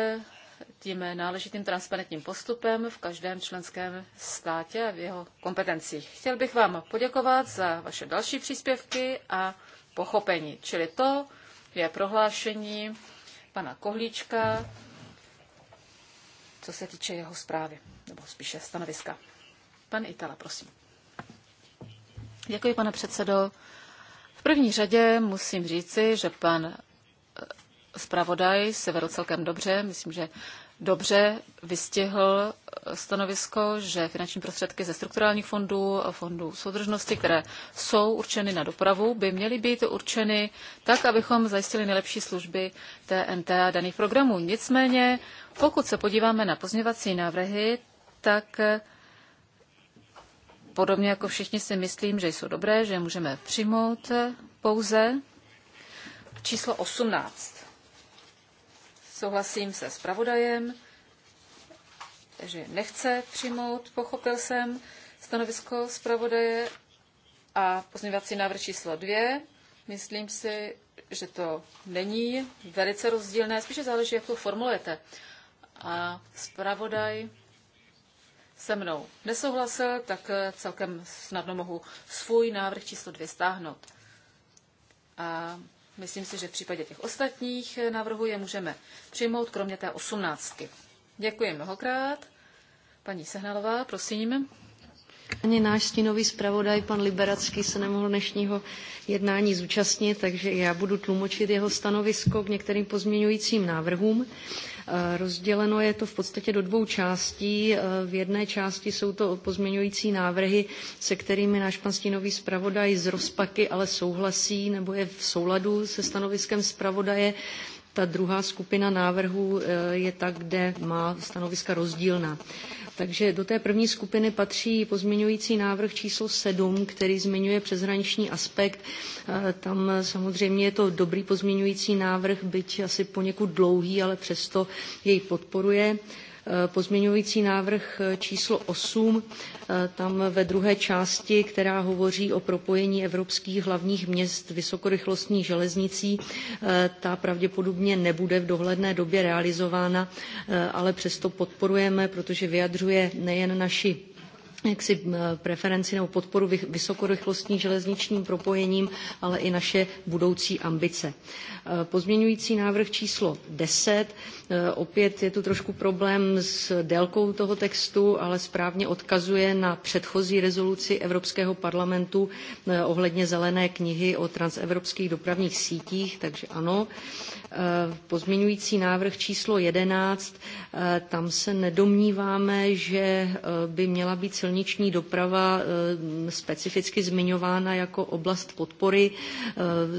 tím náležitým transparentním postupem v každém členském státě a v jeho kompetencích. Chtěl bych vám poděkovat za vaše další příspěvky a pochopení. Čili to je prohlášení pana Kohlíčka, co se týče jeho zprávy, nebo spíše stanoviska. Pan Itala, prosím. Děkuji, pane předsedo. V první řadě musím říci, že pan eh, zpravodaj se vedl celkem dobře. Myslím, že dobře vystihl stanovisko, že finanční prostředky ze strukturálních fondů a fondů soudržnosti, které jsou určeny na dopravu, by měly být určeny tak, abychom zajistili nejlepší služby TNT a daných programů. Nicméně, pokud se podíváme na pozměvací návrhy, tak podobně jako všichni si myslím, že jsou dobré, že je můžeme přijmout pouze číslo 18. Souhlasím se zpravodajem, že nechce přijmout, pochopil jsem stanovisko zpravodaje a pozměňovací návrh číslo dvě. Myslím si, že to není velice rozdílné, spíše záleží, jak to formulujete. A zpravodaj se mnou nesouhlasil, tak eh, celkem snadno mohu svůj návrh číslo dvě stáhnout. A Myslím si, že v případě těch ostatních eh, návrhů je můžeme přijmout, kromě té osmnáctky. Děkuji mnohokrát. Paní Sehnalová, prosím. Ani náš stínový zpravodaj, pan Liberacký, se nemohl dnešního jednání zúčastnit, takže já budu tlumočit jeho stanovisko k některým pozměňujícím návrhům. Eh, rozděleno je to v podstatě do dvou částí. Eh, v jedné části jsou to pozměňující návrhy, se kterými náš pan stínový zpravodaj z rozpaky ale souhlasí nebo je v souladu se stanoviskem zpravodaje. Ta druhá skupina návrhů eh, je ta, kde má stanoviska rozdílná. Takže do té první skupiny patří pozměňující návrh číslo 7, který zmiňuje přeshraniční aspekt. E, tam samozřejmě je to dobrý pozměňující návrh, byť asi poněkud dlouhý, ale přesto jej podporuje. Eh, pozměňující návrh eh, číslo 8, eh, tam ve druhé části, která hovoří o propojení evropských hlavních měst vysokorychlostní železnicí, ta pravděpodobně nebude v dohledné době realizována, ale přesto podporujeme, protože vyjadřuje nejen naši jaksi preferenci nebo podporu vysokorychlostním železničním propojením, ale i naše budoucí ambice. Pozměňující návrh číslo 10 Eh, opět je tu trošku problém s délkou toho textu, ale správně odkazuje na předchozí rezoluci Evropského parlamentu eh, ohledně zelené knihy o transevropských dopravních sítích, takže ano. Eh, pozměňující návrh číslo 11, tam se nedomníváme, že by měla být silniční doprava specificky zmiňována jako oblast podpory,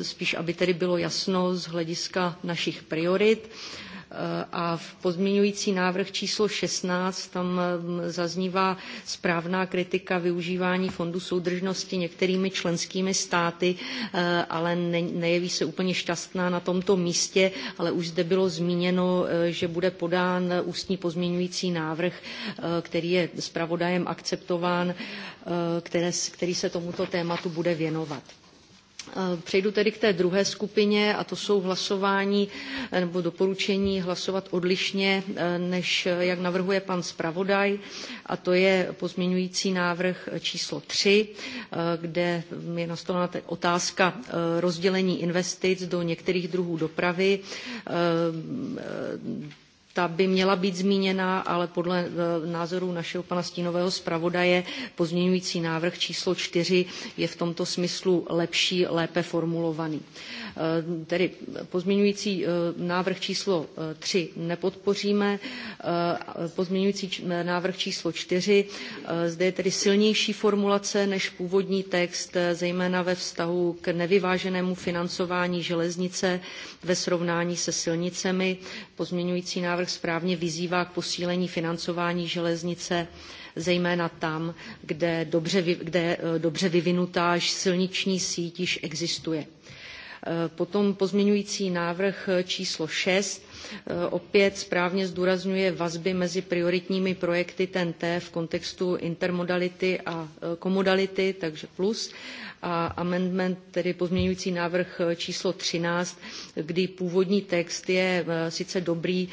spíš aby tedy bylo jasno z hlediska našich priorit. A v pozměňující návrh číslo 16 tam mm, zaznívá správná kritika využívání fondu soudržnosti některými členskými státy, eh, ale nejeví se úplně šťastná na tomto místě, ale už zde bylo zmíněno, eh, že bude podán ústní pozměňující návrh, eh, který je zpravodajem akceptován, které, který se tomuto tématu bude věnovat. Eh, přejdu tedy k té druhé skupině a to jsou hlasování eh, nebo doporučení hlasovat odlišně, eh, než jak navrhuje pan zpravodaj a to je pozměňující návrh číslo 3, kde je nastolena otázka rozdělení investic do některých druhů dopravy ta by měla být zmíněna, ale podle eh, názoru našeho pana stínového zpravodaje pozměňující návrh číslo 4 je v tomto smyslu lepší, lépe formulovaný. Eh, tedy pozměňující eh, návrh číslo 3 nepodpoříme, pozměňující návrh číslo 4, zde je tedy silnější formulace než původní text, zejména ve vztahu k nevyváženému financování železnice ve srovnání se silnicemi. Pozměňující návrh návrh správně vyzývá k posílení financování železnice zejména tam, kde dobře, kde eh, dobře vyvinutá silniční síť již existuje. Eh, potom pozměňující návrh číslo 6 eh, opět správně zdůrazňuje vazby mezi prioritními projekty TNT v kontextu intermodality a eh, komodality, takže plus. A amendment, tedy pozměňující návrh číslo 13, kdy původní text je sice dobrý,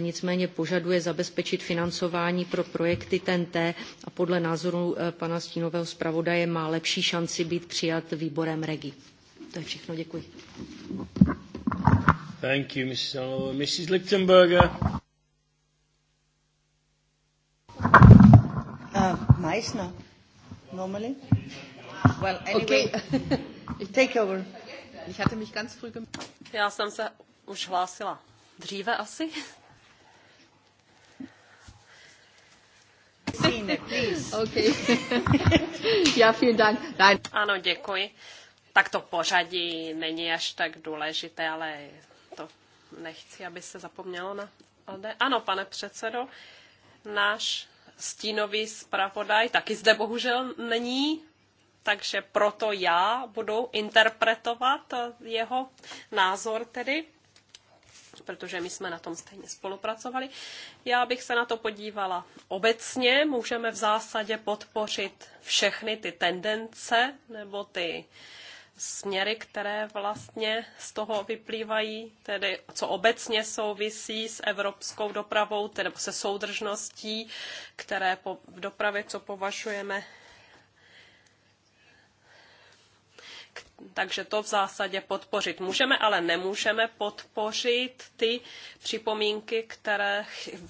nicméně požaduje zabezpečit financování pro projekty TNT a podle názoru pana stínového zpravodaje má lepší šanci být přijat výborem REGI. To je všechno, děkuji. Thank you, Mrs. Allo. Mrs. Lichtenberger. Uh, Meissner, normally. Well, anyway, okay. take over. Ich hatte mich ganz früh Já jsem se už hlásila dříve asi. okay. Ja, vielen Dank. Nein. Ano, děkuji tak to pořadí není až tak důležité, ale to nechci, aby se zapomnělo na... Ano, pane předsedo, náš stínový zpravodaj taky zde bohužel není, takže proto já budu interpretovat jeho názor tedy, protože my jsme na tom stejně spolupracovali. Já bych se na to podívala obecně. Můžeme v zásadě podpořit všechny ty tendence nebo ty uh, směry, které vlastně z toho vyplývají, tedy co obecně souvisí s evropskou dopravou, tedy se soudržností, které po, v dopravě, co považujeme takže to v zásadě podpořit můžeme, ale nemůžeme podpořit ty připomínky, které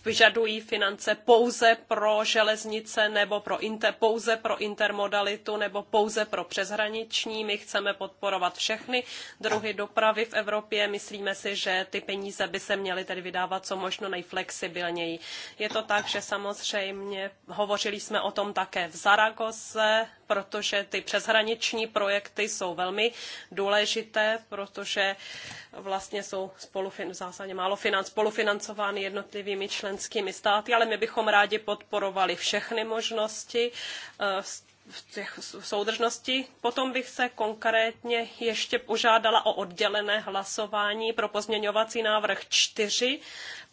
vyžadují finance pouze pro železnice nebo pro inter, pouze pro intermodalitu nebo pouze pro přeshraniční. My chceme podporovat všechny druhy dopravy v Evropě. Myslíme si, že ty peníze by se měly tedy vydávat co možno nejflexibilněji. Je to tak, že samozřejmě hovořili jsme o tom také v Zaragoze, protože ty přeshraniční projekty jsou velmi důležité, protože vlastně jsou spolufin, v zásadě málo financ, spolufinancovány jednotlivými členskými státy, ale my bychom rádi podporovali všechny možnosti eh, v těch soudržnosti. Potom bych se konkrétně ještě požádala o oddělené hlasování pro pozměňovací návrh 4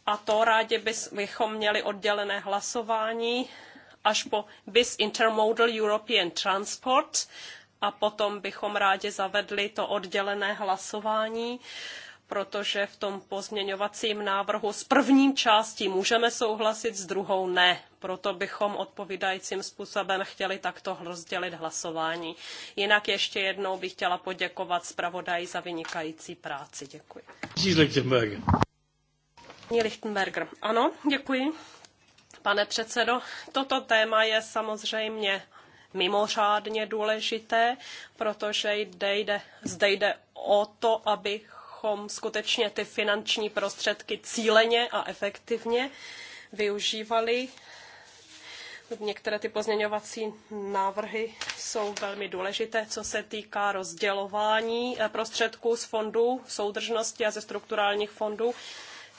a to rádi bychom měli oddělené hlasování až po BIS Intermodal European Transport, a potom bychom rádi zavedli to oddělené hlasování protože v tom pozměňovacím návrhu s prvním částí můžeme souhlasit, s druhou ne. Proto bychom odpovídajícím způsobem chtěli takto rozdělit hlasování. Jinak ještě jednou bych chtěla poděkovat zpravodaji za vynikající práci. Děkuji. Lichtenberger. Ano, děkuji. Pane předsedo, toto téma je samozřejmě mimořádně důležité, protože jde, jde, zde jde o to, abychom skutečně ty finanční prostředky cíleně a efektivně využívali. Některé ty pozměňovací návrhy jsou velmi důležité, co se týká rozdělování prostředků z fondů soudržnosti a ze strukturálních fondů.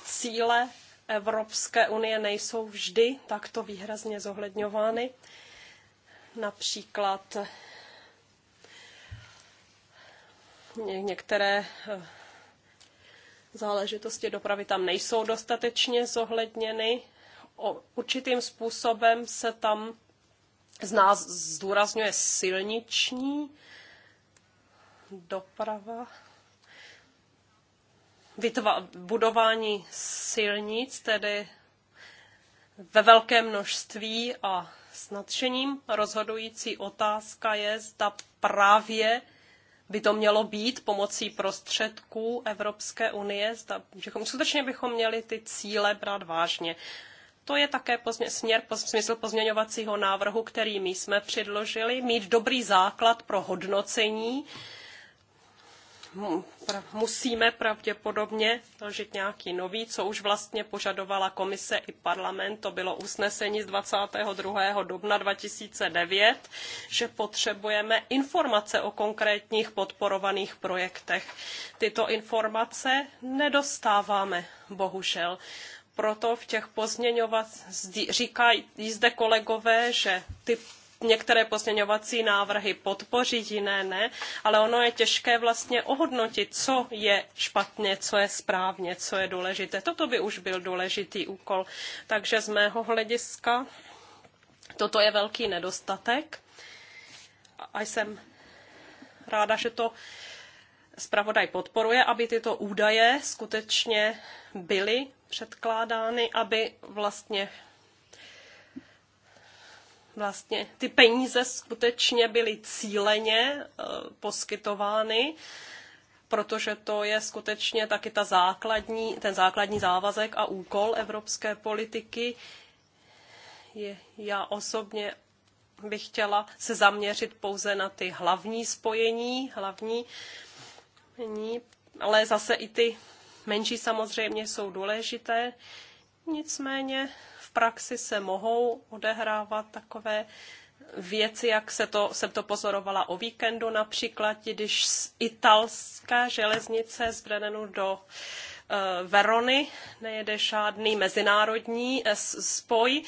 Cíle Evropské unie nejsou vždy takto výrazně zohledňovány. Například některé eh, záležitosti dopravy tam nejsou dostatečně zohledněny. O určitým způsobem se tam z nás zdůrazňuje silniční doprava, vytva- budování silnic, tedy ve velkém množství a s nadšením. Rozhodující otázka je, zda právě by to mělo být pomocí prostředků Evropské unie, zda, bychom, skutečně bychom měli ty cíle brát vážně. To je také pozmě, směr, poz, smysl pozměňovacího návrhu, který my jsme předložili, mít dobrý základ pro hodnocení, musíme pravděpodobně vložit nějaký nový, co už vlastně požadovala komise i parlament, to bylo usnesení z 22. dubna 2009, že potřebujeme informace o konkrétních podporovaných projektech. Tyto informace nedostáváme, bohužel. Proto v těch pozměňovat říkají zde kolegové, že ty některé pozměňovací návrhy podpořit, jiné ne, ale ono je těžké vlastně ohodnotit, co je špatně, co je správně, co je důležité. Toto by už byl důležitý úkol. Takže z mého hlediska toto je velký nedostatek a jsem ráda, že to zpravodaj podporuje, aby tyto údaje skutečně byly předkládány, aby vlastně vlastně ty peníze skutečně byly cíleně eh, poskytovány, protože to je skutečně taky ta základní, ten základní závazek a úkol evropské politiky. Je, já osobně bych chtěla se zaměřit pouze na ty hlavní spojení, hlavní, ale zase i ty menší samozřejmě jsou důležité. Nicméně praxi se mohou odehrávat takové věci, jak se to, jsem to pozorovala o víkendu například, když z italská železnice z Brennenu do eh, Verony nejede žádný mezinárodní eh, spoj,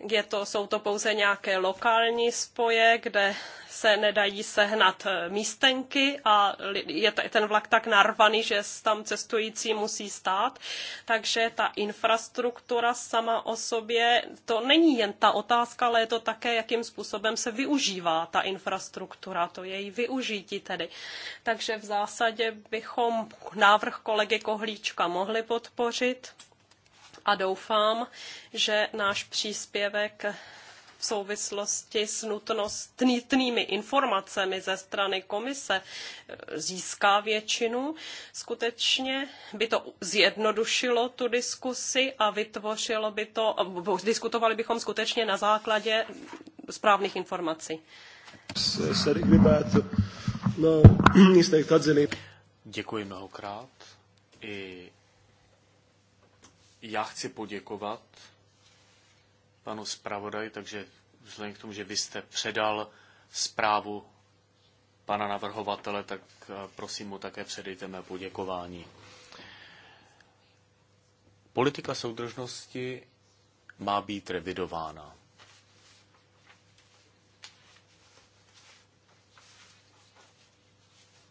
je to, jsou to pouze nějaké lokální spoje, kde se nedají sehnat eh, místenky a je ten vlak tak narvaný, že tam cestující musí stát. Takže ta infrastruktura sama o sobě, to není jen ta otázka, ale je to také, jakým způsobem se využívá ta infrastruktura, to její využití tedy. Takže v zásadě bychom návrh kolegy Kohlíčka mohli podpořit a doufám, že náš příspěvek v souvislosti s nutnými informacemi ze strany komise eh, získá většinu. Skutečně by to zjednodušilo tu diskusi a vytvořilo by to, diskutovali bychom skutečně na základě správných informací. Děkuji mnohokrát. I já chci poděkovat panu zpravodaji, takže vzhledem k tomu, že vy jste předal zprávu pana navrhovatele, tak eh, prosím mu také předejte mé poděkování. Politika soudržnosti má být revidována.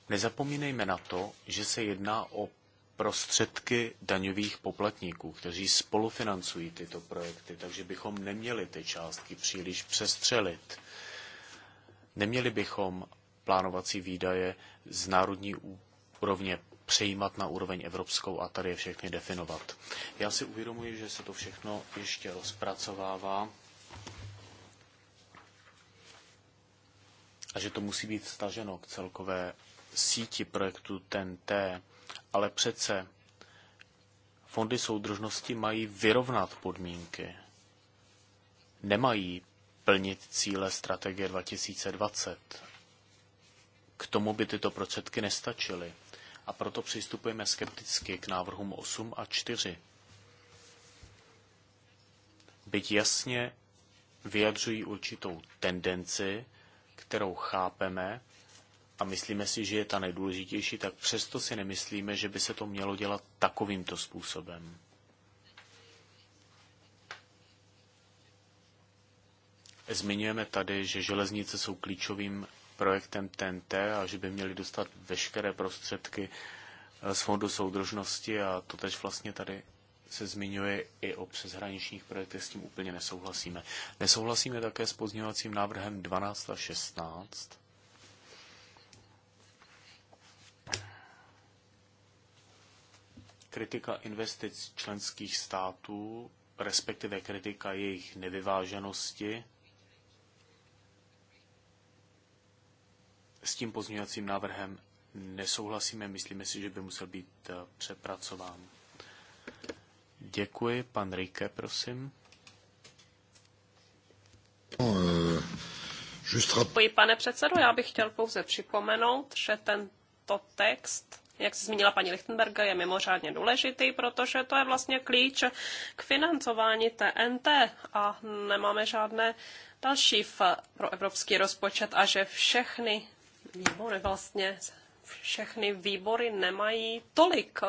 Nezapomínejme na to, že se jedná o prostředky daňových poplatníků, kteří spolufinancují tyto projekty, takže bychom neměli ty částky příliš přestřelit. Neměli bychom plánovací výdaje z národní úrovně přejímat na úroveň evropskou a tady je všechny definovat. Já si uvědomuji, že se to všechno ještě rozpracovává a že to musí být staženo k celkové síti projektu TNT. Ale přece fondy soudržnosti mají vyrovnat podmínky. Nemají plnit cíle strategie 2020. K tomu by tyto prostředky nestačily. A proto přistupujeme skepticky k návrhům 8 a 4. Byť jasně vyjadřují určitou tendenci, kterou chápeme, a myslíme si, že je ta nejdůležitější, tak přesto si nemyslíme, že by se to mělo dělat takovýmto způsobem. Zmiňujeme tady, že železnice jsou klíčovým projektem TNT a že by měli dostat veškeré prostředky eh, z Fondu soudržnosti a to tež vlastně tady se zmiňuje i o přeshraničních projektech, s tím úplně nesouhlasíme. Nesouhlasíme také s pozměňovacím návrhem 12 a 16, kritika investic členských států, respektive kritika jejich nevyváženosti, s tím pozměňovacím návrhem nesouhlasíme, myslíme si, že by musel být eh, přepracován. Děkuji. Pan Rike, prosím. No, eh, Děkuji, pane předsedo. Já bych chtěl pouze připomenout, že tento text jak se zmínila paní Lichtenberga, je mimořádně důležitý, protože to je vlastně klíč k financování TNT a nemáme žádné další v, pro evropský rozpočet a že všechny výbory vlastně všechny výbory nemají tolik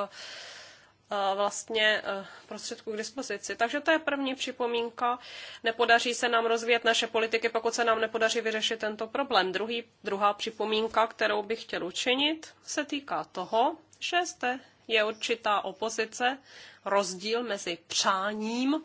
Eh, vlastně eh, prostředků k dispozici. Takže to je první připomínka. Nepodaří se nám rozvíjet naše politiky, pokud se nám nepodaří vyřešit tento problém. Druhý, druhá připomínka, kterou bych chtěl učinit, se týká toho, že zde je určitá opozice, rozdíl mezi přáním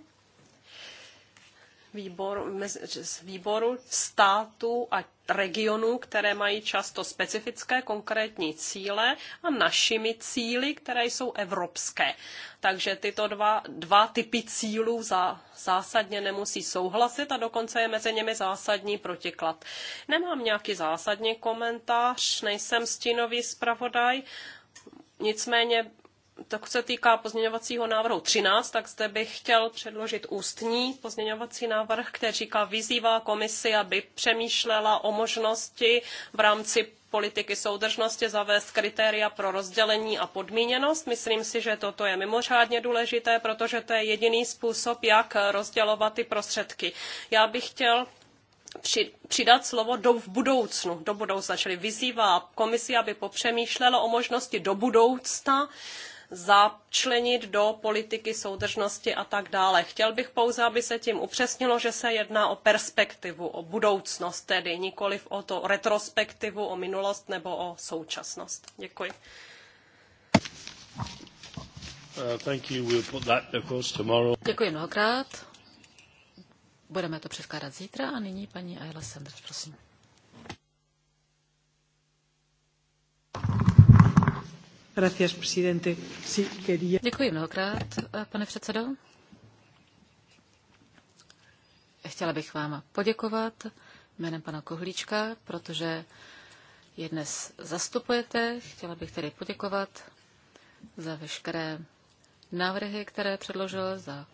výboru, z výboru států a regionů, které mají často specifické konkrétní cíle a našimi cíly, které jsou evropské. Takže tyto dva, dva typy cílů za, zásadně nemusí souhlasit a dokonce je mezi nimi zásadní protiklad. Nemám nějaký zásadní komentář, nejsem stínový zpravodaj, nicméně tak se týká pozměňovacího návrhu 13, tak zde bych chtěl předložit ústní pozměňovací návrh, který říká, vyzývá komisi, aby přemýšlela o možnosti v rámci politiky soudržnosti zavést kritéria pro rozdělení a podmíněnost. Myslím si, že toto je mimořádně důležité, protože to je jediný způsob, jak rozdělovat ty prostředky. Já bych chtěl přidat slovo do v budoucnu, do budoucna, čili vyzývá komisi, aby popřemýšlela o možnosti do budoucna začlenit do politiky soudržnosti a tak dále. Chtěl bych pouze, aby se tím upřesnilo, že se jedná o perspektivu, o budoucnost tedy, nikoliv o to retrospektivu, o minulost nebo o současnost. Děkuji. Uh, Děkuji mnohokrát. Budeme to předkládat zítra a nyní paní Ayla Sanders, prosím. Děkuji mnohokrát, pane předsedající Chtěla bych vám poděkovat jménem pana Kohlíčka, protože je dnes zastupujete. Chtěla bych tedy poděkovat za veškeré návrhy, které předložil, za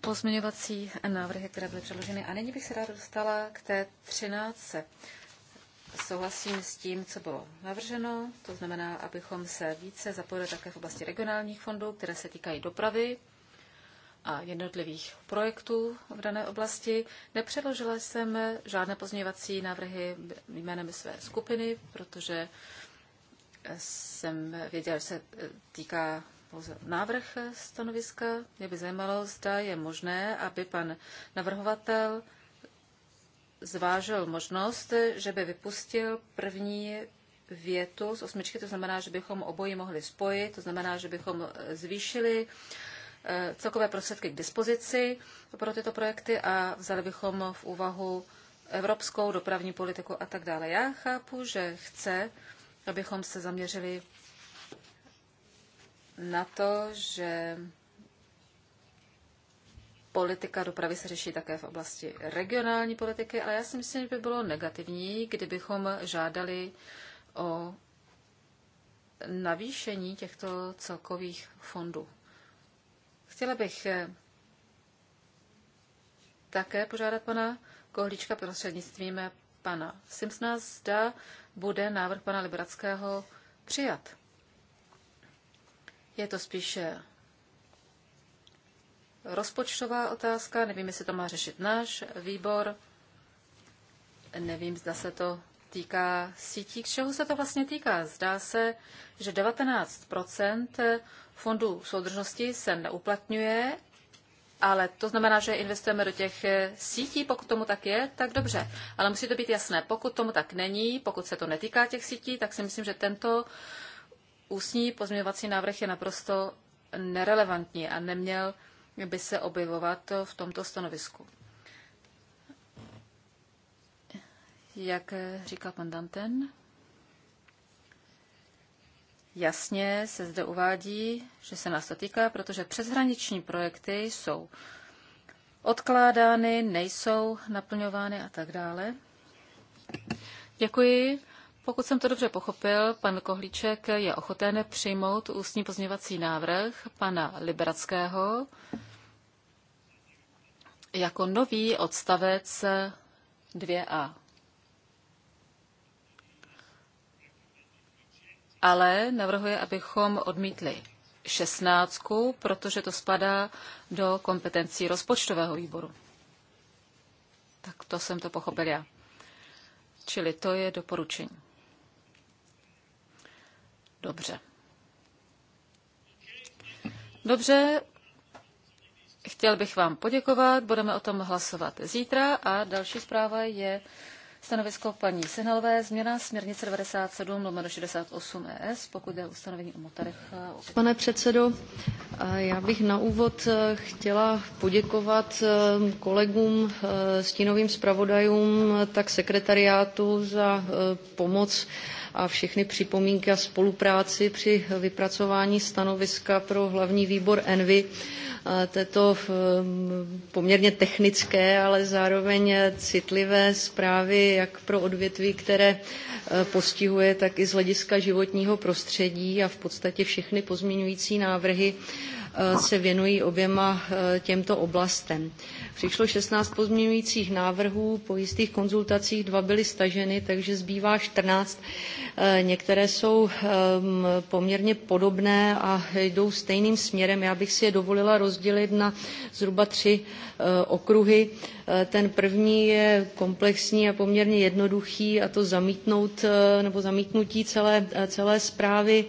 pozměňovací návrhy, které byly předloženy. A nyní bych se ráda dostala k té třináctce souhlasím s tím, co bylo navrženo, to znamená, abychom se více zapojili také v oblasti regionálních fondů, které se týkají dopravy a jednotlivých projektů v dané oblasti. Nepředložila jsem žádné pozměňovací návrhy jménem své skupiny, protože jsem věděla, že se týká pouze návrh stanoviska. Mě by zajímalo, zda je možné, aby pan navrhovatel zvážil možnost, že by vypustil první větu z osmičky, to znamená, že bychom oboji mohli spojit, to znamená, že bychom e, zvýšili e, celkové prostředky k dispozici pro tyto projekty a vzali bychom v úvahu evropskou dopravní politiku a tak dále. Já chápu, že chce, abychom se zaměřili na to, že politika dopravy se řeší také v oblasti regionální politiky, ale já si myslím, že by bylo negativní, kdybychom žádali o navýšení těchto celkových fondů. Chtěla bych eh, také požádat pana Kohlíčka prostřednictvím pana Simpsona, zda bude návrh pana Liberackého přijat. Je to spíše rozpočtová otázka, nevím, jestli to má řešit náš výbor, nevím, zda se to týká sítí. K čeho se to vlastně týká? Zdá se, že 19 fondů soudržnosti se neuplatňuje, ale to znamená, že investujeme do těch sítí, pokud tomu tak je, tak dobře. Ale musí to být jasné, pokud tomu tak není, pokud se to netýká těch sítí, tak si myslím, že tento ústní pozměňovací návrh je naprosto nerelevantní a neměl by se objevovat v tomto stanovisku. Jak říká pan Danten, jasně se zde uvádí, že se nás to týká, protože přeshraniční projekty jsou odkládány, nejsou naplňovány a tak dále. Děkuji. Pokud jsem to dobře pochopil, pan Kohlíček je ochoten přijmout ústní pozměvací návrh pana Liberackého jako nový odstavec 2a. Ale navrhuje, abychom odmítli 16, protože to spadá do kompetencí rozpočtového výboru. Tak to jsem to pochopil já. Čili to je doporučení. Dobře. Dobře, chtěl bych vám poděkovat, budeme o tom hlasovat zítra a další zpráva je stanovisko paní Sinalové, změna směrnice 97 lomeno 68 ES, pokud je ustanovení o motorech. Pane předsedo, já bych na úvod e, chtěla poděkovat e, kolegům, e, stínovým zpravodajům, tak sekretariátu za pomoc a všechny připomínky a spolupráci při vypracování stanoviska pro hlavní výbor Envy této eh, poměrně technické, ale zároveň citlivé zprávy jak pro odvětví, které eh, postihuje, tak i z hlediska životního prostředí a v podstatě všechny pozměňující návrhy Eh, se věnují oběma eh, těmto oblastem. Přišlo 16 pozměňujících návrhů, po jistých konzultacích dva byly staženy, takže zbývá 14. Eh, některé jsou ehm, poměrně podobné a jdou stejným směrem. Já bych si je dovolila rozdělit na zhruba tři okruhy. Ten první je komplexní a poměrně jednoduchý a to zamítnout nebo zamítnutí celé, celé zprávy.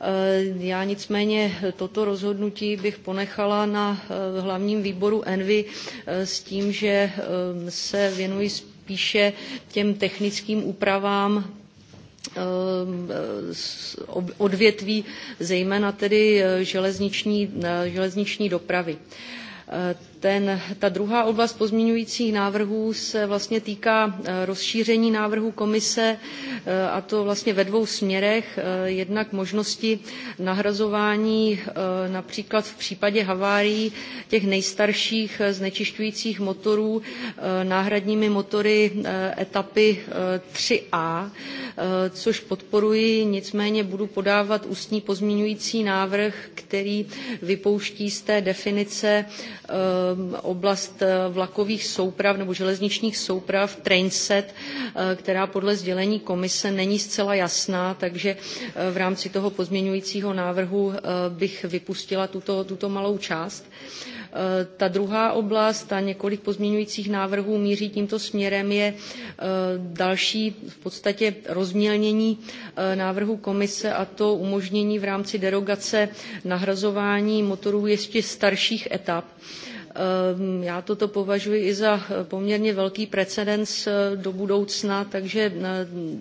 Eh, já nicméně toto rozhodnutí bych ponechala na eh, hlavním výboru Envy eh, s tím, že se věnuji spíše těm technickým úpravám odvětví, zejména tedy železniční, železniční dopravy. Ten, ta druhá oblast pozměňujících návrhů se vlastně týká e, rozšíření návrhu komise e, a to vlastně ve dvou směrech. E, jednak možnosti nahrazování například v případě havárií těch nejstarších znečišťujících motorů náhradními motory etapy 3A, což podporuji, nicméně budu podávat ústní pozměňující návrh, který vypouští z té definice Um, oblast uh, vlakových souprav nebo železničních souprav Trainset, uh, která podle sdělení komise není zcela jasná, takže uh, v rámci toho pozměňujícího návrhu bych vypustila tuto, tuto malou část. Ta druhá oblast a několik pozměňujících návrhů míří tímto směrem je další v podstatě rozmělnění návrhu komise a to umožnění v rámci derogace nahrazování motorů ještě starších etap Ehm, já toto považuji i za eh, poměrně velký precedens eh, do budoucna, takže eh,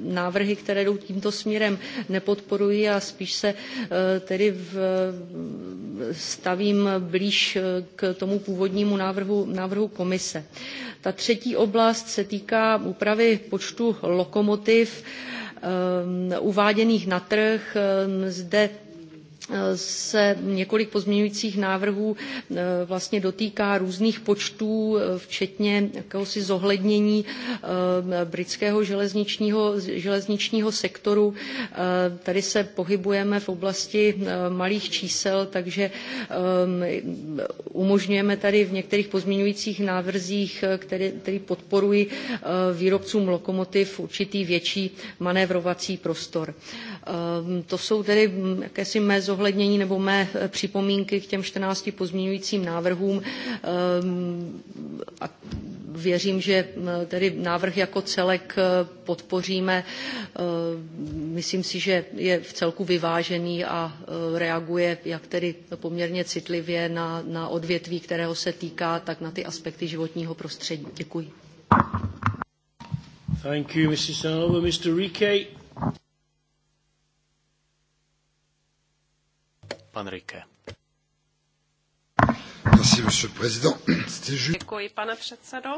návrhy, které jdou tímto směrem, nepodporuji a spíš se tedy v, stavím blíž k tomu původnímu návrhu, návrhu komise. Ta třetí oblast se týká úpravy počtu lokomotiv ehm, uváděných na trh. Ehm, zde se několik pozměňujících návrhů e, vlastně dotýká různých počtů, e, včetně jakéhosi zohlednění e, britského železničního, železničního sektoru. Tady se pohybujeme v oblasti malých čísel, takže umožňujeme tady v některých pozměňujících návrzích, které, které podporují výrobcům lokomotiv určitý větší manévrovací prostor. To jsou tedy jakési mé zohlednění nebo mé eh, připomínky k těm 14 pozměňujícím návrhům. Ehm, a věřím, že tedy návrh jako celek eh, podpoříme. Ehm, myslím si, že je v celku vyvážený a eh, reaguje jak tedy poměrně citlivě na, na odvětví, kterého se týká, tak na ty aspekty životního prostředí. Děkuji. Thank you, Mrs. Sanova. Mr. Rike. pan Děkuji, pane předsedo.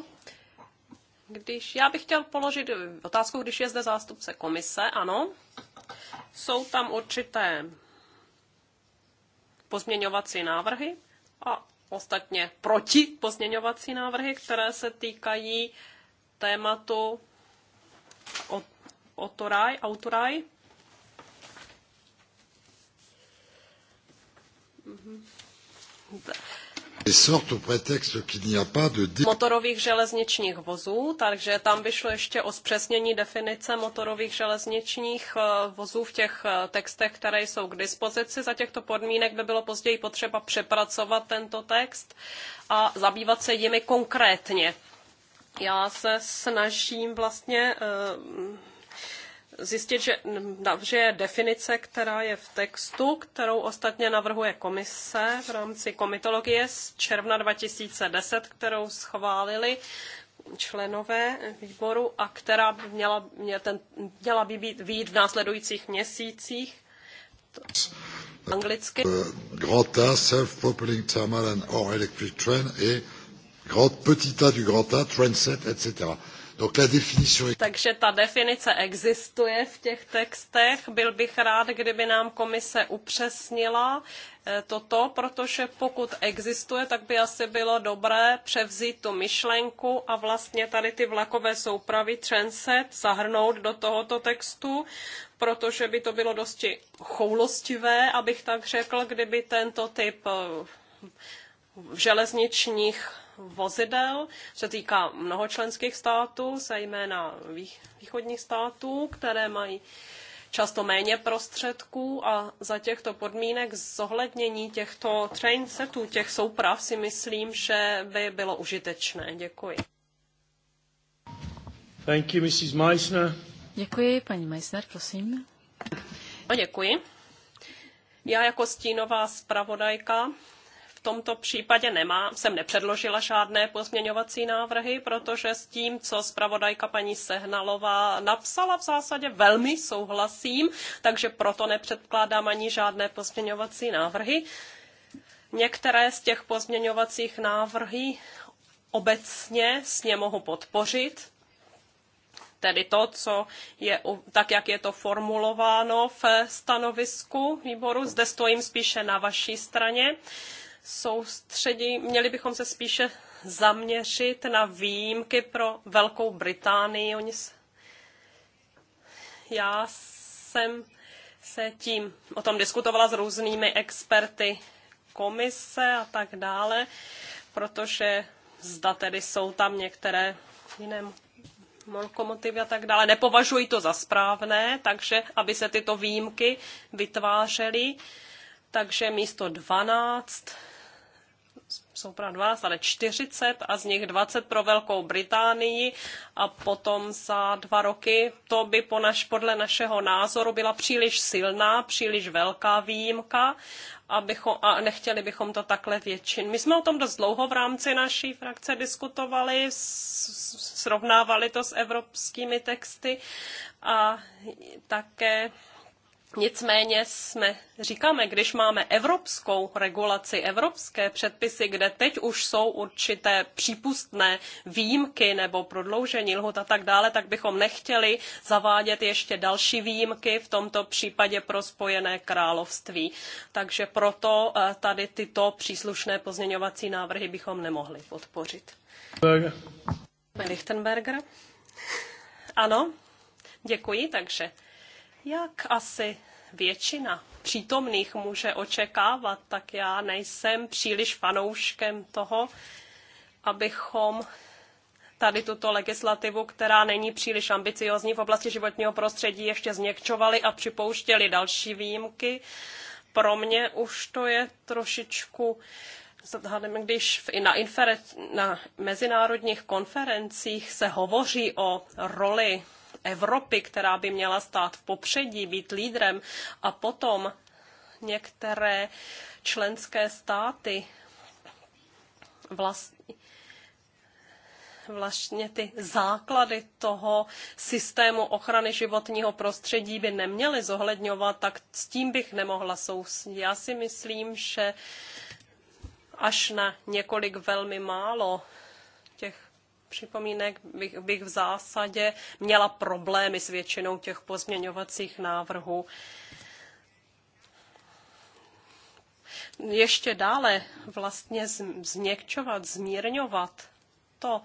Když já bych chtěl položit eh, otázku, když je zde zástupce komise, ano, jsou tam určité pozměňovací návrhy a ostatně proti pozměňovací návrhy, které se týkají tématu autoraj, autoraj motorových železničních vozů, takže tam by šlo ještě o zpřesnění definice motorových železničních eh, vozů v těch eh, textech, které jsou k dispozici. Za těchto podmínek by bylo později potřeba přepracovat tento text a zabývat se jimi konkrétně. Já se snažím vlastně eh, zjistit, že, že je definice, která je v textu, kterou ostatně navrhuje komise v rámci komitologie z června 2010, kterou schválili členové výboru a která by měla, mě ten, měla by být výjít v následujících měsících. To, anglicky. Euh, self-propelling and or electric train et du train set, etc. Takže ta definice existuje v těch textech. Byl bych rád, kdyby nám komise upřesnila eh, toto, protože pokud existuje, tak by asi bylo dobré převzít tu myšlenku a vlastně tady ty vlakové soupravy Transet zahrnout do tohoto textu, protože by to bylo dosti choulostivé, abych tak řekl, kdyby tento typ eh, železničních vozidel, se týká mnoho členských států, zejména východních států, které mají často méně prostředků a za těchto podmínek zohlednění těchto train setů, těch souprav si myslím, že by bylo užitečné. Děkuji. Thank you, Mrs. Meissner. Děkuji, paní Meissner, prosím. A no, děkuji. Já jako stínová zpravodajka v tomto případě nemám, jsem nepředložila žádné pozměňovací návrhy, protože s tím, co zpravodajka paní Sehnalová napsala, v zásadě velmi souhlasím, takže proto nepředkládám ani žádné pozměňovací návrhy. Některé z těch pozměňovacích návrhů obecně s ně mohu podpořit, tedy to, co je, tak jak je to formulováno v stanovisku výboru. Zde stojím spíše na vaší straně soustředí, měli bychom se spíše zaměřit na výjimky pro Velkou Británii. Oni se... Já jsem se tím o tom diskutovala s různými experty komise a tak dále, protože zda tedy jsou tam některé jiné lokomotivy a tak dále. Nepovažuji to za správné, takže aby se tyto výjimky vytvářely. Takže místo 12 jsou pro 12, ale 40 a z nich 20 pro Velkou Británii a potom za dva roky. To by po naš, podle našeho názoru byla příliš silná, příliš velká výjimka abychom, a nechtěli bychom to takhle většin. My jsme o tom dost dlouho v rámci naší frakce diskutovali, srovnávali to s evropskými texty a také Nicméně jsme, říkáme, když máme evropskou regulaci, evropské předpisy, kde teď už jsou určité přípustné výjimky nebo prodloužení lhut a tak dále, tak bychom nechtěli zavádět ještě další výjimky, v tomto případě pro Spojené království. Takže proto eh, tady tyto příslušné pozměňovací návrhy bychom nemohli podpořit. Lichtenberger. Ano, děkuji, takže jak asi většina přítomných může očekávat, tak já nejsem příliš fanouškem toho, abychom tady tuto legislativu, která není příliš ambiciozní v oblasti životního prostředí, ještě změkčovali a připouštěli další výjimky. Pro mě už to je trošičku Zadhadem, když na, infere, na mezinárodních konferencích se hovoří o roli Evropy, která by měla stát v popředí, být lídrem a potom některé členské státy vlastně vlastně ty základy toho systému ochrany životního prostředí by neměly zohledňovat, tak s tím bych nemohla souviset. Já si myslím, že až na několik velmi málo těch připomínek bych, bych v zásadě měla problémy s většinou těch pozměňovacích návrhů. Ještě dále vlastně změkčovat, zmírňovat to,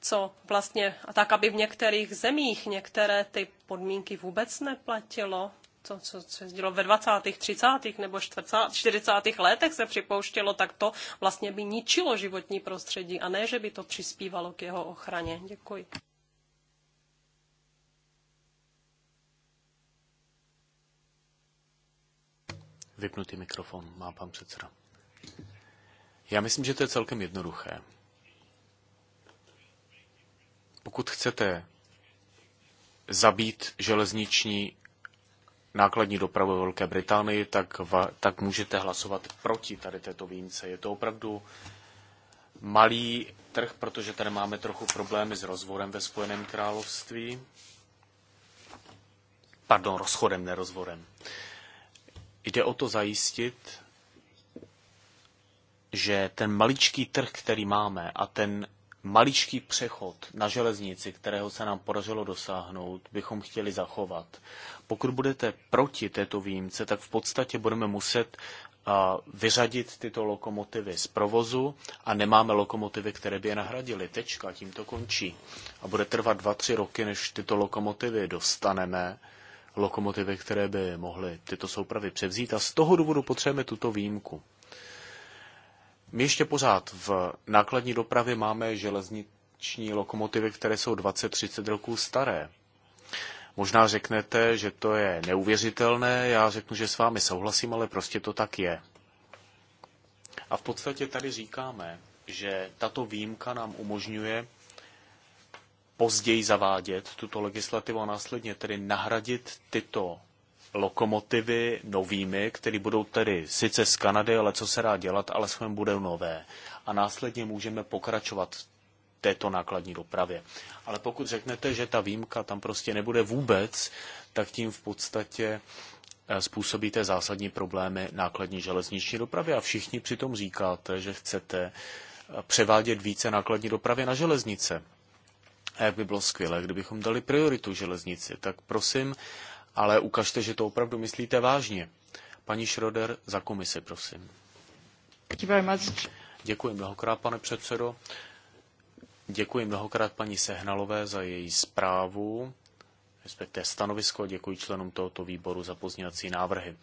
co vlastně, tak aby v některých zemích některé ty podmínky vůbec neplatilo, to, co se dělo ve 20., 30. nebo 40. letech se připouštělo, tak to vlastně by ničilo životní prostředí a ne, že by to přispívalo k jeho ochraně. Děkuji. Vypnutý mikrofon má pan předseda. Já myslím, že to je celkem jednoduché. Pokud chcete zabít železniční nákladní dopravu ve Velké Británii, tak, va, tak můžete hlasovat proti tady této výjimce. Je to opravdu malý trh, protože tady máme trochu problémy s rozvorem ve Spojeném království. Pardon, rozchodem, ne rozvorem. Jde o to zajistit, že ten maličký trh, který máme a ten maličký přechod na železnici, kterého se nám podařilo dosáhnout, bychom chtěli zachovat. Pokud budete proti této výjimce, tak v podstatě budeme muset vyřadit tyto lokomotivy z provozu a nemáme lokomotivy, které by je nahradily. Tečka, tím to končí. A bude trvat dva, tři roky, než tyto lokomotivy dostaneme, lokomotivy, které by mohly tyto soupravy převzít a z toho důvodu potřebujeme tuto výjimku. My ještě pořád v nákladní dopravě máme železniční lokomotivy, které jsou 20-30 roků staré. Možná řeknete, že to je neuvěřitelné, já řeknu, že s vámi souhlasím, ale prostě to tak je. A v podstatě tady říkáme, že tato výjimka nám umožňuje později zavádět tuto legislativu a následně tedy nahradit tyto lokomotivy novými, které budou tedy sice z Kanady, ale co se dá dělat, ale svém budou nové. A následně můžeme pokračovat této nákladní dopravě. Ale pokud řeknete, že ta výjimka tam prostě nebude vůbec, tak tím v podstatě eh, způsobíte zásadní problémy nákladní železniční dopravy a všichni přitom říkáte, že chcete eh, převádět více nákladní dopravy na železnice. A jak by bylo skvělé, kdybychom dali prioritu železnici, tak prosím, ale ukažte, že to opravdu myslíte vážně. Paní Schroeder za komisi, prosím. Děkuji mnohokrát, pane předsedo. Děkuji mnohokrát paní Sehnalové za její zprávu, respektive stanovisko a děkuji členům tohoto výboru za pozněvací návrhy.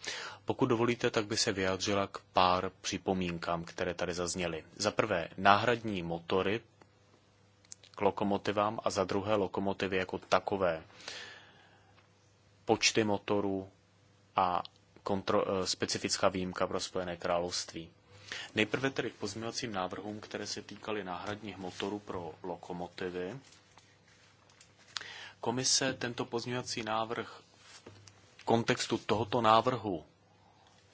Pokud dovolíte, tak by se vyjádřila k pár připomínkám, které tady zazněly. Za prvé, náhradní motory k lokomotivám a za druhé lokomotivy jako takové počty motorů a kontro, eh, specifická výjimka pro Spojené království. Nejprve tedy k pozměňovacím návrhům, které se týkaly náhradních motorů pro lokomotivy. Komise tento pozměňovací návrh v kontextu tohoto návrhu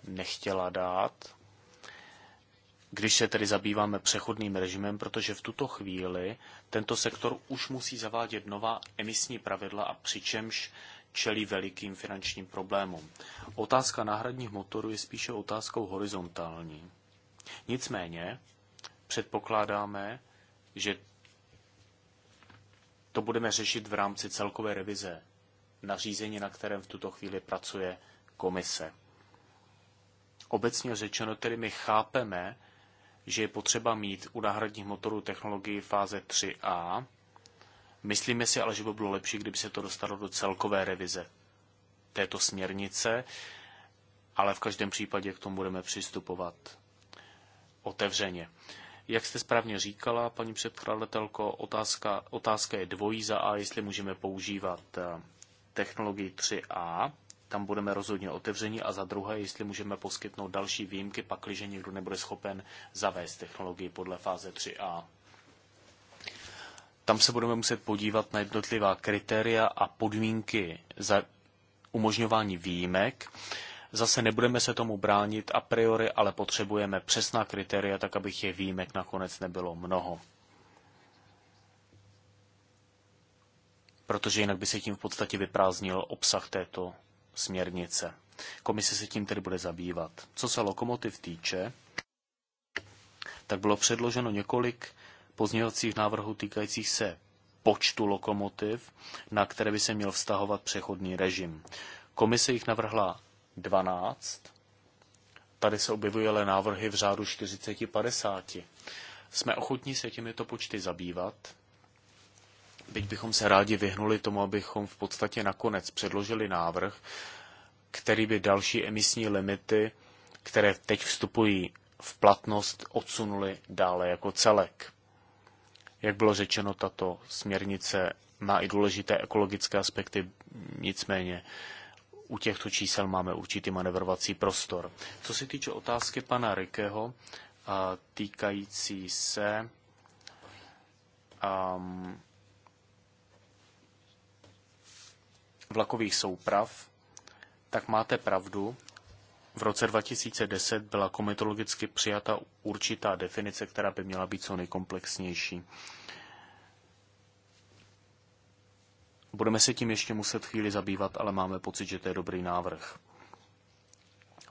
nechtěla dát, když se tedy zabýváme přechodným režimem, protože v tuto chvíli tento sektor už musí zavádět nová emisní pravidla a přičemž čelí velikým finančním problémům. Otázka náhradních motorů je spíše otázkou horizontální. Nicméně předpokládáme, že to budeme řešit v rámci celkové revize nařízení, na kterém v tuto chvíli pracuje komise. Obecně řečeno tedy my chápeme, že je potřeba mít u náhradních motorů technologii fáze 3A, Myslíme si ale, že by bylo lepší, kdyby se to dostalo do celkové revize této směrnice, ale v každém případě k tomu budeme přistupovat otevřeně. Jak jste správně říkala, paní předkladatelko, otázka, otázka je dvojí za A, jestli můžeme používat eh, technologii 3A, tam budeme rozhodně otevření a za druhé, jestli můžeme poskytnout další výjimky, pakliže někdo nebude schopen zavést technologii podle fáze 3A tam se budeme muset podívat na jednotlivá kritéria a podmínky za umožňování výjimek. Zase nebudeme se tomu bránit a priori, ale potřebujeme přesná kritéria, tak aby těch výjimek nakonec nebylo mnoho. Protože jinak by se tím v podstatě vyprázdnil obsah této směrnice. Komise se tím tedy bude zabývat. Co se lokomotiv týče, tak bylo předloženo několik pozměňovacích návrhů týkajících se počtu lokomotiv, na které by se měl vztahovat přechodný režim. Komise jich navrhla 12. Tady se objevují ale návrhy v řádu 40-50. Jsme ochotní se těmito počty zabývat, byť bychom se rádi vyhnuli tomu, abychom v podstatě nakonec předložili návrh, který by další emisní limity, které teď vstupují v platnost, odsunuli dále jako celek. Jak bylo řečeno, tato směrnice má i důležité ekologické aspekty, nicméně u těchto čísel máme určitý manevrovací prostor. Co se týče otázky pana Rikeho, týkající se um, vlakových souprav, tak máte pravdu, v roce 2010 byla komitologicky přijata určitá definice, která by měla být co nejkomplexnější. Budeme se tím ještě muset chvíli zabývat, ale máme pocit, že to je dobrý návrh.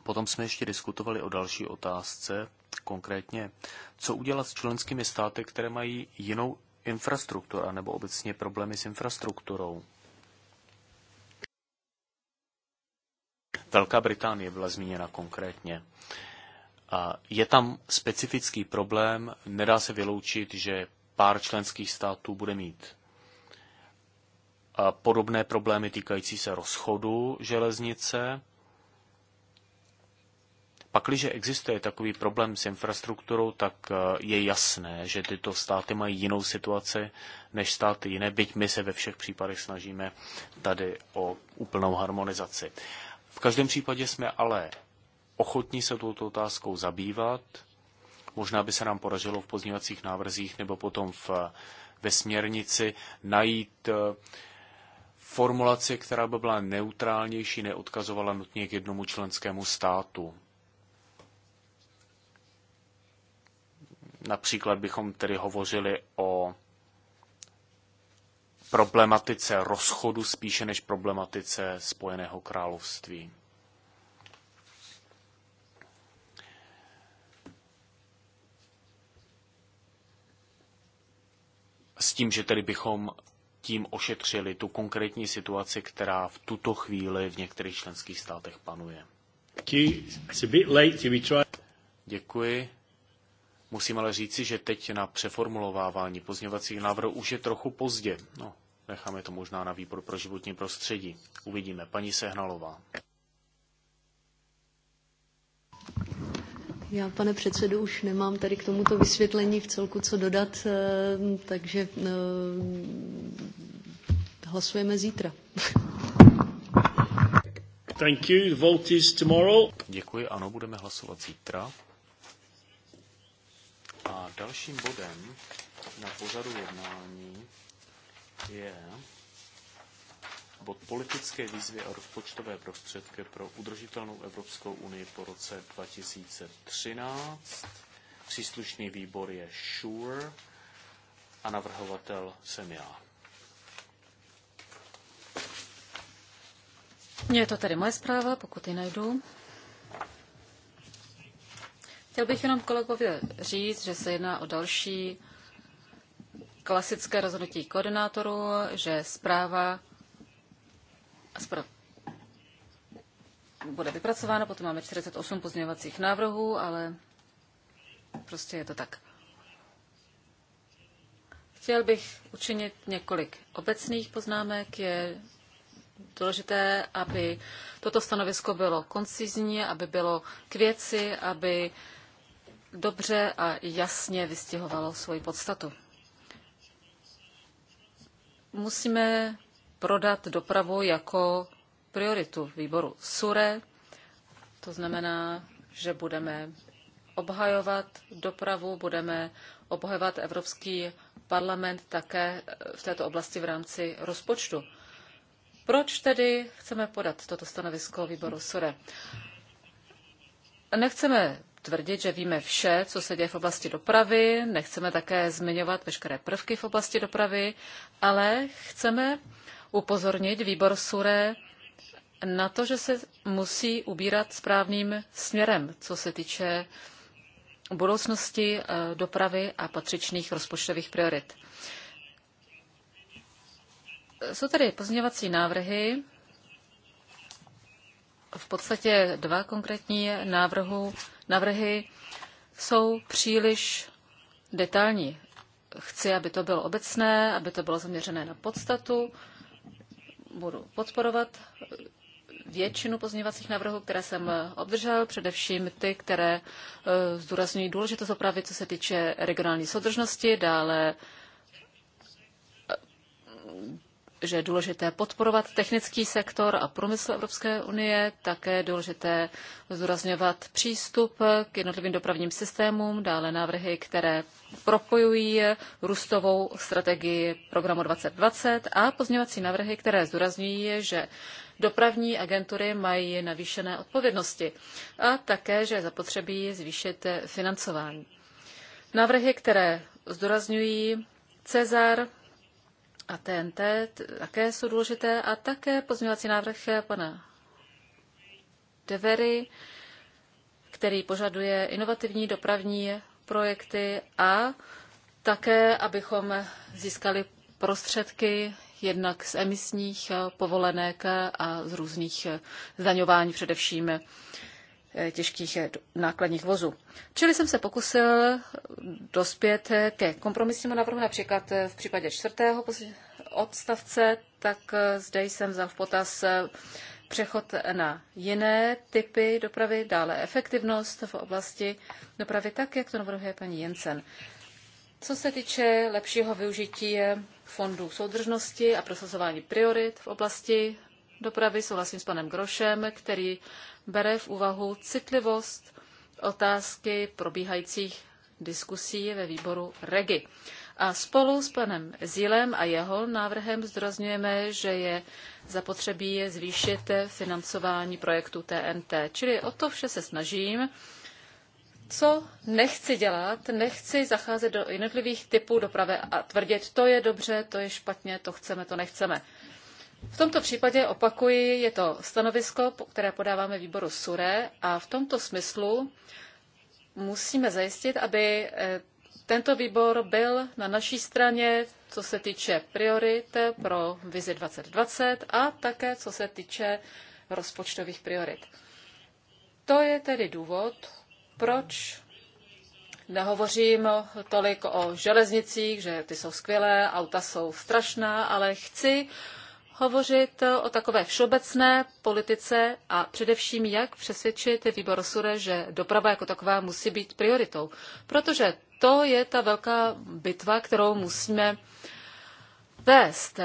Potom jsme ještě diskutovali o další otázce, konkrétně, co udělat s členskými státy, které mají jinou infrastrukturu, nebo obecně problémy s infrastrukturou. Velká Británie byla zmíněna konkrétně. A je tam specifický problém, nedá se vyloučit, že pár členských států bude mít a podobné problémy týkající se rozchodu železnice. Pakliže existuje takový problém s infrastrukturou, tak je jasné, že tyto státy mají jinou situaci než státy jiné, byť my se ve všech případech snažíme tady o úplnou harmonizaci. V každém případě jsme ale ochotní se touto otázkou zabývat. Možná by se nám podařilo v pozměňovacích návrzích nebo potom v, ve směrnici najít eh, formulaci, která by byla neutrálnější, neodkazovala nutně k jednomu členskému státu. Například bychom tedy hovořili o problematice rozchodu spíše než problematice Spojeného království. S tím, že tedy bychom tím ošetřili tu konkrétní situaci, která v tuto chvíli v některých členských státech panuje. Děkuji. Musím ale říci, že teď na přeformulovávání pozněvacích návrhů už je trochu pozdě. No, Necháme to možná na výbor pro životní prostředí. Uvidíme. Paní Sehnalová. Já, pane předsedu, už nemám tady k tomuto vysvětlení v celku co dodat, eh, takže eh, hlasujeme zítra. Thank you. The vote is tomorrow. Děkuji, ano, budeme hlasovat zítra. A dalším bodem na pořadu jednání je bod politické výzvy a rozpočtové prostředky pro udržitelnou Evropskou unii po roce 2013. Příslušný výbor je SURE a navrhovatel jsem já. Je to tedy moje zpráva, pokud ji najdu. Chtěl bych jenom kolegovi říct, že se jedná o další klasické rozhodnutí koordinátorů, že zpráva bude vypracována, potom máme 48 pozměňovacích návrhů, ale prostě je to tak. Chtěl bych učinit několik obecných poznámek. Je důležité, aby toto stanovisko bylo koncizní, aby bylo k věci, aby dobře a jasně vystihovalo svoji podstatu musíme prodat dopravu jako prioritu výboru SURE. To znamená, že budeme obhajovat dopravu, budeme obhajovat Evropský parlament také eh, v této oblasti v rámci rozpočtu. Proč tedy chceme podat toto stanovisko výboru SURE? Nechceme tvrdit, že víme vše, co se děje v oblasti dopravy, nechceme také zmiňovat veškeré prvky v oblasti dopravy, ale chceme upozornit výbor SURE na to, že se musí ubírat správným směrem, co se týče budoucnosti eh, dopravy a patřičných rozpočtových priorit. Jsou tady pozměňovací návrhy, v podstatě dva konkrétní návrhu navrhy jsou příliš detailní. Chci, aby to bylo obecné, aby to bylo zaměřené na podstatu. Budu podporovat většinu pozměňovacích návrhů, které jsem obdržel, především ty, které eh, zdůrazňují důležitost opravy, co se týče regionální soudržnosti, dále eh, že je důležité podporovat technický sektor a průmysl Evropské unie, také je důležité zdůrazňovat přístup k jednotlivým dopravním systémům, dále návrhy, které propojují růstovou strategii programu 2020 a pozměňovací návrhy, které zdůrazňují, že dopravní agentury mají navýšené odpovědnosti a také, že je zapotřebí zvýšit financování. Návrhy, které zdůrazňují Cezar, a TNT také jsou důležité a také pozměňovací návrh pana Devery, který požaduje inovativní dopravní projekty a také, abychom získali prostředky jednak z emisních povolenek a z různých zdaňování, především Eh, těžkých eh, nákladních vozů. Čili jsem se pokusil dospět eh, ke kompromisnímu návrhu, například v případě čtvrtého odstavce, tak zde jsem vzal v potaz přechod na jiné typy dopravy, dále efektivnost v oblasti dopravy, tak jak to navrhuje paní Jensen. Co se týče lepšího využití fondů soudržnosti a prosazování priorit v oblasti dopravy souhlasím s panem Grošem, který bere v úvahu citlivost otázky probíhajících diskusí ve výboru REGI. A spolu s panem Zílem a jeho návrhem zdůrazňujeme, že je zapotřebí zvýšit financování projektu TNT. Čili o to vše se snažím. Co nechci dělat, nechci zacházet do jednotlivých typů dopravy a tvrdit, to je dobře, to je špatně, to chceme, to nechceme. V tomto případě opakuji, je to stanovisko, které podáváme výboru SURE a v tomto smyslu musíme zajistit, aby eh, tento výbor byl na naší straně, co se týče priorit pro vizi 2020 a také co se týče rozpočtových priorit. To je tedy důvod, proč nehovořím tolik o železnicích, že ty jsou skvělé, auta jsou strašná, ale chci hovořit eh, o takové všeobecné politice a především jak přesvědčit výbor SURE, že doprava jako taková musí být prioritou. Protože to je ta velká bitva, kterou musíme vést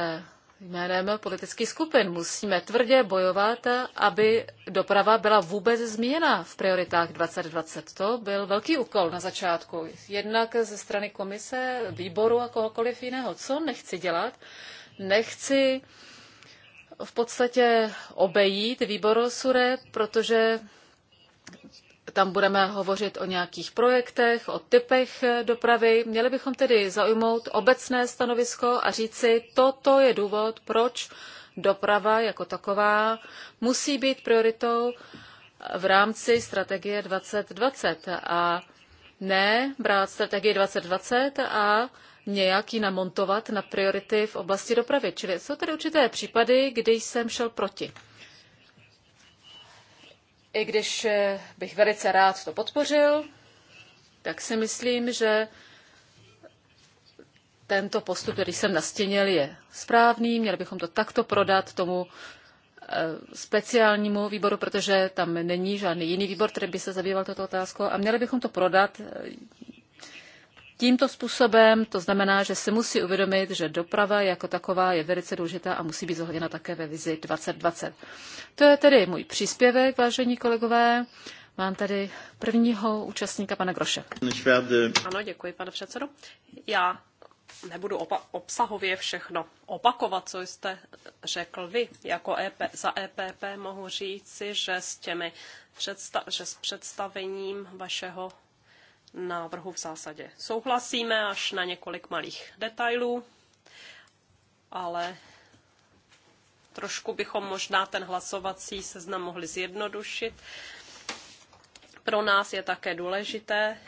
jménem politických skupin. Musíme tvrdě bojovat, aby doprava byla vůbec zmíněna v prioritách 2020. To byl velký úkol na začátku. Jednak ze strany komise, výboru a kohokoliv jiného. Co nechci dělat? Nechci v podstatě obejít výbor SURE, protože tam budeme hovořit o nějakých projektech, o typech dopravy. Měli bychom tedy zaujmout obecné stanovisko a říci, toto je důvod, proč doprava jako taková musí být prioritou v rámci strategie 2020 a ne brát strategii 2020 a nějak ji namontovat na priority v oblasti dopravy. Čili jsou tady určité případy, kdy jsem šel proti. I když eh, bych velice rád to podpořil, tak si myslím, že tento postup, který jsem nastěnil, je správný. Měli bychom to takto prodat tomu eh, speciálnímu výboru, protože tam není žádný jiný výbor, který by se zabýval toto otázkou a měli bychom to prodat eh, tímto způsobem. To znamená, že si musí uvědomit, že doprava jako taková je velice důležitá a musí být zohledněna také ve vizi 2020. To je tedy můj příspěvek, vážení kolegové. Mám tady prvního účastníka, pana Groše. Ano, děkuji, pane předsedo. Já nebudu opa- obsahově všechno opakovat, co jste řekl vy. Jako EP, za EPP mohu říci, že s těmi předsta- že s představením vašeho návrhu v zásadě souhlasíme až na několik malých detailů, ale trošku bychom možná ten hlasovací seznam mohli zjednodušit. Pro nás je také důležité,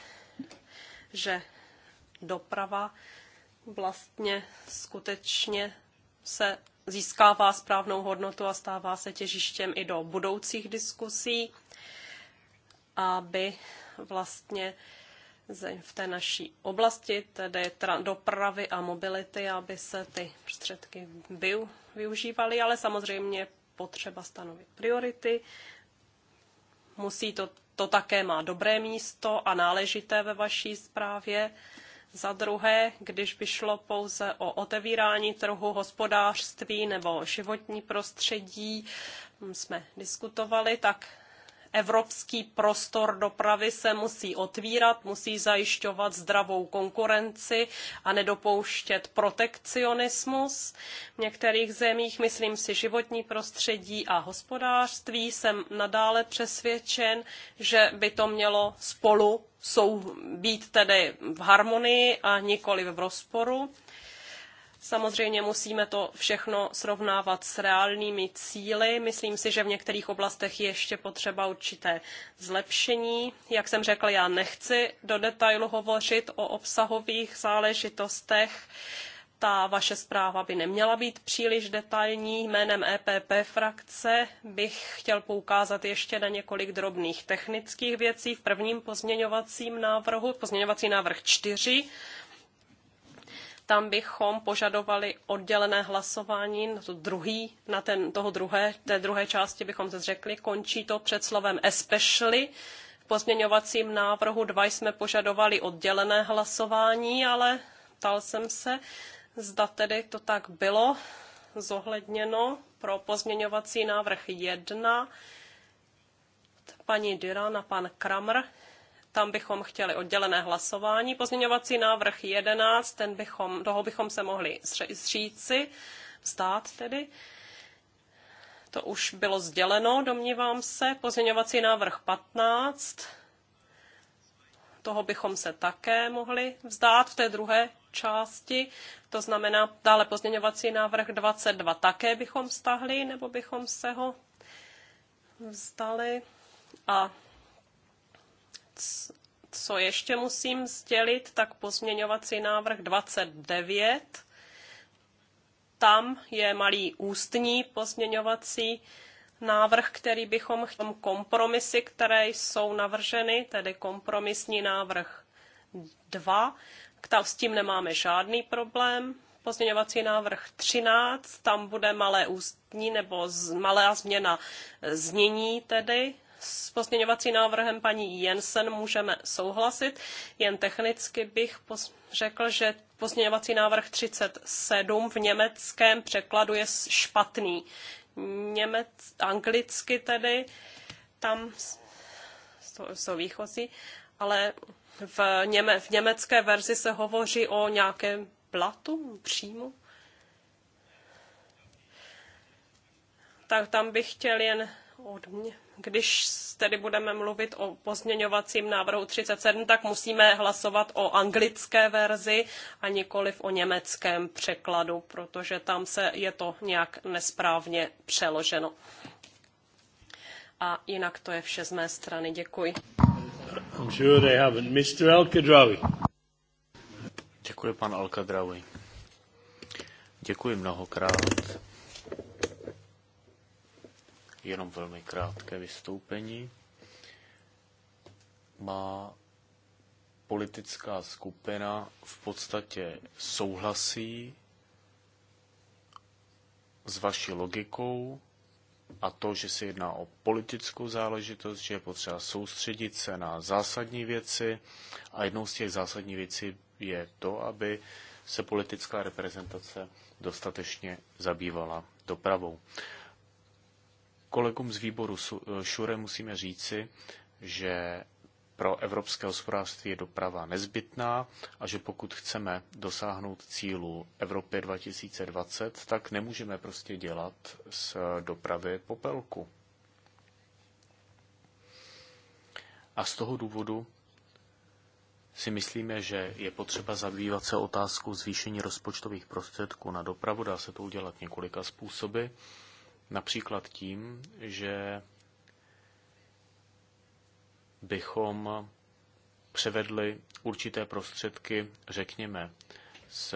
že doprava vlastně skutečně se získává správnou hodnotu a stává se těžištěm i do budoucích diskusí, aby vlastně v té naší oblasti, tedy dopravy a mobility, aby se ty prostředky využívaly, ale samozřejmě potřeba stanovit priority. Musí to, to také má dobré místo a náležité ve vaší zprávě. Za druhé, když by šlo pouze o otevírání trhu hospodářství nebo životní prostředí, hm, jsme diskutovali, tak Evropský prostor dopravy se musí otvírat, musí zajišťovat zdravou konkurenci a nedopouštět protekcionismus. V některých zemích, myslím si, životní prostředí a hospodářství, jsem nadále přesvědčen, že by to mělo spolu jsou být tedy v harmonii a nikoli v rozporu. Samozřejmě musíme to všechno srovnávat s reálnými cíly. Myslím si, že v některých oblastech je ještě potřeba určité zlepšení. Jak jsem řekla, já nechci do detailu hovořit o obsahových záležitostech. Ta vaše zpráva by neměla být příliš detailní. Jménem EPP frakce bych chtěl poukázat ještě na několik drobných technických věcí v prvním pozměňovacím návrhu, pozměňovací návrh 4 tam bychom požadovali oddělené hlasování na, to druhý, na ten, toho druhé, té druhé části bychom se řekli, končí to před slovem especially. V pozměňovacím návrhu dva jsme požadovali oddělené hlasování, ale ptal jsem se, zda tedy to tak bylo zohledněno pro pozměňovací návrh 1 paní Dyran a pan Kramr tam bychom chtěli oddělené hlasování. Pozměňovací návrh 11, ten bychom, toho bychom se mohli zříci, vstát tedy. To už bylo sděleno, domnívám se. Pozměňovací návrh 15, toho bychom se také mohli vzdát v té druhé části. To znamená, dále pozměňovací návrh 22 také bychom stahli, nebo bychom se ho vzdali. A co ještě musím sdělit, tak pozměňovací návrh 29. Tam je malý ústní pozměňovací návrh, který bychom chtěli kompromisy, které jsou navrženy, tedy kompromisní návrh 2. Tam s tím nemáme žádný problém. Pozměňovací návrh 13, tam bude malé ústní nebo z, malá změna znění tedy s pozměňovací návrhem paní Jensen můžeme souhlasit, jen technicky bych poz... řekl, že pozměňovací návrh 37 v německém překladu je špatný. Němec, anglicky tedy, tam jsou výchozí, ale v, něme, v německé verzi se hovoří o nějakém platu, příjmu. Tak tam bych chtěl jen odmě... Když tedy budeme mluvit o pozměňovacím návrhu 37, tak musíme hlasovat o anglické verzi a nikoliv o německém překladu, protože tam se je to nějak nesprávně přeloženo. A jinak to je vše z mé strany. Děkuji. I'm sure they haven't. Mr. Alkadrawi. Děkuji, pan Alkadrawi. Děkuji mnohokrát jenom velmi krátké vystoupení. Má politická skupina v podstatě souhlasí s vaší logikou a to, že se jedná o politickou záležitost, že je potřeba soustředit se na zásadní věci a jednou z těch zásadních věcí je to, aby se politická reprezentace dostatečně zabývala dopravou. Kolegům z výboru Šure musíme říci, že pro evropské hospodářství je doprava nezbytná a že pokud chceme dosáhnout cílu Evropy 2020, tak nemůžeme prostě dělat z dopravy popelku. A z toho důvodu si myslíme, že je potřeba zabývat se otázkou zvýšení rozpočtových prostředků na dopravu. Dá se to udělat několika způsoby. Například tím, že bychom převedli určité prostředky, řekněme, z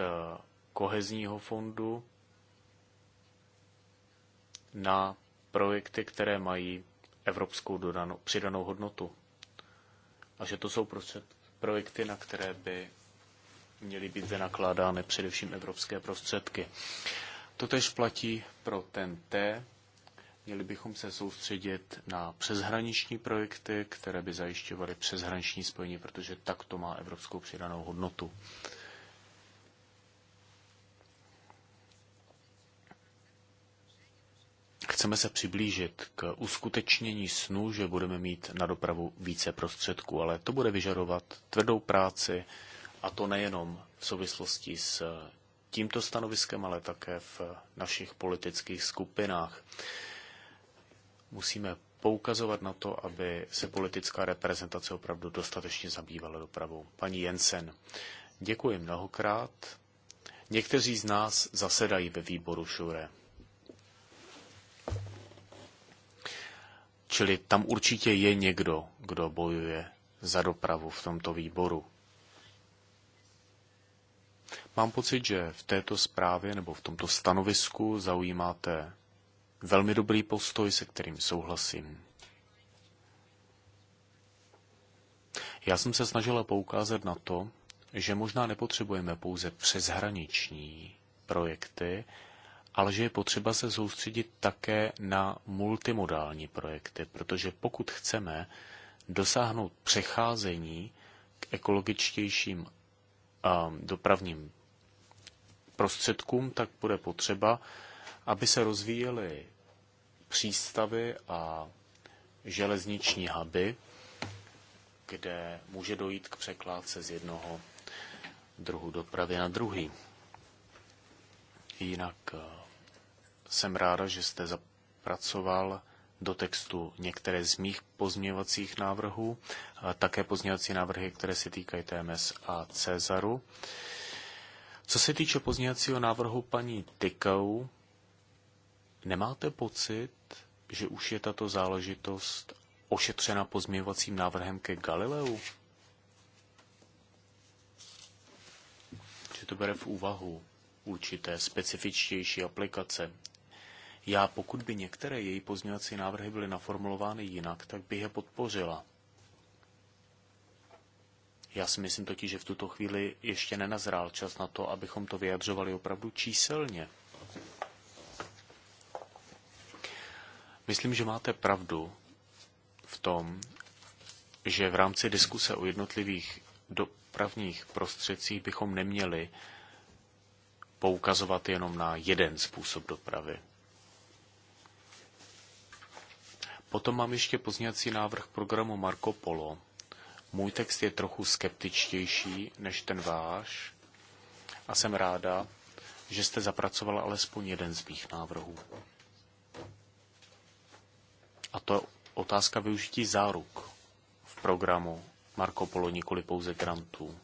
kohezního fondu na projekty, které mají evropskou dodanou, přidanou hodnotu. A že to jsou projekty, na které by měly být vynakládány především evropské prostředky. Totež platí pro ten t. Měli bychom se soustředit na přeshraniční projekty, které by zajišťovaly přeshraniční spojení, protože tak to má evropskou přidanou hodnotu. Chceme se přiblížit k uskutečnění snu, že budeme mít na dopravu více prostředků, ale to bude vyžadovat tvrdou práci, a to nejenom v souvislosti s tímto stanoviskem, ale také v našich politických skupinách. Musíme poukazovat na to, aby se politická reprezentace opravdu dostatečně zabývala dopravou. Paní Jensen, děkuji mnohokrát. Někteří z nás zasedají ve výboru Šure. Čili tam určitě je někdo, kdo bojuje za dopravu v tomto výboru. Mám pocit, že v této zprávě nebo v tomto stanovisku zaujímáte velmi dobrý postoj, se kterým souhlasím. Já jsem se snažila poukázat na to, že možná nepotřebujeme pouze přeshraniční projekty, ale že je potřeba se soustředit také na multimodální projekty, protože pokud chceme dosáhnout přecházení k ekologičtějším dopravním prostředkům, tak bude potřeba, aby se rozvíjely přístavy a železniční huby, kde může dojít k překládce z jednoho druhu dopravy na druhý. Jinak eh, jsem ráda, že jste zapracoval do textu některé z mých pozměňovacích návrhů, také pozměňovací návrhy, které se týkají TMS a Cezaru. Co se týče pozměňovacího návrhu paní Tykou, nemáte pocit, že už je tato záležitost ošetřena pozměňovacím návrhem ke Galileu? Že to bere v úvahu určité specifičtější aplikace já pokud by některé její pozměňovací návrhy byly naformulovány jinak, tak bych je podpořila. Já si myslím totiž, že v tuto chvíli ještě nenazrál čas na to, abychom to vyjadřovali opravdu číselně. Myslím, že máte pravdu v tom, že v rámci diskuse o jednotlivých dopravních prostředcích bychom neměli poukazovat jenom na jeden způsob dopravy. Potom mám ještě pozněcí návrh programu Marco Polo. Můj text je trochu skeptičtější než ten váš a jsem ráda, že jste zapracovala alespoň jeden z mých návrhů. A to je otázka využití záruk v programu Marco Polo, nikoli pouze grantů.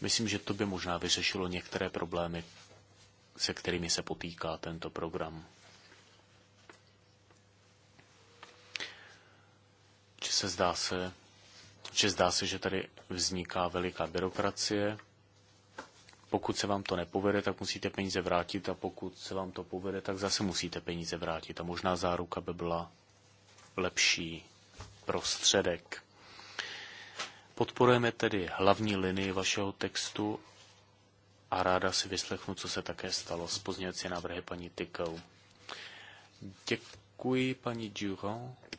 Myslím, že to by možná vyřešilo některé problémy, se kterými se potýká tento program. se zdá se, že zdá se, že tady vzniká veliká byrokracie. Pokud se vám to nepovede, tak musíte peníze vrátit a pokud se vám to povede, tak zase musíte peníze vrátit a možná záruka by byla lepší prostředek. Podporujeme tedy hlavní linii vašeho textu a ráda si vyslechnu, co se také stalo s pozdějící návrhy paní Tykou. Děkuji, paní Durand.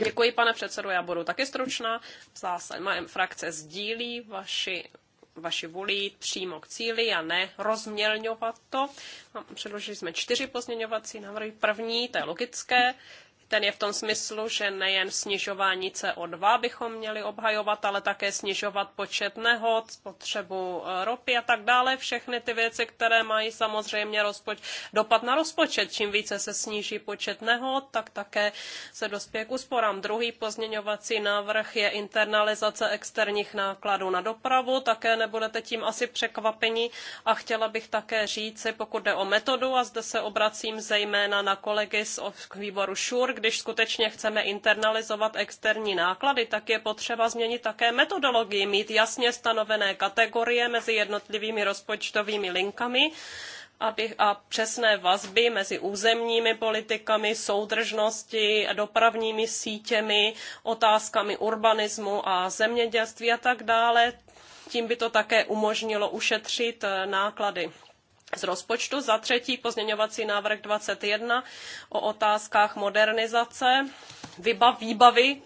Děkuji, pane předsedo, já budu taky stručná. Zdá má frakce sdílí vaši vaši vůli jít přímo k cíli a ne rozmělňovat to. Předložili jsme čtyři pozměňovací návrhy. První, to je logické, ten je v tom smyslu, že nejen snižování CO2 bychom měli obhajovat, ale také snižovat počet nehod, spotřebu eh, ropy a tak dále. Všechny ty věci, které mají samozřejmě rozpoč- dopad na rozpočet. Čím více se sníží počet nehod, tak také se dospěje k úsporám. Druhý pozměňovací návrh je internalizace externích nákladů na dopravu. Také nebudete tím asi překvapeni a chtěla bych také říci, pokud jde o metodu, a zde se obracím zejména na kolegy z výboru ŠUR, když skutečně chceme internalizovat externí náklady, tak je potřeba změnit také metodologii, mít jasně stanovené kategorie mezi jednotlivými rozpočtovými linkami a přesné vazby mezi územními politikami, soudržnosti, dopravními sítěmi, otázkami urbanismu a zemědělství a tak dále. Tím by to také umožnilo ušetřit eh, náklady z rozpočtu. Za třetí pozměňovací návrh 21 o otázkách modernizace vybav, výbavy,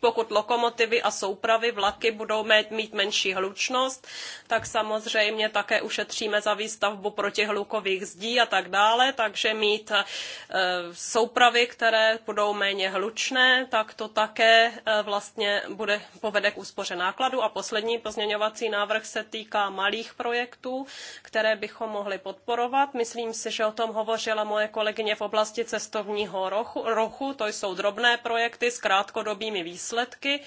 pokud lokomotivy a soupravy vlaky budou mít menší hlučnost, tak samozřejmě také ušetříme za výstavbu protihlukových zdí a tak dále, takže mít eh, soupravy, které budou méně hlučné, tak to také eh, vlastně bude povede k úspoře nákladu. A poslední pozměňovací návrh se týká malých projektů, které bychom mohli podporovat. Myslím si, že o tom hovořila moje kolegyně v oblasti cestovního rochu. rochu to jsou drobné projekty, projekty s krátkodobými výsledky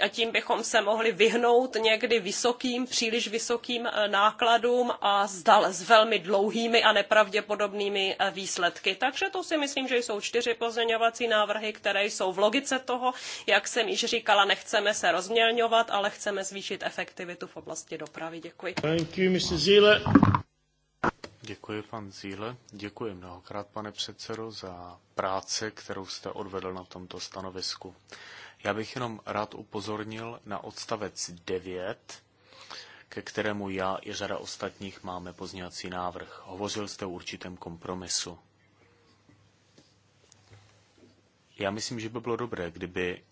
a tím bychom se mohli vyhnout někdy vysokým, příliš vysokým eh, nákladům a zdal, s velmi dlouhými a nepravděpodobnými eh, výsledky. Takže to si myslím, že jsou čtyři pozměňovací návrhy, které jsou v logice toho, jak jsem již říkala, nechceme se rozmělňovat, ale chceme zvýšit efektivitu v oblasti dopravy. Děkuji. Thank you, Mr. Děkuji, pan Zíle. Děkuji mnohokrát, pane předsedo, za práci, kterou jste odvedl na tomto stanovisku. Já bych jenom rád upozornil na odstavec 9, ke kterému já i řada ostatních máme pozněvací návrh. Hovořil jste o určitém kompromisu. Já myslím, že by bylo dobré, kdyby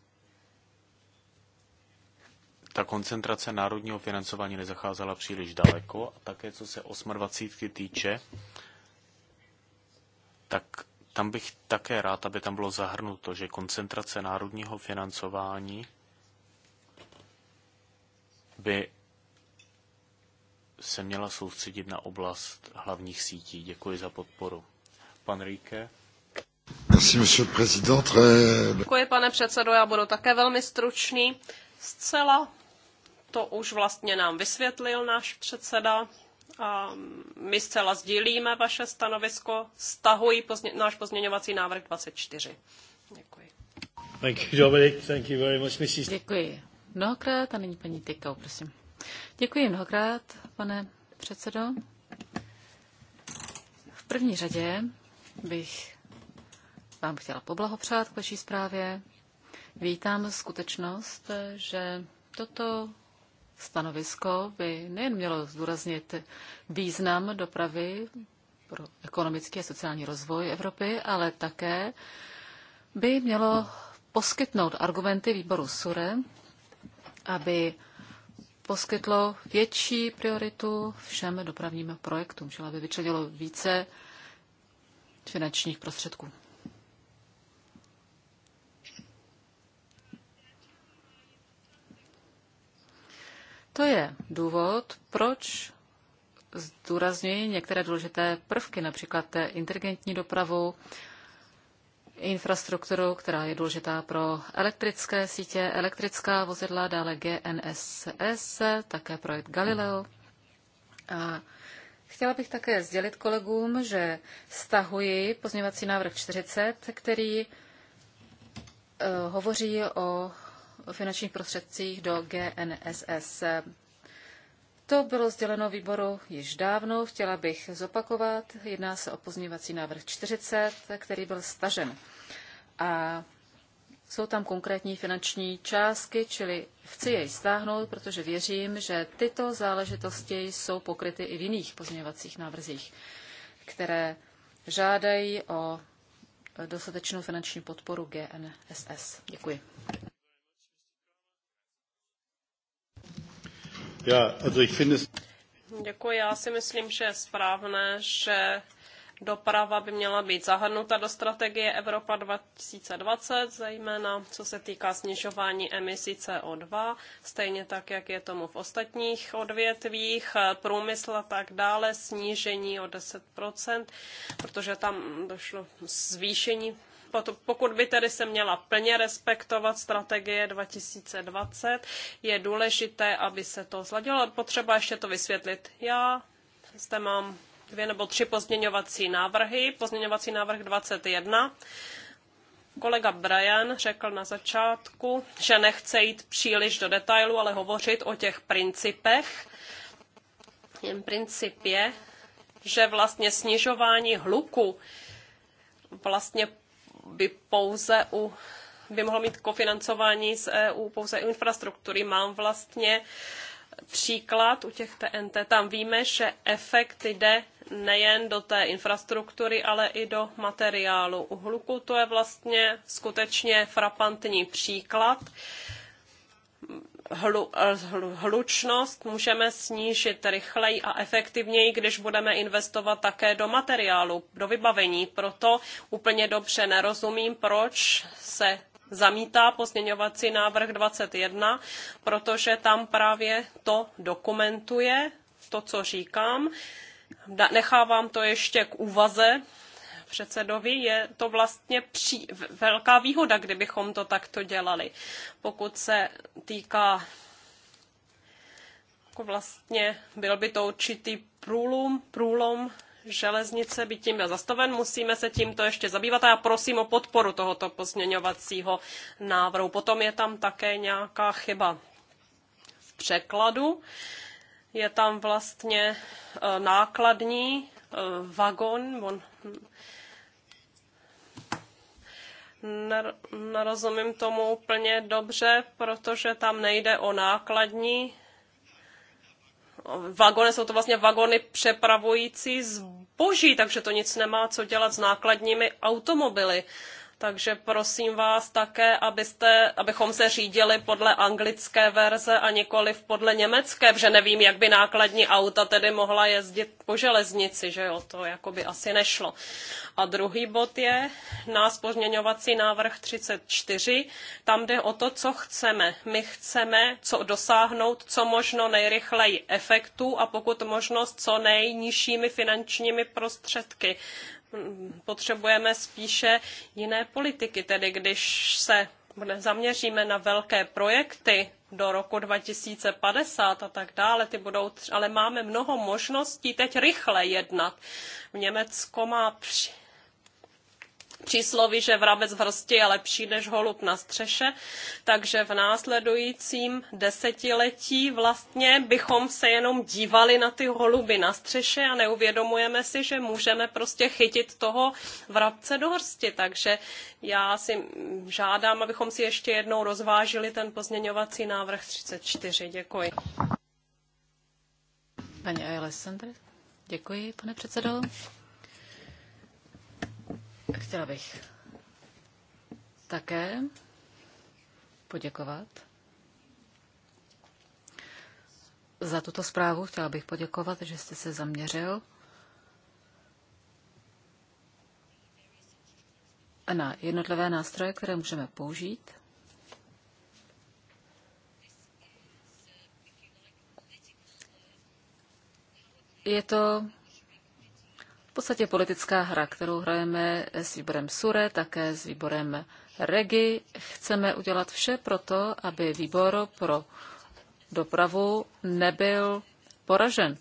ta koncentrace národního financování nezacházela příliš daleko a také co se 28 týče, tak tam bych také rád, aby tam bylo zahrnuto, že koncentrace národního financování by se měla soustředit na oblast hlavních sítí. Děkuji za podporu. Pan Ríke. Děkuji, pane předsedo, já budu také velmi stručný. Zcela to už vlastně nám vysvětlil náš předseda. A my zcela sdílíme vaše stanovisko. Stahuji pozně, náš pozměňovací návrh 24. Děkuji. Thank you, Dominic. Thank you very much, Mrs. Děkuji mnohokrát a nyní paní Tykau, prosím. Děkuji mnohokrát, pane předsedo. V první řadě bych vám chtěla poblahopřát k vaší zprávě. Vítám skutečnost, že toto stanovisko by nejen mělo zdůraznit význam dopravy pro ekonomický a sociální rozvoj Evropy, ale také by mělo poskytnout argumenty výboru SURE, aby poskytlo větší prioritu všem dopravním projektům, čili aby vyčlenilo více finančních prostředků. To je důvod, proč zdůrazňuji některé důležité prvky, například inteligentní dopravu, infrastrukturu, která je důležitá pro elektrické sítě, elektrická vozidla, dále GNSS, také projekt Galileo. A chtěla bych také sdělit kolegům, že stahuji pozměvací návrh 40, který eh, hovoří o finančních prostředcích do GNSS. To bylo sděleno výboru již dávno, chtěla bych zopakovat. Jedná se o pozměňovací návrh 40, který byl stažen. A jsou tam konkrétní finanční částky, čili chci jej stáhnout, protože věřím, že tyto záležitosti jsou pokryty i v jiných pozměňovacích návrzích, které žádají o dostatečnou finanční podporu GNSS. Děkuji. Ja, also ich finde es... Děkuji, já si myslím, že je správné, že doprava by měla být zahrnuta do strategie Evropa 2020, zejména co se týká snižování emisí CO2, stejně tak, jak je tomu v ostatních odvětvích, průmysl a tak dále, snížení o 10%, protože tam došlo zvýšení pokud by tedy se měla plně respektovat strategie 2020, je důležité, aby se to zladilo. Potřeba ještě to vysvětlit. Já zde mám dvě nebo tři pozměňovací návrhy. Pozměňovací návrh 21. Kolega Brian řekl na začátku, že nechce jít příliš do detailu, ale hovořit o těch principech. Jen princip je, že vlastně snižování hluku vlastně by pouze u by mohlo mít kofinancování z EU pouze infrastruktury. Mám vlastně příklad u těch TNT. Tam víme, že efekt jde nejen do té infrastruktury, ale i do materiálu. U hluku to je vlastně skutečně frapantní příklad hlu, hlu, hlučnost můžeme snížit rychleji a efektivněji, když budeme investovat také do materiálu, do vybavení. Proto úplně dobře nerozumím, proč se zamítá pozměňovací návrh 21, protože tam právě to dokumentuje, to, co říkám. Nechávám to ještě k úvaze předsedovi, je to vlastně pří, velká výhoda, kdybychom to takto dělali. Pokud se týká jako vlastně byl by to určitý průlom, průlom železnice by tím byl zastaven. Musíme se tímto ještě zabývat a já prosím o podporu tohoto pozměňovacího návrhu. Potom je tam také nějaká chyba v překladu. Je tam vlastně eh, nákladní eh, vagon, on, nerozumím tomu úplně dobře, protože tam nejde o nákladní vagony, jsou to vlastně vagony přepravující zboží, takže to nic nemá co dělat s nákladními automobily. Takže prosím vás také, abyste, abychom se řídili podle anglické verze a nikoliv podle německé, protože nevím, jak by nákladní auta tedy mohla jezdit po železnici, že jo, to jako by asi nešlo. A druhý bod je nás pozměňovací návrh 34. Tam jde o to, co chceme. My chceme co dosáhnout co možno nejrychleji efektů a pokud možnost co nejnižšími finančními prostředky potřebujeme spíše jiné politiky, tedy když se zaměříme na velké projekty do roku 2050 a tak dále, ty budou, ale máme mnoho možností teď rychle jednat. Německo má při přísloví, že vrabec v hrsti je lepší než holub na střeše, takže v následujícím desetiletí vlastně bychom se jenom dívali na ty holuby na střeše a neuvědomujeme si, že můžeme prostě chytit toho vrabce do hrsti. Takže já si žádám, abychom si ještě jednou rozvážili ten pozměňovací návrh 34. Děkuji. Paní Alessandr, děkuji, pane předsedo. Chtěla bych také poděkovat za tuto zprávu. Chtěla bych poděkovat, že jste se zaměřil na jednotlivé nástroje, které můžeme použít. Je to v podstatě politická hra, kterou hrajeme s výborem SURE, také s výborem REGI. Chceme udělat vše pro to, aby výbor pro dopravu nebyl poražen,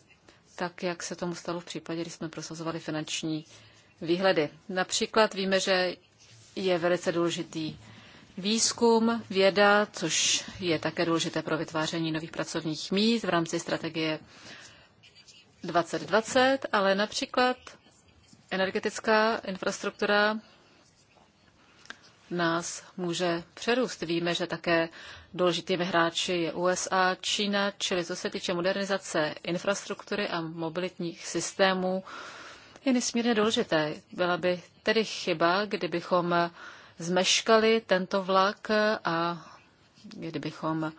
tak jak se tomu stalo v případě, kdy jsme prosazovali finanční výhledy. Například víme, že je velice důležitý výzkum, věda, což je také důležité pro vytváření nových pracovních míst v rámci strategie 2020, ale například energetická infrastruktura nás může přerůst. Víme, že také důležitými hráči je USA, Čína, čili co se týče modernizace infrastruktury a mobilitních systémů, je nesmírně důležité. Byla by tedy chyba, kdybychom zmeškali tento vlak a kdybychom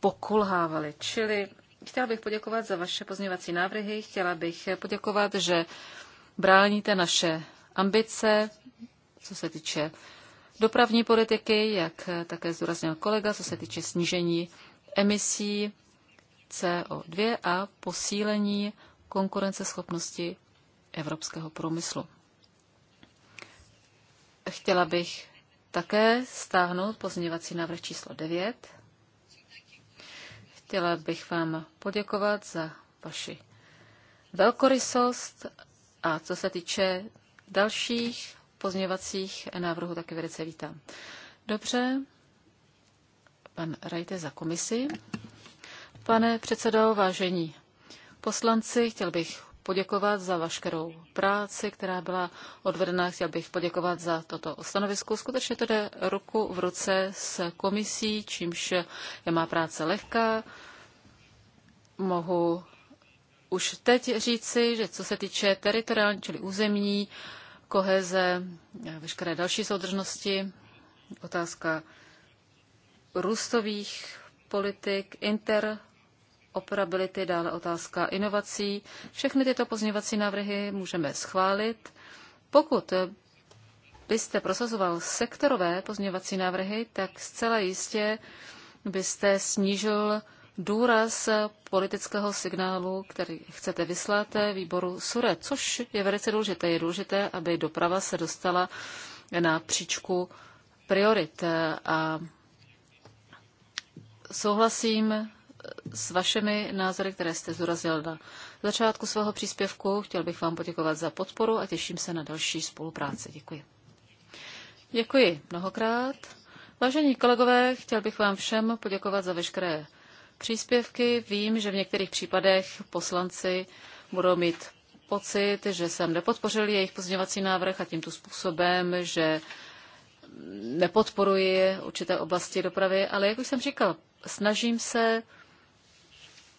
pokulhávali. Čili Chtěla bych poděkovat za vaše pozměňovací návrhy. Chtěla bych poděkovat, že bráníte naše ambice, co se týče dopravní politiky, jak také zdůraznil kolega, co se týče snížení emisí CO2 a posílení konkurenceschopnosti evropského průmyslu. Chtěla bych také stáhnout pozměňovací návrh číslo 9. Chtěla bych vám poděkovat za vaši velkorysost a co se týče dalších pozměvacích návrhů, také velice vítám. Dobře, pan Rajte za komisi. Pane předsedo, vážení poslanci, chtěl bych poděkovat za vaškerou práci, která byla odvedena. Chtěl bych poděkovat za toto stanovisko. Skutečně to jde ruku v ruce s komisí, čímž je má práce lehká. Mohu už teď říci, že co se týče teritoriální, čili územní, koheze, veškeré další soudržnosti, otázka růstových politik, inter operability, dále otázka inovací. Všechny tyto pozměvací návrhy můžeme schválit. Pokud byste prosazoval sektorové pozměvací návrhy, tak zcela jistě byste snížil důraz politického signálu, který chcete vyslat výboru SURE, což je velice důležité. Je důležité, aby doprava se dostala na příčku priorit. A souhlasím s vašemi názory, které jste zúrazil na začátku svého příspěvku. Chtěl bych vám poděkovat za podporu a těším se na další spolupráci. Děkuji. Děkuji mnohokrát. Vážení kolegové, chtěl bych vám všem poděkovat za veškeré příspěvky. Vím, že v některých případech poslanci budou mít pocit, že jsem nepodpořil jejich pozměňovací návrh a tímto způsobem, že nepodporuji určité oblasti dopravy, ale jak už jsem říkal, snažím se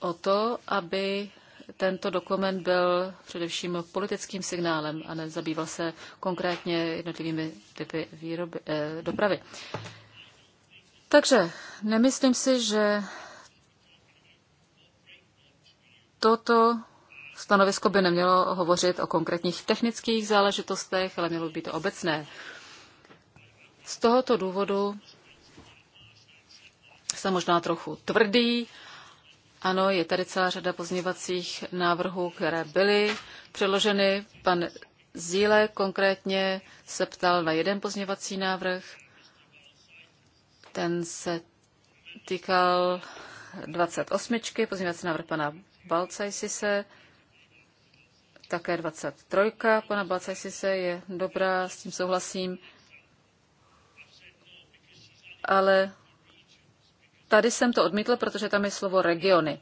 o to, aby tento dokument byl především politickým signálem a nezabýval se konkrétně jednotlivými typy výroby, eh, dopravy. Takže nemyslím si, že toto stanovisko by nemělo hovořit o konkrétních technických záležitostech, ale mělo by být obecné. Z tohoto důvodu jsem možná trochu tvrdý, ano, je tady celá řada pozměvacích návrhů, které byly předloženy. Pan Zíle konkrétně se ptal na jeden pozměvací návrh. Ten se týkal 28. pozměvací návrh pana Balcajsise. Také 23. pana Balcajsise je dobrá, s tím souhlasím. Ale Tady jsem to odmítl, protože tam je slovo regiony.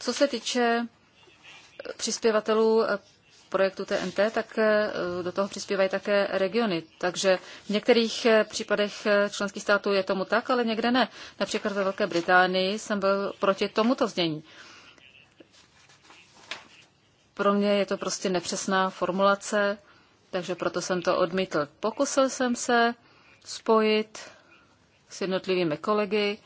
Co se týče eh, přispěvatelů eh, projektu TNT, tak eh, do toho přispívají také regiony. Takže v některých případech členských států je tomu tak, ale někde ne. Například ve Velké Británii jsem byl proti tomuto znění. Pro mě je to prostě nepřesná formulace, takže proto jsem to odmítl. Pokusil jsem se spojit s jednotlivými kolegy.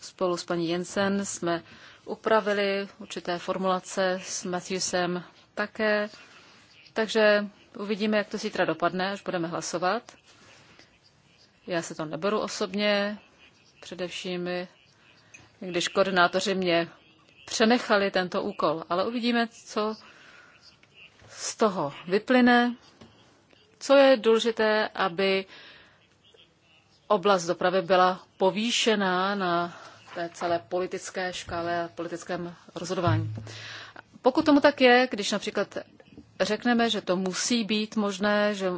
Spolu s paní Jensen jsme upravili určité formulace s Matthewsem také. Takže uvidíme, jak to zítra dopadne, až budeme hlasovat. Já se to neberu osobně, především když koordinátoři mě přenechali tento úkol, ale uvidíme, co z toho vyplyne, co je důležité, aby oblast dopravy byla povýšená na té celé politické škále a politickém rozhodování. Pokud tomu tak je, když například řekneme, že to musí být možné, že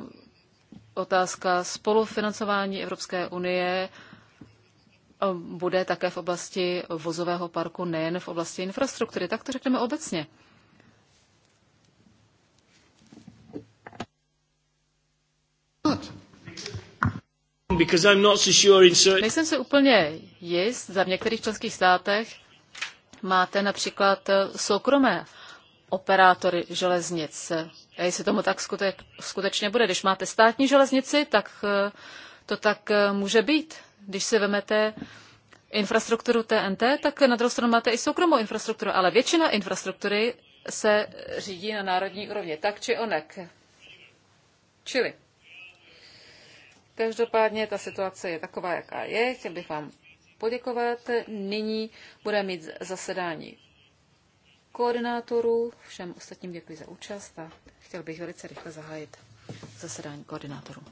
otázka spolufinancování Evropské unie eh, bude také v oblasti vozového parku, nejen v oblasti infrastruktury. Tak to řekneme obecně. Nejsem se úplně jist, za v některých členských státech máte například eh, soukromé operátory železnic. A jestli tomu tak skutečně bude, když máte státní železnici, tak eh, to tak eh, může být. Když si vemete infrastrukturu TNT, tak na druhou stranu máte i soukromou infrastrukturu, ale většina infrastruktury se řídí na národní úrovni, tak či onek. Čili Každopádně ta situace je taková, jaká je. Chtěl bych vám poděkovat. Nyní bude mít zasedání koordinátorů. Všem ostatním děkuji za účast a chtěl bych velice rychle zahájit zasedání koordinátorů.